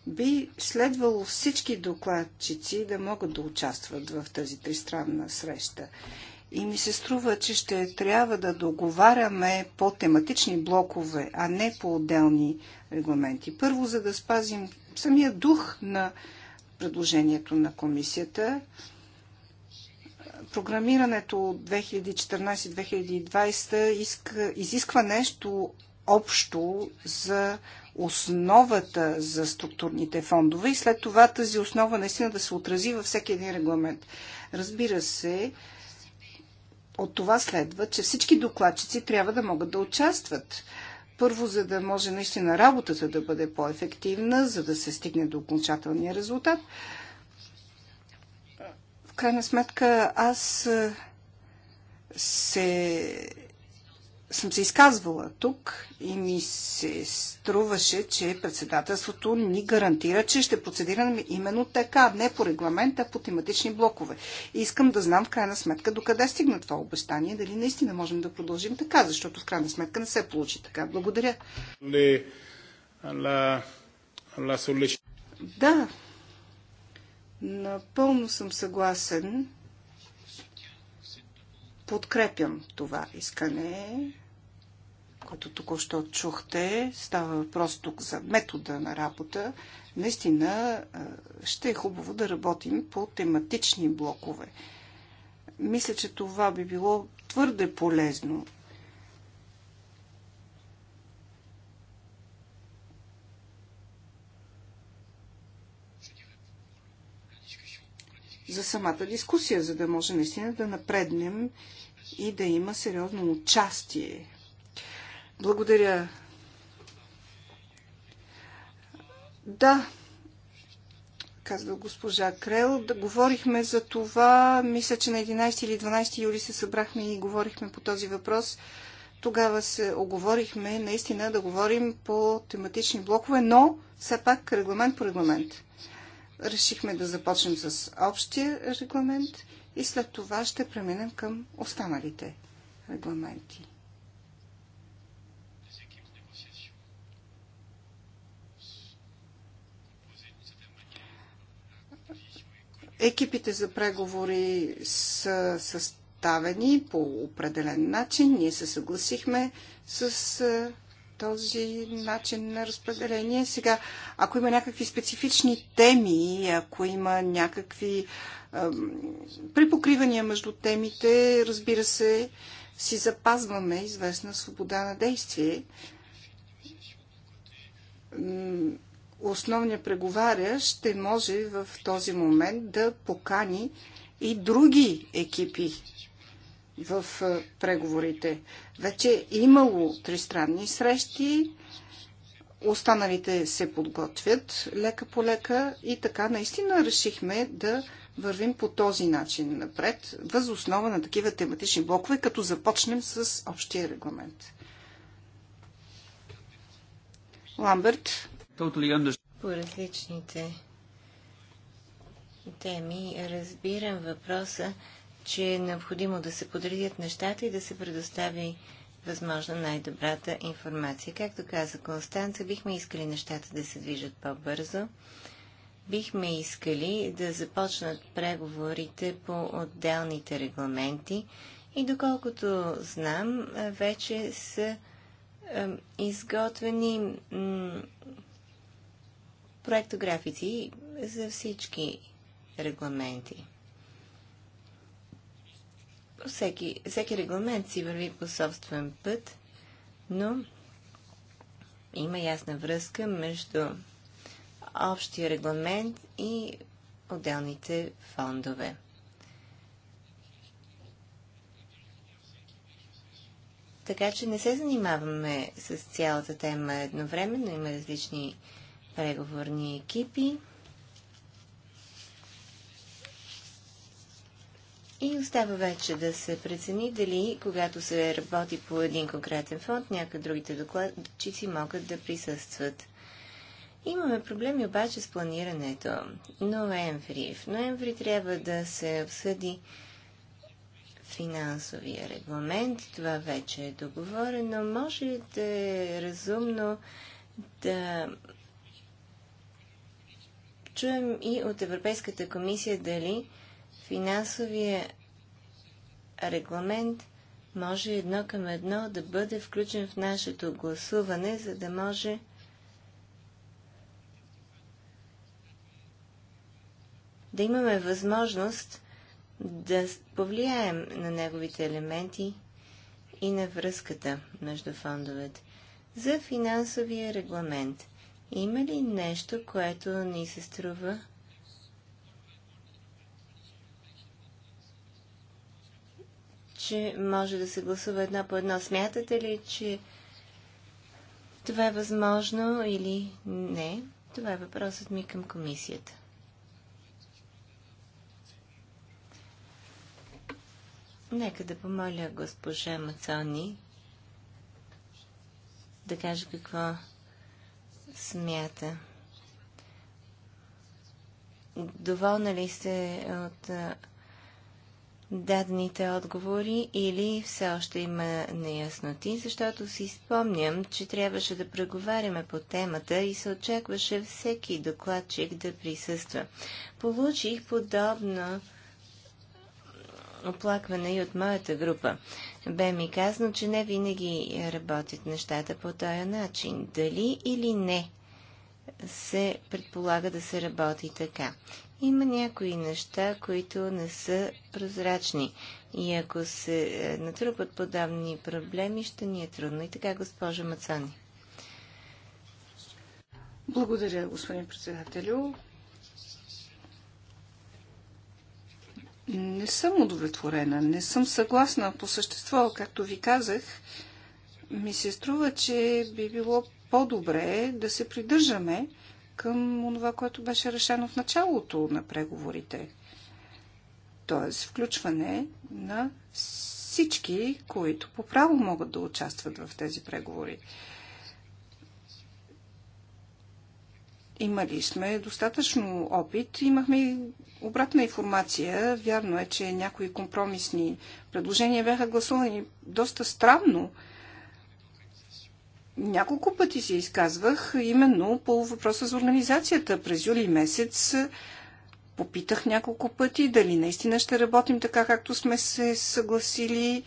би следвало всички докладчици да могат да участват в тази тристранна среща. И ми се струва, че ще трябва да договаряме по тематични блокове, а не по отделни регламенти. Първо, за да спазим самия дух на предложението на комисията, програмирането 2014-2020 изисква нещо общо за основата за структурните фондове и след това тази основа наистина да се отрази във всеки един регламент. Разбира се, от това следва, че всички докладчици трябва да могат да участват. Първо, за да може наистина работата да бъде по-ефективна, за да се стигне до окончателния резултат. В крайна сметка, аз се съм се изказвала тук и ми се струваше, че председателството ни гарантира, че ще процедираме именно така, не по регламента, а по тематични блокове. И искам да знам в крайна сметка докъде стигна това обещание, дали наистина можем да продължим така, защото в крайна сметка не се получи така. Благодаря. Да, напълно съм съгласен подкрепям това искане което току-що чухте, става въпрос тук за метода на работа, наистина ще е хубаво да работим по тематични блокове. Мисля, че това би било твърде полезно. за самата дискусия, за да може наистина да напреднем и да има сериозно участие благодаря. Да, казва госпожа Крел. Да, говорихме за това, мисля, че на 11 или 12 юли се събрахме и говорихме по този въпрос. Тогава се оговорихме наистина да говорим по тематични блокове, но все пак регламент по регламент. Решихме да започнем с общия регламент и след това ще преминем към останалите регламенти. Екипите за преговори са съставени по определен начин. Ние се съгласихме с този начин на разпределение. Сега, ако има някакви специфични теми, ако има някакви е, припокривания между темите, разбира се, си запазваме известна свобода на действие основния преговаря ще може в този момент да покани и други екипи в е, преговорите. Вече е имало тристранни срещи, останалите се подготвят лека по лека и така наистина решихме да вървим по този начин напред, въз основа на такива тематични блокове, като започнем с общия регламент. Ламберт, по различните теми разбирам въпроса, че е необходимо да се подредят нещата и да се предостави възможно най-добрата информация. Както каза Констанца, бихме искали нещата да се движат по-бързо. Бихме искали да започнат преговорите по отделните регламенти и доколкото знам, вече са изготвени проектографици за всички регламенти. Всеки, всеки регламент си върви по собствен път, но има ясна връзка между общия регламент и отделните фондове. Така че не се занимаваме с цялата тема едновременно, има различни преговорни екипи. И остава вече да се прецени дали, когато се работи по един конкретен фонд, някои другите докладчици могат да присъстват. Имаме проблеми обаче с планирането. Ноември. В ноември трябва да се обсъди финансовия регламент. Това вече е договорено. Може да е разумно да чуем и от Европейската комисия дали финансовия регламент може едно към едно да бъде включен в нашето гласуване, за да може да имаме възможност да повлияем на неговите елементи и на връзката между фондовете. За финансовия регламент – има ли нещо, което ни се струва че може да се гласува едно по едно. Смятате ли, че това е възможно или не? Това е въпросът ми към комисията. Нека да помоля госпожа Мацони да каже какво смята? Доволна ли сте от дадените отговори или все още има неясноти, защото си спомням, че трябваше да преговаряме по темата и се очакваше всеки докладчик да присъства. Получих подобно оплакване и от моята група. Бе ми казано, че не винаги работят нещата по този начин. Дали или не се предполага да се работи така. Има някои неща, които не са прозрачни. И ако се е, натрупат подобни проблеми, ще ни е трудно. И така, госпожа Мацани. Благодаря, господин председателю. Не съм удовлетворена, не съм съгласна по същество. Както ви казах, ми се струва, че би било по-добре да се придържаме към това, което беше решено в началото на преговорите. Тоест, включване на всички, които по право могат да участват в тези преговори. Имали сме достатъчно опит, имахме и обратна информация. Вярно е, че някои компромисни предложения бяха гласувани доста странно. Няколко пъти се изказвах именно по въпроса за организацията. През юли месец попитах няколко пъти дали наистина ще работим така, както сме се съгласили е,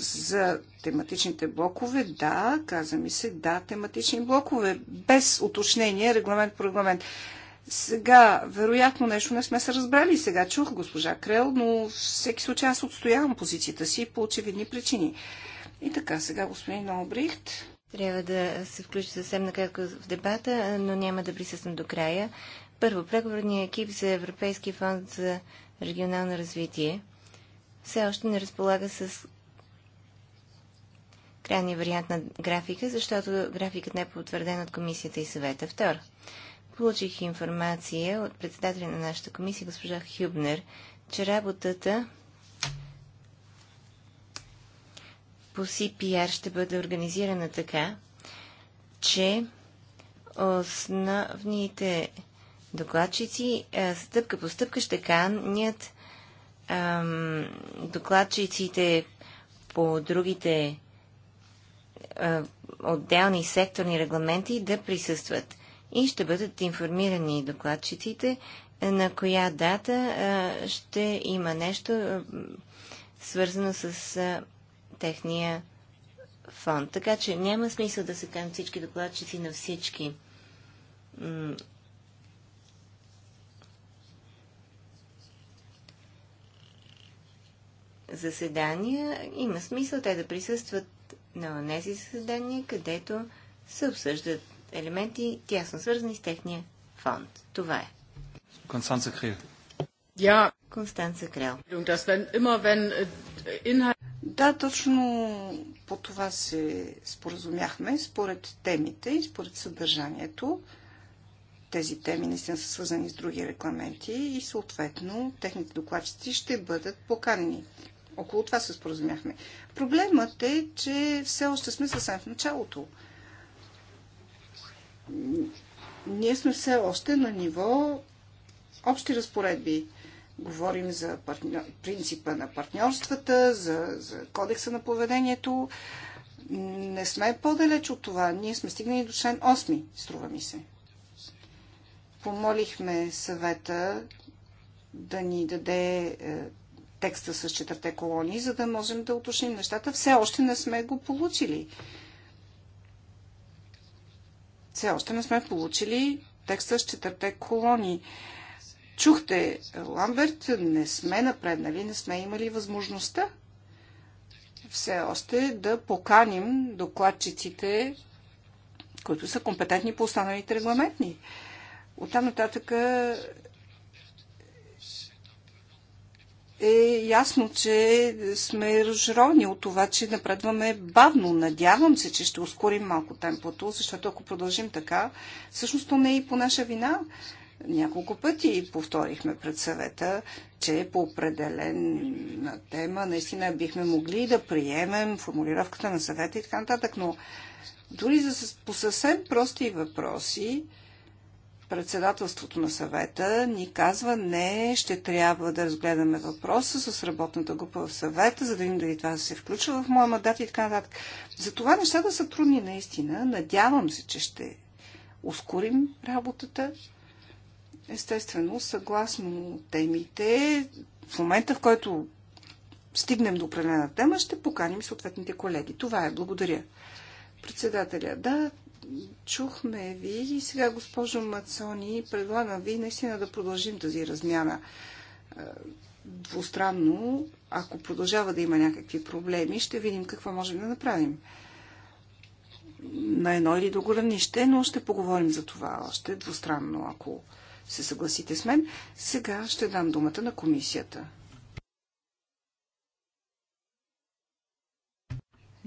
за тематичните блокове. Да, каза ми се, да, тематични блокове, без уточнение, регламент по регламент. Сега, вероятно нещо не сме се разбрали. Сега чух госпожа Крел, но всеки случай аз отстоявам позицията си по очевидни причини. И така, сега господин Обрихт. Трябва да се включи съвсем накратко в дебата, но няма да присъствам до края. Първо, преговорният екип за Европейския фонд за регионално развитие все още не разполага с крайния вариант на графика, защото графикът не е потвърден от комисията и съвета. Второ, получих информация от председателя на нашата комисия, госпожа Хюбнер, че работата по CPR ще бъде организирана така, че основните докладчици е, стъпка по стъпка ще канят докладчиците по другите е, отделни секторни регламенти да присъстват. И ще бъдат информирани докладчиците е, на коя дата ще има нещо свързано с техния фонд. Така че няма смисъл да се канят всички докладчици на всички заседания, има смисъл те да присъстват на тези заседания, където се обсъждат елементи, тясно свързани с техния фонд. Това е. Констанца Крил. Я. Констанца Крил. Äh, да, точно по това се споразумяхме, според темите и според съдържанието. Тези теми наистина са свързани с други рекламенти и съответно техните докладчици ще бъдат поканени около това се споразумяхме. Проблемът е, че все още сме съвсем в началото. Ние сме все още на ниво общи разпоредби. Говорим за партньор... принципа на партньорствата, за, за кодекса на поведението. Не сме по-далеч от това. Ние сме стигнали до член 8, струва ми се. Помолихме съвета да ни даде е, текста с четирте колони, за да можем да уточним нещата. Все още не сме го получили. Все още не сме получили текста с четирте колони. Чухте, Ламберт, не сме напреднали, не сме имали възможността все още да поканим докладчиците, които са компетентни по останалите регламентни. Оттам нататък е ясно, че сме разжировани от това, че напредваме бавно. Надявам се, че ще ускорим малко темпото, защото ако продължим така, всъщност то не е и по наша вина. Няколко пъти повторихме пред съвета, че по определена тема наистина бихме могли да приемем формулировката на съвета и така нататък, но дори за, по съвсем прости въпроси председателството на съвета ни казва не, ще трябва да разгледаме въпроса с работната група в съвета, за да видим дали това се включва в моя мандат и така нататък. това нещата са трудни наистина. Надявам се, че ще ускорим работата. Естествено, съгласно темите, в момента в който стигнем до определена тема, ще поканим съответните колеги. Това е. Благодаря. Председателя, да, Чухме ви и сега, госпожо Мацони, предлагам ви наистина да продължим тази размяна е, двустранно. Ако продължава да има някакви проблеми, ще видим какво можем да направим на едно или друго равнище, но ще поговорим за това още двустранно, ако се съгласите с мен. Сега ще дам думата на комисията.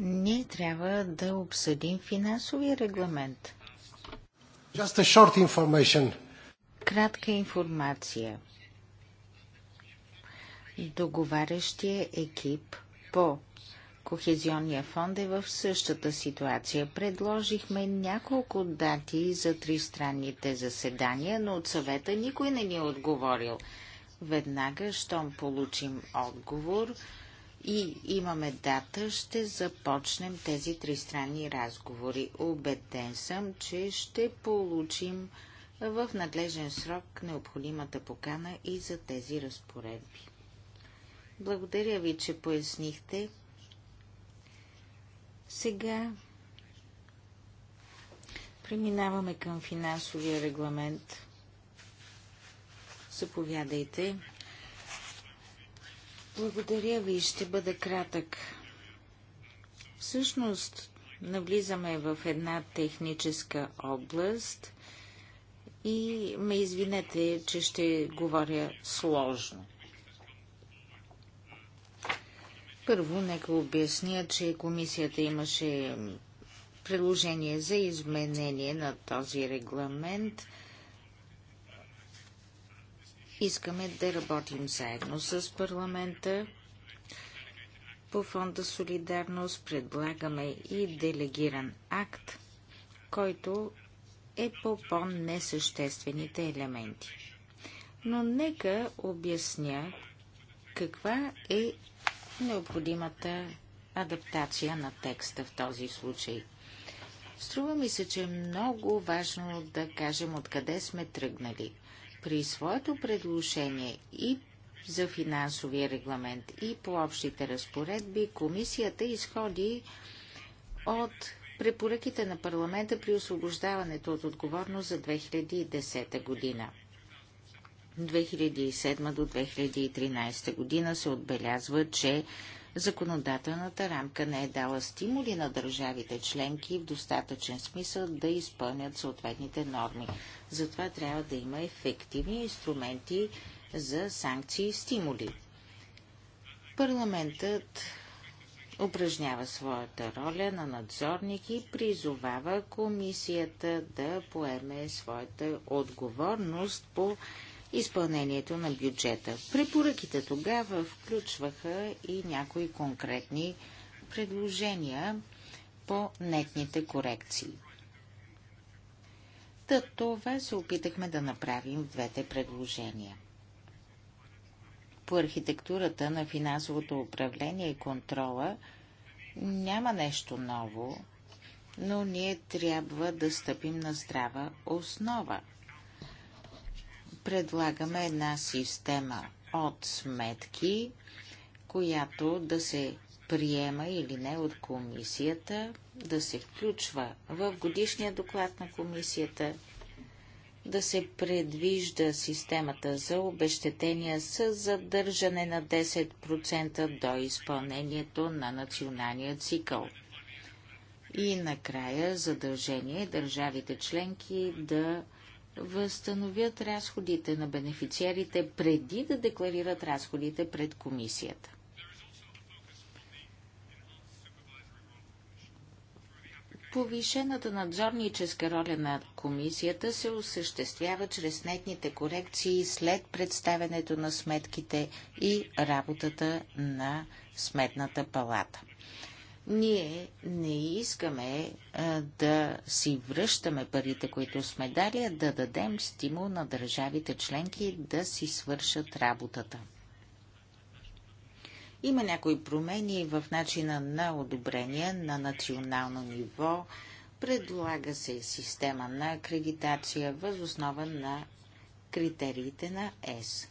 Ние трябва да обсъдим финансовия регламент. Just a short information. Кратка информация. Договарящия екип по Кохезионния фонд е в същата ситуация. Предложихме няколко дати за тристранните заседания, но от съвета никой не ни е отговорил. Веднага, щом получим отговор, и имаме дата, ще започнем тези тристранни разговори. Обеден съм, че ще получим в надлежен срок необходимата покана и за тези разпоредби. Благодаря ви, че пояснихте. Сега преминаваме към финансовия регламент. Заповядайте. Благодаря ви, ще бъда кратък. Всъщност, навлизаме в една техническа област и ме извинете, че ще говоря сложно. Първо, нека обясня, че комисията имаше предложение за изменение на този регламент – Искаме да работим заедно с парламента по фонда Солидарност. Предлагаме и делегиран акт, който е по по-несъществените елементи. Но нека обясня каква е необходимата адаптация на текста в този случай. Струва ми се, че е много важно да кажем откъде сме тръгнали при своето предложение и за финансовия регламент и по общите разпоредби, комисията изходи от препоръките на парламента при освобождаването от отговорност за 2010 година. 2007 до 2013 година се отбелязва, че законодателната рамка не е дала стимули на държавите членки в достатъчен смисъл да изпълнят съответните норми. Затова трябва да има ефективни инструменти за санкции и стимули. Парламентът упражнява своята роля на надзорник и призовава комисията да поеме своята отговорност по изпълнението на бюджета. Препоръките тогава включваха и някои конкретни предложения по нетните корекции. Та това се опитахме да направим в двете предложения. По архитектурата на финансовото управление и контрола няма нещо ново, но ние трябва да стъпим на здрава основа – предлагаме една система от сметки, която да се приема или не от комисията, да се включва в годишния доклад на комисията, да се предвижда системата за обещетения с задържане на 10% до изпълнението на националния цикъл. И накрая задължение държавите членки да възстановят разходите на бенефициарите преди да декларират разходите пред комисията. Повишената надзорническа роля на комисията се осъществява чрез нетните корекции след представенето на сметките и работата на Сметната палата. Ние не искаме а, да си връщаме парите, които сме дали, а да дадем стимул на държавите членки да си свършат работата. Има някои промени в начина на одобрение на национално ниво. Предлага се система на акредитация възоснова на критериите на ЕС.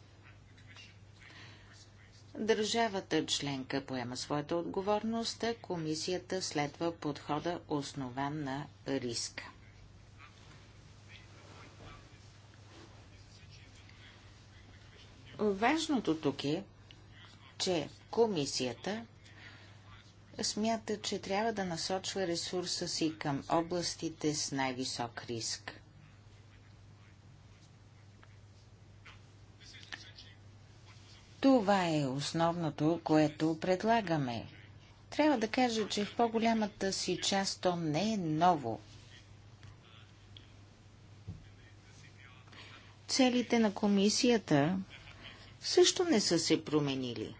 Държавата членка поема своята отговорност, а комисията следва подхода основан на риска. Важното тук е, че комисията смята, че трябва да насочва ресурса си към областите с най-висок риск. Това е основното, което предлагаме. Трябва да кажа, че в по-голямата си част то не е ново. Целите на комисията също не са се променили.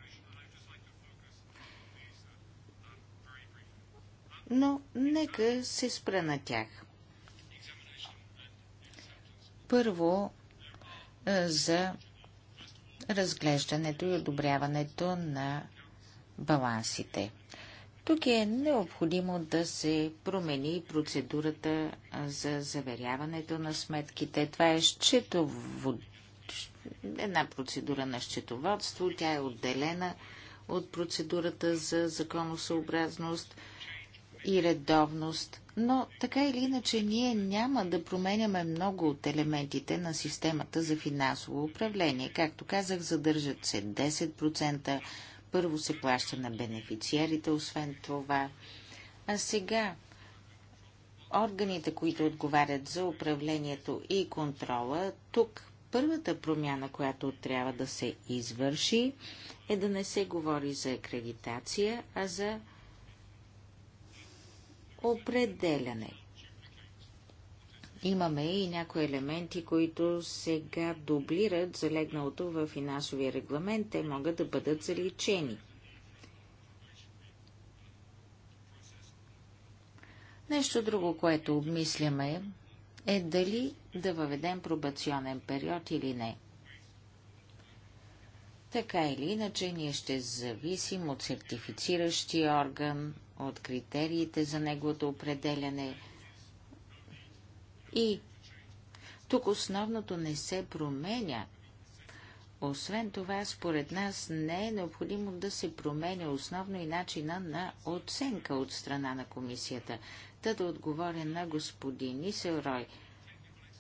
Но нека се спра на тях. Първо, за разглеждането и одобряването на балансите. Тук е необходимо да се промени процедурата за заверяването на сметките. Това е счетово... една процедура на счетоводство. Тя е отделена от процедурата за законосъобразност и редовност но така или иначе ние няма да променяме много от елементите на системата за финансово управление. Както казах, задържат се 10%, първо се плаща на бенефициарите, освен това. А сега органите, които отговарят за управлението и контрола, тук първата промяна, която трябва да се извърши, е да не се говори за акредитация, а за определяне. Имаме и някои елементи, които сега дублират залегналото в финансовия регламент. Те могат да бъдат заличени. Нещо друго, което обмисляме е дали да въведем пробационен период или не. Така или иначе, ние ще зависим от сертифициращия орган, от критериите за неговото определяне. И тук основното не се променя. Освен това, според нас не е необходимо да се променя основно и начина на оценка от страна на комисията. Та да отговоря на господин Ниселрой.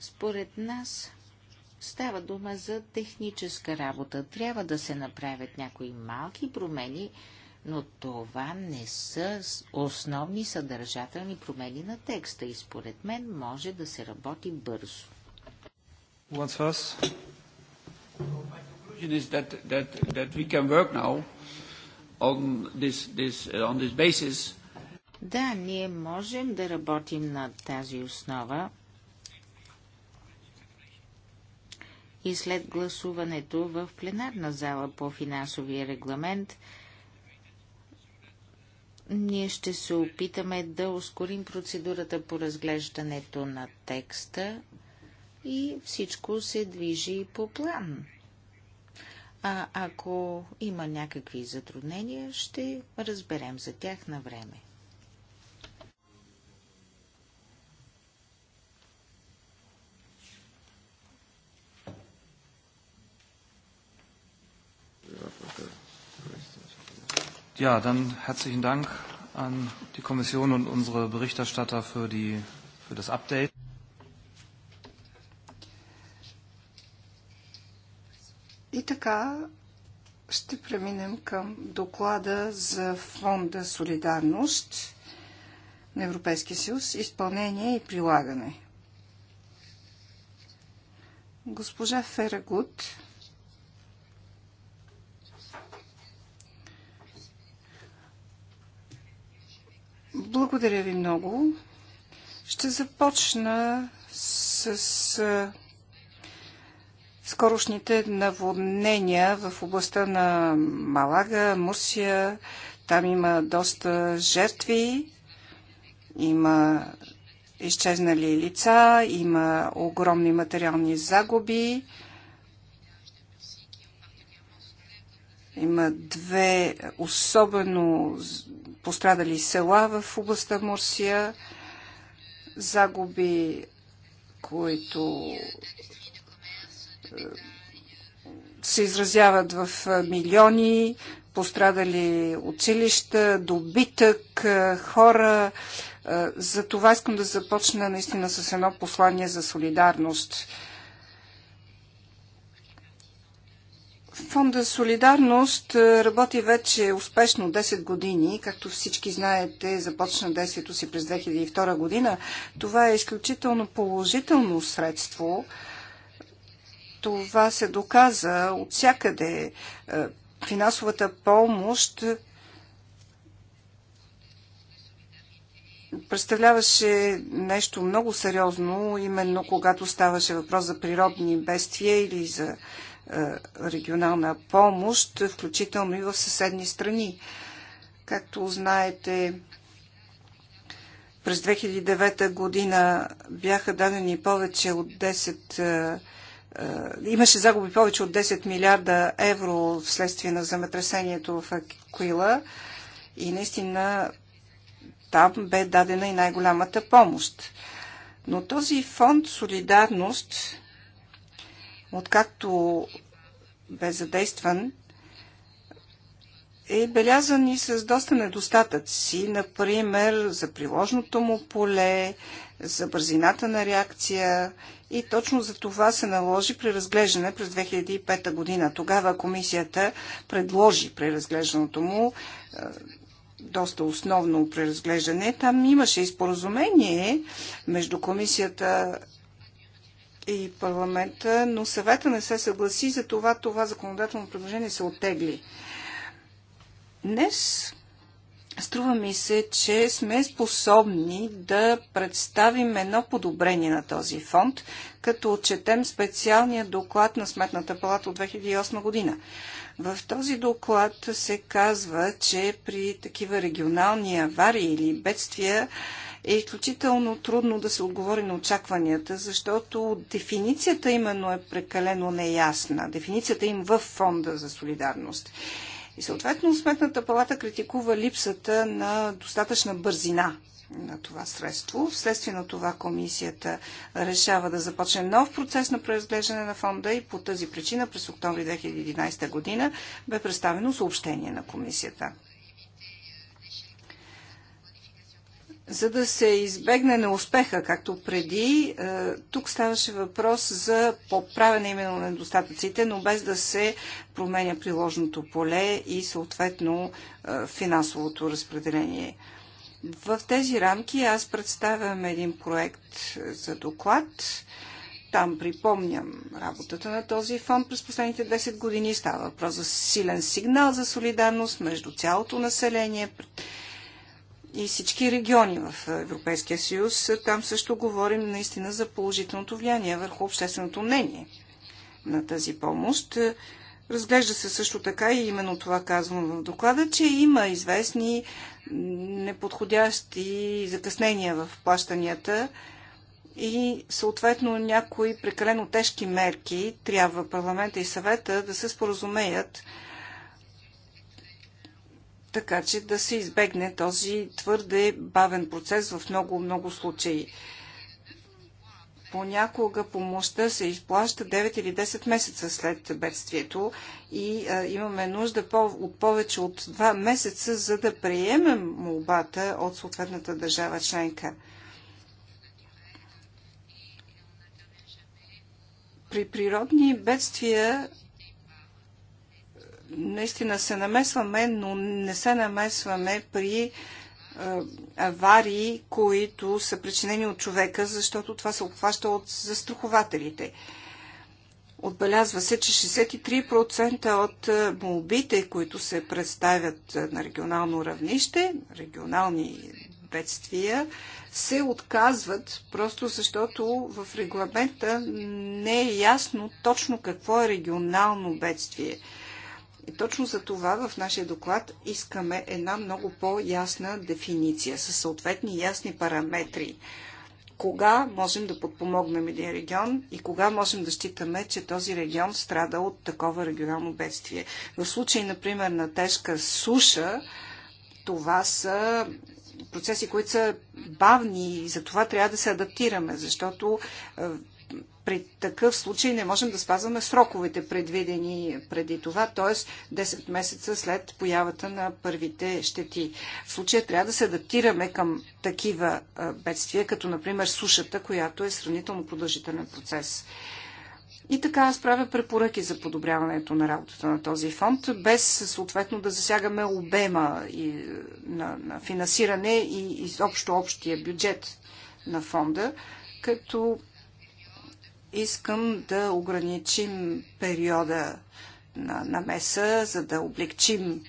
Според нас Става дума за техническа работа. Трябва да се направят някои малки промени, но това не са основни съдържателни промени на текста и според мен може да се работи бързо. What's first? is that, that, that we can work now on this, this, uh, on this basis. Да, ние можем да работим на тази основа и след гласуването в пленарна зала по финансовия регламент, ние ще се опитаме да ускорим процедурата по разглеждането на текста и всичко се движи по план. А ако има някакви затруднения, ще разберем за тях на време. Ja, dann herzlichen Dank an die Kommission und unsere Berichterstatter für, die, für das Update. И така ще преминем към доклада за фонда Солидарност на Европейския съюз, изпълнение и прилагане. Госпожа Ферагут Благодаря ви много. Ще започна с скорошните наводнения в областта на Малага, Мусия. Там има доста жертви, има изчезнали лица, има огромни материални загуби. Има две особено пострадали села в областта Мурсия, загуби, които е, се изразяват в е, милиони, пострадали училища, добитък, е, хора. За това искам да започна наистина с едно послание за солидарност. Фонда Солидарност е, работи вече успешно 10 години. Както всички знаете, започна действието си през 2002 година. Това е изключително положително средство. Това се доказа от всякъде. Е, финансовата помощ представляваше нещо много сериозно, именно когато ставаше въпрос за природни бедствия или за е, регионална помощ, включително и в съседни страни. Както знаете, през 2009 година бяха дадени повече от 10 е, е, имаше загуби повече от 10 милиарда евро вследствие на земетресението в Аквила, и наистина там бе дадена и най-голямата помощ. Но този фонд Солидарност откакто бе задействан, е белязан и с доста недостатъци, например за приложното му поле, за бързината на реакция и точно за това се наложи преразглеждане през 2005 година. Тогава комисията предложи преразглеждането му, е, доста основно преразглеждане. Там имаше и споразумение между комисията и парламента, но съвета не се съгласи, за това това законодателно предложение се оттегли. Днес струва ми се, че сме способни да представим едно подобрение на този фонд, като отчетем специалния доклад на Сметната палата от 2008 година. В този доклад се казва, че при такива регионални аварии или бедствия е изключително трудно да се отговори на очакванията, защото дефиницията именно е прекалено неясна. Дефиницията им в фонда за солидарност. И съответно Сметната палата критикува липсата на достатъчна бързина на това средство. Вследствие на това комисията решава да започне нов процес на преразглеждане на фонда и по тази причина през октомври 2011 година бе представено съобщение на комисията. за да се избегне на успеха, както преди. Е, тук ставаше въпрос за поправяне именно на недостатъците, но без да се променя приложното поле и съответно е, финансовото разпределение. В тези рамки аз представям един проект за доклад. Там припомням работата на този фонд през последните 10 години. Става въпрос за силен сигнал за солидарност между цялото население, и всички региони в Европейския съюз. Там също говорим наистина за положителното влияние върху общественото мнение на тази помощ. Разглежда се също така и именно това казвам в доклада, че има известни неподходящи закъснения в плащанията и съответно някои прекалено тежки мерки трябва парламента и съвета да се споразумеят така че да се избегне този твърде бавен процес в много-много случаи. Понякога помощта се изплаща 9 или 10 месеца след бедствието и а, имаме нужда по- от повече от 2 месеца, за да приемем молбата от съответната държава членка. При природни бедствия наистина се намесваме, но не се намесваме при е, аварии, които са причинени от човека, защото това се обхваща от застрахователите. Отбелязва се, че 63% от е, молбите, които се представят е, на регионално равнище, регионални бедствия, се отказват просто защото в регламента не е ясно точно какво е регионално бедствие – и точно за това в нашия доклад искаме една много по-ясна дефиниция със съответни ясни параметри. Кога можем да подпомогнем един регион и кога можем да считаме, че този регион страда от такова регионално бедствие. В случай, например, на тежка суша, това са процеси, които са бавни и за това трябва да се адаптираме, защото е, при такъв случай не можем да спазваме сроковете предвидени преди това, т.е. 10 месеца след появата на първите щети. В случая трябва да се адаптираме към такива бедствия, като например сушата, която е сравнително продължителен процес. И така аз правя препоръки за подобряването на работата на този фонд, без съответно да засягаме обема и, на, на финансиране и изобщо общия бюджет на фонда, като искам да ограничим периода на намеса, за да облегчим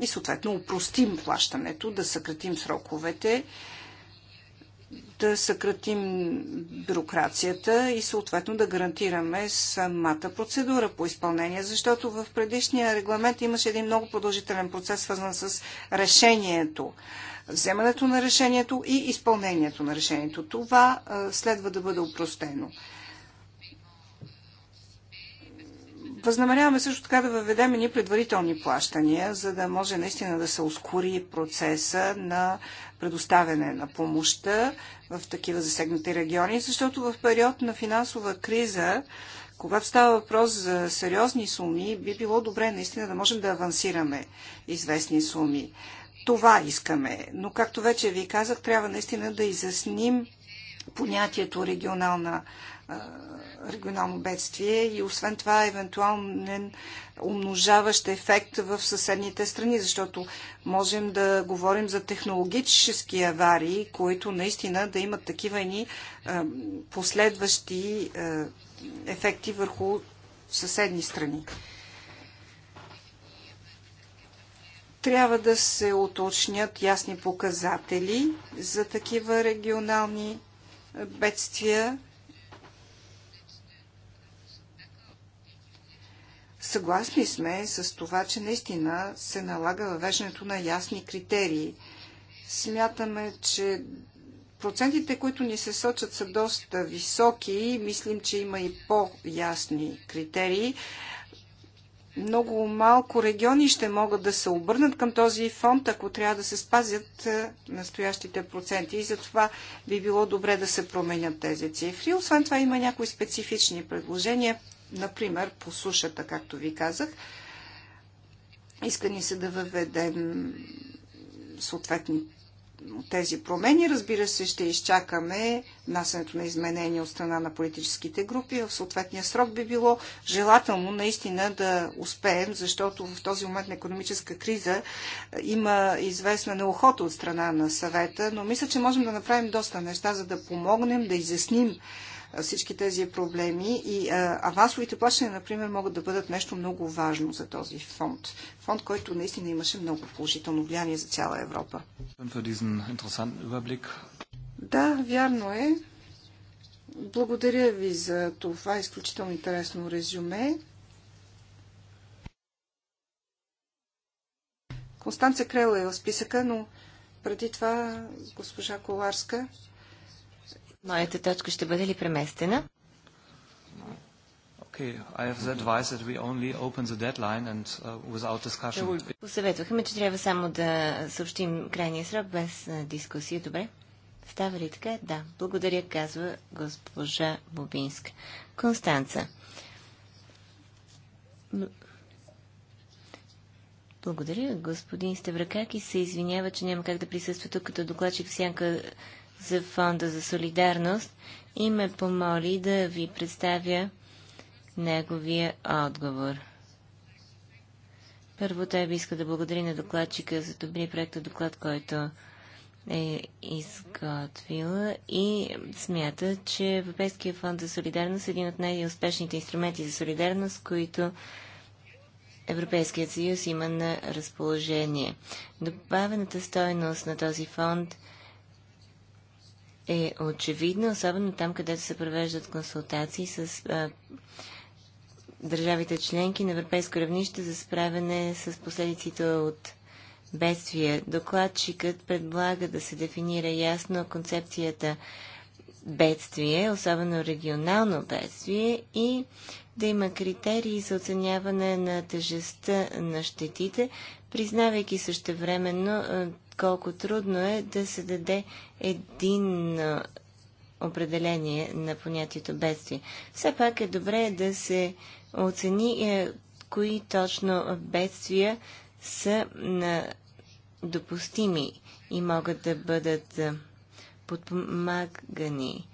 и съответно упростим плащането, да съкратим сроковете, да съкратим бюрокрацията и съответно да гарантираме самата процедура по изпълнение, защото в предишния регламент имаше един много продължителен процес, свързан с решението вземането на решението и изпълнението на решението. Това следва да бъде упростено. Възнамеряваме също така да въведем и предварителни плащания, за да може наистина да се ускори процеса на предоставяне на помощта в такива засегнати региони, защото в период на финансова криза, когато става въпрос за сериозни суми, би било добре наистина да можем да авансираме известни суми. Това искаме. Но както вече ви казах, трябва наистина да изясним понятието регионална, регионално бедствие и освен това евентуален умножаващ ефект в съседните страни, защото можем да говорим за технологически аварии, които наистина да имат такива ни последващи ефекти върху съседни страни. Трябва да се уточнят ясни показатели за такива регионални е, бедствия. Съгласни сме с това, че наистина се налага въвеждането на ясни критерии. Смятаме, че процентите, които ни се сочат, са доста високи. Мислим, че има и по-ясни критерии много малко региони ще могат да се обърнат към този фонд, ако трябва да се спазят е, настоящите проценти. И затова би било добре да се променят тези цифри. Освен това има някои специфични предложения, например по сушата, както ви казах. Иска ни се да въведем съответни тези промени. Разбира се, ще изчакаме насенето на изменения от страна на политическите групи. В съответния срок би било желателно наистина да успеем, защото в този момент на економическа криза е, има известна неохота от страна на съвета, но мисля, че можем да направим доста неща, за да помогнем да изясним всички тези проблеми и авансовите плащания, например, могат да бъдат нещо много важно за този фонд. Фонд, който наистина имаше много положително влияние за цяла Европа. Да, вярно е. Благодаря ви за това изключително интересно резюме. Констанция Крела е в списъка, но преди това госпожа Коларска. Моята точка ще бъде ли преместена? Uh, Посъветвахме, че трябва само да съобщим крайния срок без дискусия. Добре? Става ли така? Да. Благодаря, казва госпожа Бобинска. Констанца. Благодаря. Господин Ставракаки се извинява, че няма как да присъства тук като докладчик в сянка за Фонда за солидарност и ме помоли да ви представя неговия отговор. Първо той би иска да благодари на докладчика за добрия проект доклад, който е изготвила и смята, че Европейския фонд за солидарност е един от най-успешните инструменти за солидарност, които Европейският съюз има на разположение. Добавената стойност на този фонд – е очевидна, особено там, където се провеждат консултации с а, държавите членки на европейско равнище за справяне с последиците от бедствия. Докладчикът предлага да се дефинира ясно концепцията бедствие, особено регионално бедствие и да има критерии за оценяване на тежестта на щетите, признавайки същевременно, колко трудно е да се даде един определение на понятието бедствие. Все пак е добре да се оцени е, кои точно бедствия са на допустими и могат да бъдат подпомагани.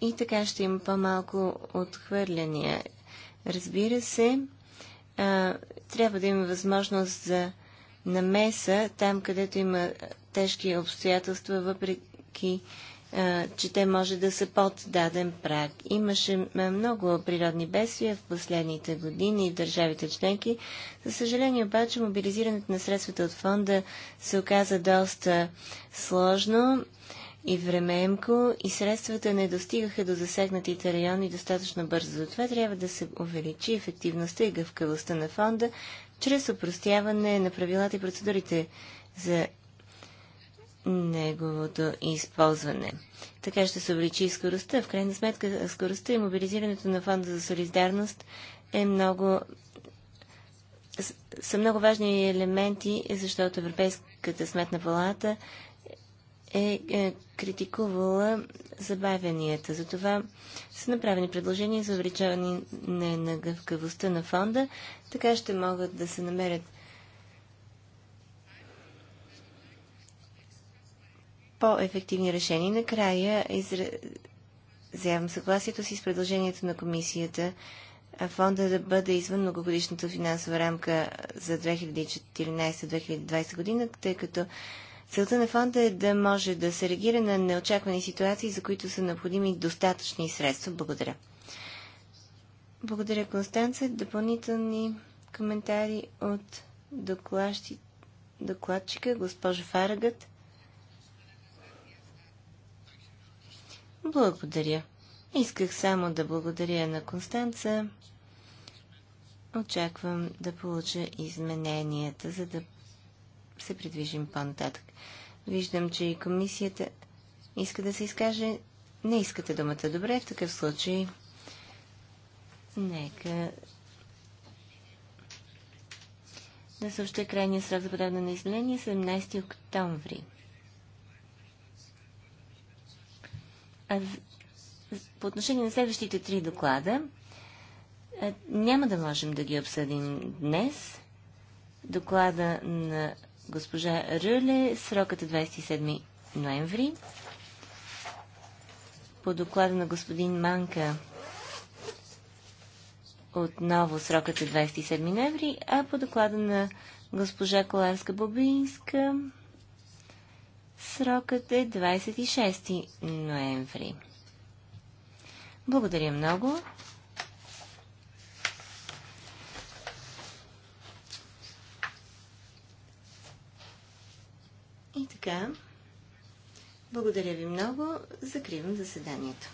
и така ще има по-малко отхвърляния. Разбира се, трябва да има възможност за намеса там, където има тежки обстоятелства, въпреки че те може да са под даден праг. Имаше много природни бедствия в последните години в държавите членки. За съжаление обаче мобилизирането на средствата от фонда се оказа доста сложно и времеемко и средствата не достигаха до засегнатите райони достатъчно бързо. Затова трябва да се увеличи ефективността и гъвкавостта на фонда чрез упростяване на правилата и процедурите за неговото използване. Така ще се увеличи и скоростта. В крайна сметка скоростта и мобилизирането на фонда за солидарност е много са много важни елементи, защото Европейската сметна палата е, е, критикувала забавянията. Затова са направени предложения за увеличаване на гъвкавостта на фонда. Така ще могат да се намерят по-ефективни решения. Накрая изразявам съгласието си с предложението на комисията фонда да бъде извън многогодишната финансова рамка за 2014-2020 година, тъй като Целта на фонда е да може да се реагира на неочаквани ситуации, за които са необходими достатъчни средства. Благодаря. Благодаря, Констанца. Допълнителни коментари от докладчи... докладчика, госпожа Фарагът. Благодаря. Исках само да благодаря на Констанца. Очаквам да получа измененията, за да се придвижим по-нататък. Виждам, че и комисията иска да се изкаже. Не искате думата. Добре, в такъв случай. Нека да съобща крайния срок за подаване на изменение 17 октомври. А по отношение на следващите три доклада, няма да можем да ги обсъдим днес. Доклада на госпожа Рюле. Срокът е 27 ноември. По доклада на господин Манка отново срокът е 27 ноември, а по доклада на госпожа Коларска-Бобинска срокът е 26 ноември. Благодаря много. И така, благодаря ви много. Закривам заседанието.